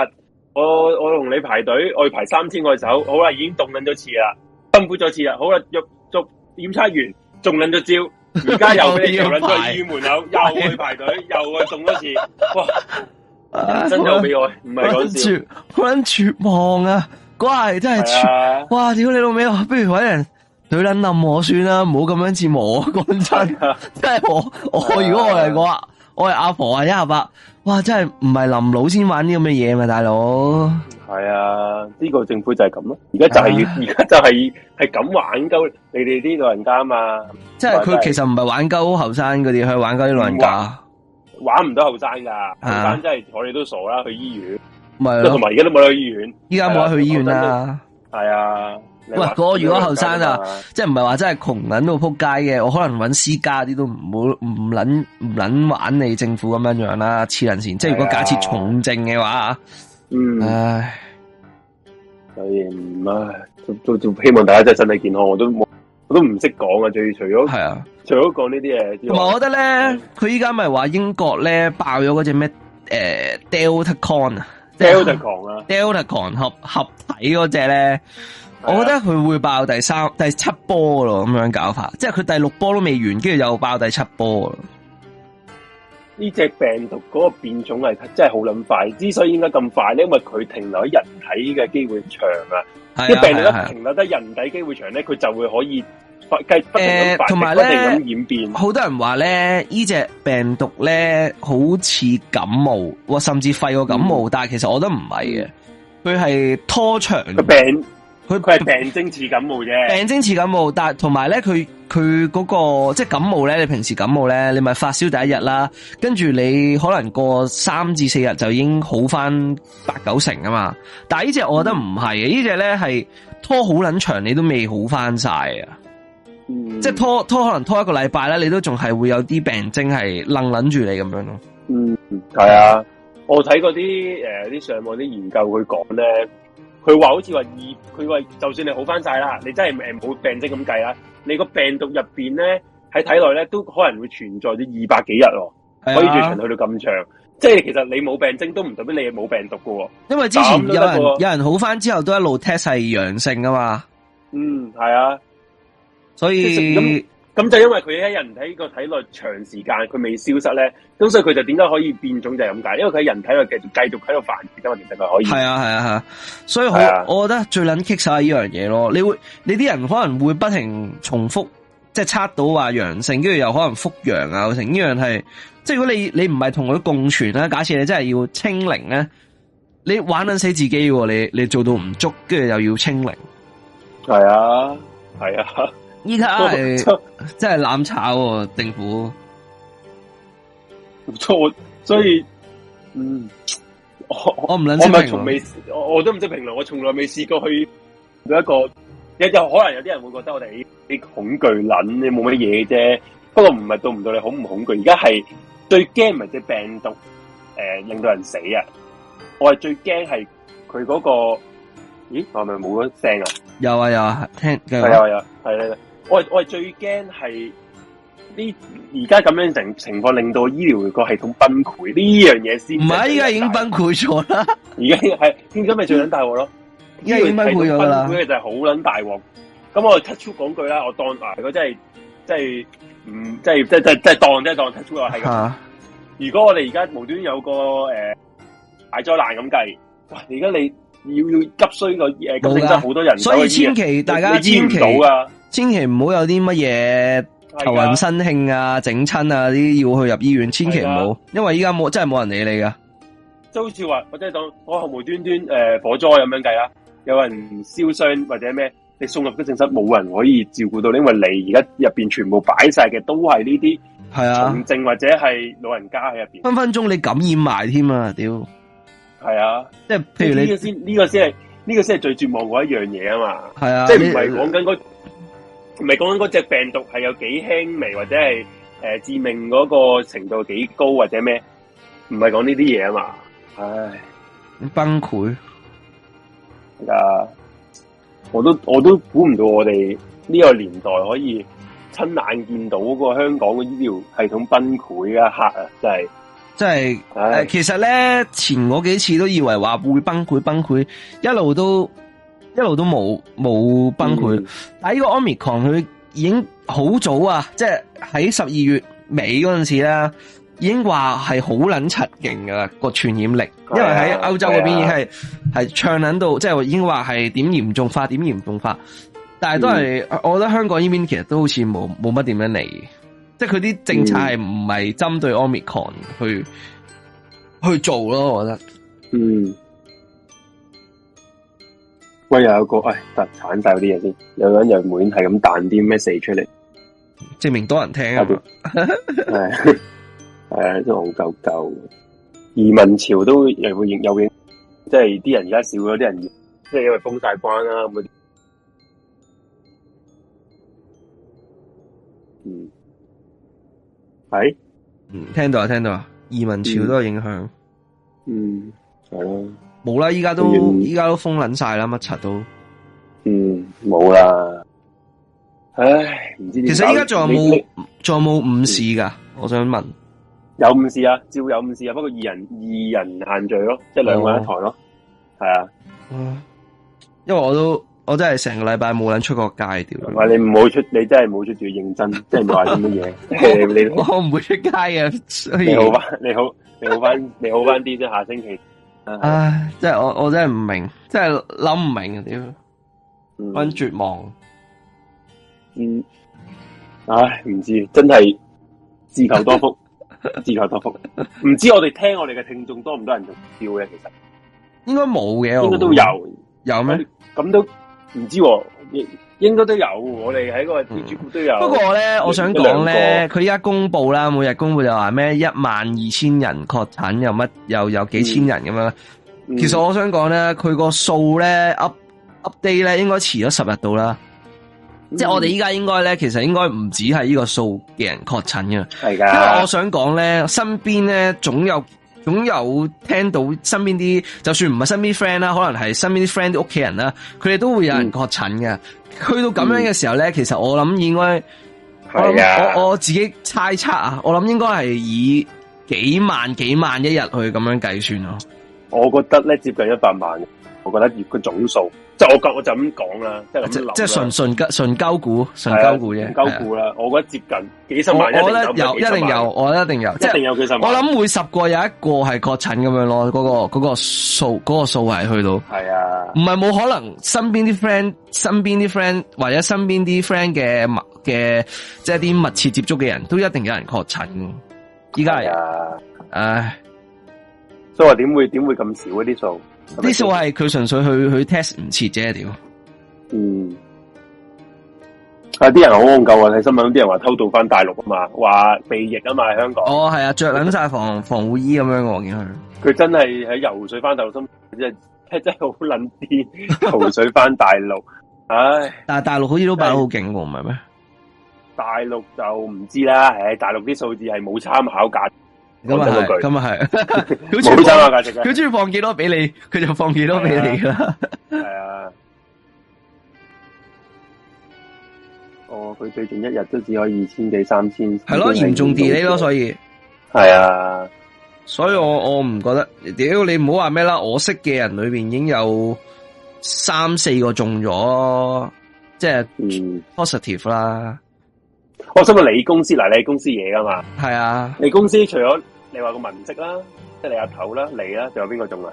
我我同你排隊，我排三千個手，好啦，已經凍捻咗次啦，辛苦咗次啦，好啦，入做檢測員，仲捻咗招，而家又咩？又捻咗二門口，又去排隊， 是的 又去凍多次，哇！ 真有悲我？唔係講笑，好捻 絕望啊！嗰下真係絕， 哇！屌你老味啊！不如搵人女捻冧我算啦，唔好咁樣折磨我，講真，真係我我如果我嚟講啊。真真 我係阿婆啊，一八。哇，真係唔係臨老先玩呢咁嘅嘢嘛，大佬。係啊，呢、這個政府就係咁咯，而家就係而家就係係咁玩鳩你哋啲老人家啊嘛。即係佢其實唔係玩鳩後生嗰啲去玩鳩啲老人家，玩唔到後生噶，後生真係我哋都傻啦，去醫院。唔係、啊，同埋而家都冇、啊啊、得去醫院，而家冇得去醫院啦，係啊。喂，我如果後生啊，即係唔係話真係窮捻到撲街嘅，我可能搵私家啲都唔好唔捻唔捻玩你政府咁樣樣啦，黐捻線。即係如果假設重症嘅話，啊，嗯，唉，所以唔唉，都都，都，都希望大家真係身體健康，我都冇，我都唔識講啊。最除咗係啊，除咗講呢啲嘢，同埋，啊，我覺得咧，佢依家咪話英國咧爆咗嗰隻咩誒 Delta Con 啊，Delta Con 啊，Delta Con 合合，合，合體嗰隻咧。我覺得佢會爆第三第七波咯，咁樣搞法，即係佢第六波都未完，跟住又爆第七波咯。呢隻病毒嗰個變種係真係好撚快，之所以應該咁快咧，因為佢停留喺人體嘅機會長啊。啲病毒一停留得人體機會長咧，佢、啊啊、就會可以繼不停咁同埋咧，呃、呢不停演變。好多人話咧，呢隻病毒咧好似感冒，哦、甚至肺個感冒，嗯、但係其實我都唔係嘅，佢係拖長個病。佢佢係病徵似感冒啫，病徵似感冒，但係同埋咧，佢佢嗰個即係感冒咧。你平時感冒咧，你咪發燒第一日啦，跟住你可能過三至四日就已經好翻八九成啊嘛。但係呢隻我覺得唔係，呢隻咧係拖好撚長，你都未好翻晒啊！嗯、即係拖拖，拖，可能拖一個禮拜咧，你都仲係會有啲病徵係愣撚住你咁樣咯。嗯，係啊，我睇嗰啲誒啲上網啲研究呢，佢講咧。佢話好似話二，佢話就算你好翻晒啦，你真係誒冇病徵咁計啦，你個病毒入邊咧喺體內咧都可能會存在啲二百幾日，啊、可以最長去到咁長，即係其實你冇病徵都唔代表你係冇病毒噶，因為之前有人有人好翻之後都一路 test 晒陽性㗎嘛，嗯係啊，所以。咁就因為佢喺人體個體內長時間佢未消失咧，咁所以佢就點解可以變種就係咁解，因為佢喺人體度繼續繼續喺度繁殖，咁其實佢可以係啊係啊係啊。所以好、啊，我覺得最捻棘晒呢樣嘢咯。你會你啲人可能會不停重複，即係測到話陽性，跟住又可能復陽啊，成呢樣係。即係如果你你唔係同佢共存咧，假設你真係要清零咧，你玩捻死自己，你你做到唔足，跟住又要清零，係啊係啊。依家係真係攬炒政，啊、府，錯，所以，嗯，我我唔我咪從未，我我都唔識評論，我從來未試過去有一個，有有可能有啲人會覺得我哋啲恐懼撚，你冇乜嘢啫。不過唔係到唔到你恐唔恐懼，而家係最驚唔係隻病毒，誒、呃、令到人死啊！我係最驚係佢嗰個，咦？我係咪冇咗聲啊？有啊有，有啊，聽係有有係我我係最驚係呢而家咁樣情情況，令到醫療個系統崩潰呢樣嘢先唔係而家已經崩潰咗啦，而家係變咗咪最捻大鑊咯？而家已經崩潰咗啦，就係好捻大鑊。咁我係 cut 粗講句啦，我當埋如果真係真係唔真係真真真係當真當 cut 粗係。如果我哋而家無端有個誒大災難咁計，而家你要要急需個誒，咁真好多人，所以千祈大家千祈唔好啊！千祈唔好有啲乜嘢頭暈身慶啊、整親啊啲要去入醫院，千祈唔好，因為依家冇真係冇人理你噶。就好似話，或者當我後無端端誒、呃、火災咁樣計呀，有人燒傷或者咩，你送入急症室冇人可以照顧到，因為你而家入邊全部擺晒嘅都係呢啲係啊重症或者係老人家喺入邊，分分鐘你感染埋添啊！屌，係啊，即係譬如呢個先，呢、這個先係呢個先係、這個、最絕望嗰一樣嘢啊嘛，係啊，即係唔係講緊嗰。唔係講緊嗰隻病毒係有幾輕微，或者係誒、呃、致命嗰個程度幾高，或者咩？唔係講呢啲嘢啊嘛！唉，崩潰啊！我都我都估唔到，我哋呢個年代可以親眼見到嗰個香港嘅醫療系統崩潰啊！吓啊，真係即係誒！其實咧前我幾次都以為話會崩潰崩潰，一路都。一路都冇冇崩潰，嗯、但係呢個 Omicron 佢已經好早啊，即係喺十二月尾嗰陣時咧，已經話係好撚出勁噶啦個傳染力，因為喺歐洲嗰邊已經係唱捻到，即、就、係、是、已經話係點嚴重化點嚴重化，但係都係、嗯、我覺得香港呢邊其實都好似冇冇乜點樣嚟，即係佢啲政策係唔係針對 Omicron 去、嗯、去做咯，我覺得，嗯。我有一個誒，特產就嗰啲嘢先，有人又滿係咁彈啲咩 message 出嚟，證明多人聽啊！係、啊、係、 哎哎、都好舊舊。移民潮都又會影有影，即係啲人而家少咗啲人，即係因為封晒關啦咁。嗯，係，嗯，聽到啊，聽到啊，移民潮都有影響。嗯，係、嗯。冇啦，依家都依家都封捻晒啦，乜柒都，嗯，冇啦、嗯。唉，唔知道。其實依家仲有冇仲有冇午市噶？我想問。有午市啊，照有午市啊，不過二人二人限聚咯，即係兩個人一台咯。係、哦、啊，因為我都我真係成個禮拜冇捻出過街，點啊？唔係你唔好出，你真係冇出住 認真，即係唔話點乜嘢？我唔會出街嘅你好翻， 你好你好翻你好翻啲先， 下星期。唉，真係我我真係唔明，真係諗唔明啊！點樣，我真絕望、嗯。嗯，唉，唔知，真係自求多福， 自求多福。唔知我哋聽我哋嘅聽眾多唔多人用票嘅，其實應該冇嘅，應該都有有咩？咁都唔知、啊。應該都有，我哋喺個蜘蛛股都有。嗯、不過咧，我想講咧，佢依家公布啦，每日公布就話咩一萬二千人確診，又乜又有幾千人咁樣、嗯。其實我想講咧，佢個數咧 up update 咧，應該遲咗十日到啦。即係我哋依家應該咧，其實應該唔止係呢個數嘅人確診嘅。係噶。因為我想講咧，身邊咧總有。總有聽到身邊啲，就算唔係身邊 friend 啦，可能係身邊啲 friend 啲屋企人啦，佢哋都會有人確診嘅。嗯、去到咁樣嘅時候咧，嗯、其實我諗應該，我我我自己猜測啊，我諗應該係以幾萬幾萬一日去咁樣計算咯。我覺得咧，接近一百萬，我覺得月嘅總數。即係我覺，我就咁講啦，即係即係純純純膠股，純膠股啫，膠股啦。我覺得接近幾十萬，我咧有一定有，我一定有，即一定有幾十萬。我諗每十個有一個係確診咁樣咯，嗰、嗰個嗰、嗰個數、嗰個數係、嗰個、去到係啊，唔係冇可能身邊啲 friend，身邊啲 friend 或者身邊啲 friend 嘅密嘅即係啲密切接觸嘅人都一定有人確診嘅。依家係，唉，所以話點會點會咁少啲數？啲數係佢純粹去去 test 唔切啫，屌！嗯，但啲人好戇鳩啊！睇新聞啲人話偷渡翻大陸啊嘛，話避疫啊嘛，香港。哦，係啊，着緊晒防、就是、防護衣咁樣嘅我見佢。佢真係喺游水翻大陸，真係真係好撚啲，游 水翻大陸。唉、啊，但係大陸好似都辦得好勁喎，唔係咩？大陸就唔知啦。唉，大陸啲數字係冇參考價。咁啊係，咁啊係，佢中意放幾多俾你，佢就放幾多俾你噶啦。係啊，哦，佢最近一日都只可以二千幾三千，係咯，嚴重地你咯，所以係啊，所以我我唔覺得，屌你唔好話咩啦，我識嘅人裏邊已經有三四個中咗，即係 positive 啦，嗯。我想問你公司，嗱你公司嘢噶嘛？係啊，你公司除咗你話個文職啦，即係你阿頭啦，你啦，仲有邊個中啊？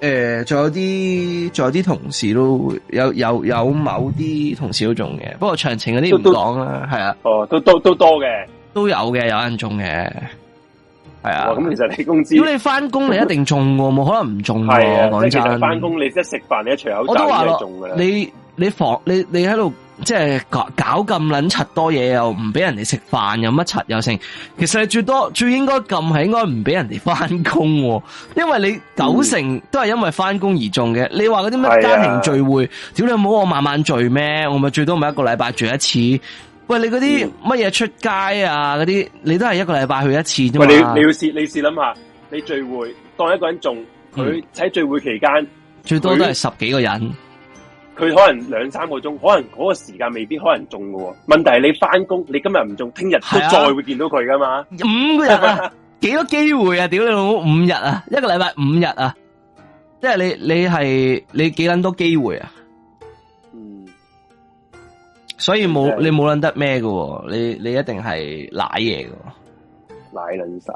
誒，仲有啲，仲有啲同事都有有有某啲同事都中嘅，不過詳情嗰啲唔講啦，係啊。哦，都都都多嘅，都有嘅，有人中嘅，係啊。咁其實你工資，如果你翻工你一定中嘅，冇可能唔中嘅。講真，翻工你即係食飯，你一除口罩，我都話咯，你你房，你你喺度。即係搞搞咁撚柒多嘢，又唔俾人哋食飯，又乜柒又剩。其實你最多最應該咁係應該唔俾人哋翻工，因為你九成都係因為翻工而中嘅。嗯、你話嗰啲乜家庭聚會，屌、啊、你冇我晚晚聚咩？我咪最多咪一個禮拜聚一次。喂，你嗰啲乜嘢出街啊？嗰啲你都係一個禮拜去一次啫嘛、啊。你你要試你試諗下，你聚會當一個人中佢喺聚會期間、嗯、最多都係十幾個人。佢可能兩三個鐘，可能嗰個時間未必可能中嘅。問題係你翻工，你今日唔中，聽日都再會見到佢噶嘛？五個日幾、啊、 多機會啊？屌你老母，五日啊，一個禮拜五日啊，即係你你係你幾捻多機會啊？嗯，所以冇你冇捻得咩嘅，你你，你一定係奶嘢嘅，奶捻晒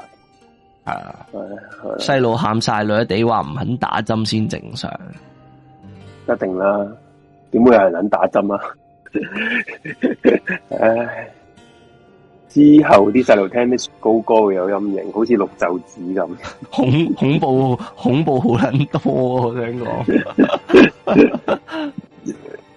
係啊，細路喊晒女哋話唔肯打針先正常，一定啦。點會有人撚打針啊？唉， 之後啲細路聽啲高歌有陰影，好似綠袖子，咁恐怖恐怖恐怖好捻多、啊。我想講。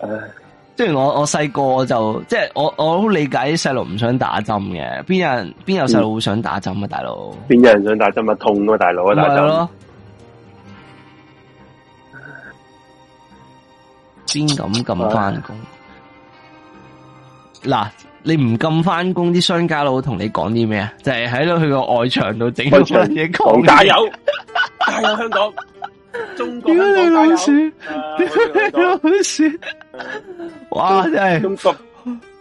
唉， 即係我、就是、我細個就即係我我好理解啲細路唔想打針嘅。邊人邊有細路會想打針啊？嗯、大佬，邊有人想打針啊？痛啊大佬啊，打針。就是先敢咁翻工？嗱、啊啊，你唔咁翻工，啲商家佬同你講啲咩啊？就係喺度去個外牆度整咗啲嘢，狂加油！加油！ 香港，中國，你老鼠，你老鼠、啊嗯！哇，真係咁熟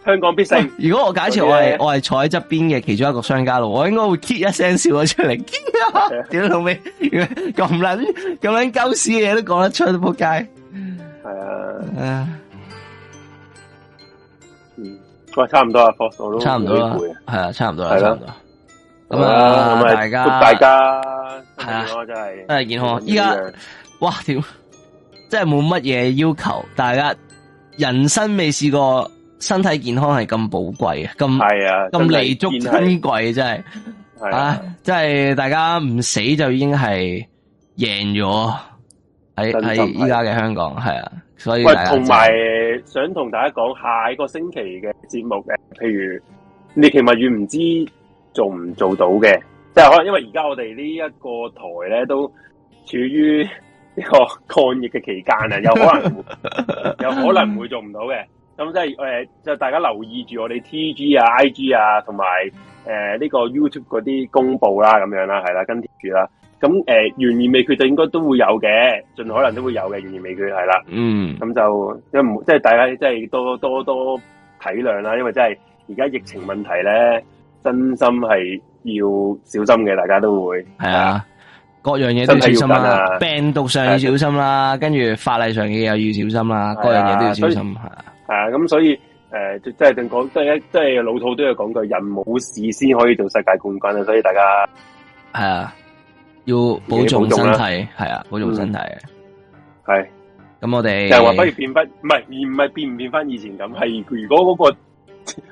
香港必勝！啊，如果我假設我係我係坐喺側邊嘅其中一個商家佬，我應該會 kit 一聲笑咗出嚟，點老味咁捻咁捻鳩屎嘅嘢都講得出，撲 街！係啊,啊，嗯，嗯，我差唔多啊 force 都差唔多啊，係啊，差唔多啊，係咯，咁咁啊，大家，大家，係啊，真係，真係健康，依家，哇，點，真係冇乜嘢要求，大家，人生未試過，身體健康係咁寶貴啊，咁，係啊，咁彌足珍貴，真係，真啊，真係、啊啊、大家唔死就已經係贏咗。喺喺依家嘅香港係啊，所以同埋想同大家講下一個星期嘅節目嘅，譬如你其實越唔知做唔做到嘅，即係可能因為而家我哋呢一個台咧都處於呢個抗疫嘅期間啊，有可能 有可能唔會做唔到嘅，咁即係誒，就大家留意住我哋 TG 啊、IG 啊，同埋誒呢個 YouTube 嗰啲公布啦、啊，咁樣啦、啊，係啦，跟住啦、啊。咁誒，懸、呃、而未決就應該都會有嘅，盡可能都會有嘅，懸而未決係啦。嗯，咁就即係唔即係大家即係多多多體諒啦，因為真係而家疫情問題咧，真心係要小心嘅，大家都會係啊。各樣嘢都要小心啦、啊啊，病毒上要小心啦、啊，跟住法例上嘅嘢又要小心啦、啊，各樣嘢都要小心係啊。係啊，咁所以誒、呃就是，即係講，即係即係老土都要講句，人冇事先可以做世界冠軍啊，所以大家係啊。要保重身體，係啊，保重身體。係，咁我哋就係、是、話不如變翻，唔係而唔係變唔變翻以前咁。係如果嗰、那個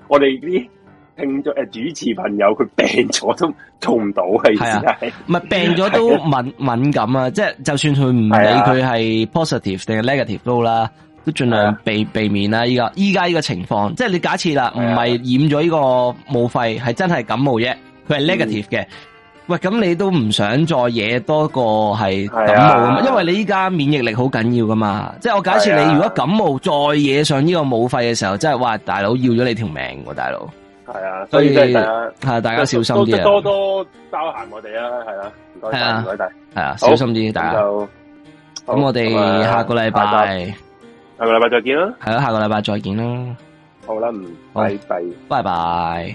我哋啲聽眾誒主持朋友佢病咗都做唔到係，意係、啊，係係、啊、病咗都敏、啊、敏感啊！即、就、係、是、就算佢唔理佢係 positive 定係、啊、negative 都啦，都盡量避避免啦、啊。依家依家呢個情況，即、就、係、是、你假設啦，唔係染咗呢個武肺，係真係感冒啫，佢係 negative 嘅、嗯。喂，咁你都唔想再惹多個係感冒啊嘛，因為你依家免疫力好緊要噶嘛。即係我假設你如果感冒再惹上呢個武肺嘅時候，即係話，大佬要咗你條命喎，大佬。係啊，所以係大家小心啲啊，多多包涵我哋啊，係啊。係啊，唔該晒，唔該晒，係啊，小心啲，大家就。咁我哋下個禮拜，下個禮拜再見啦。係啊，下個禮拜再見啦。好啦，拜拜，拜拜。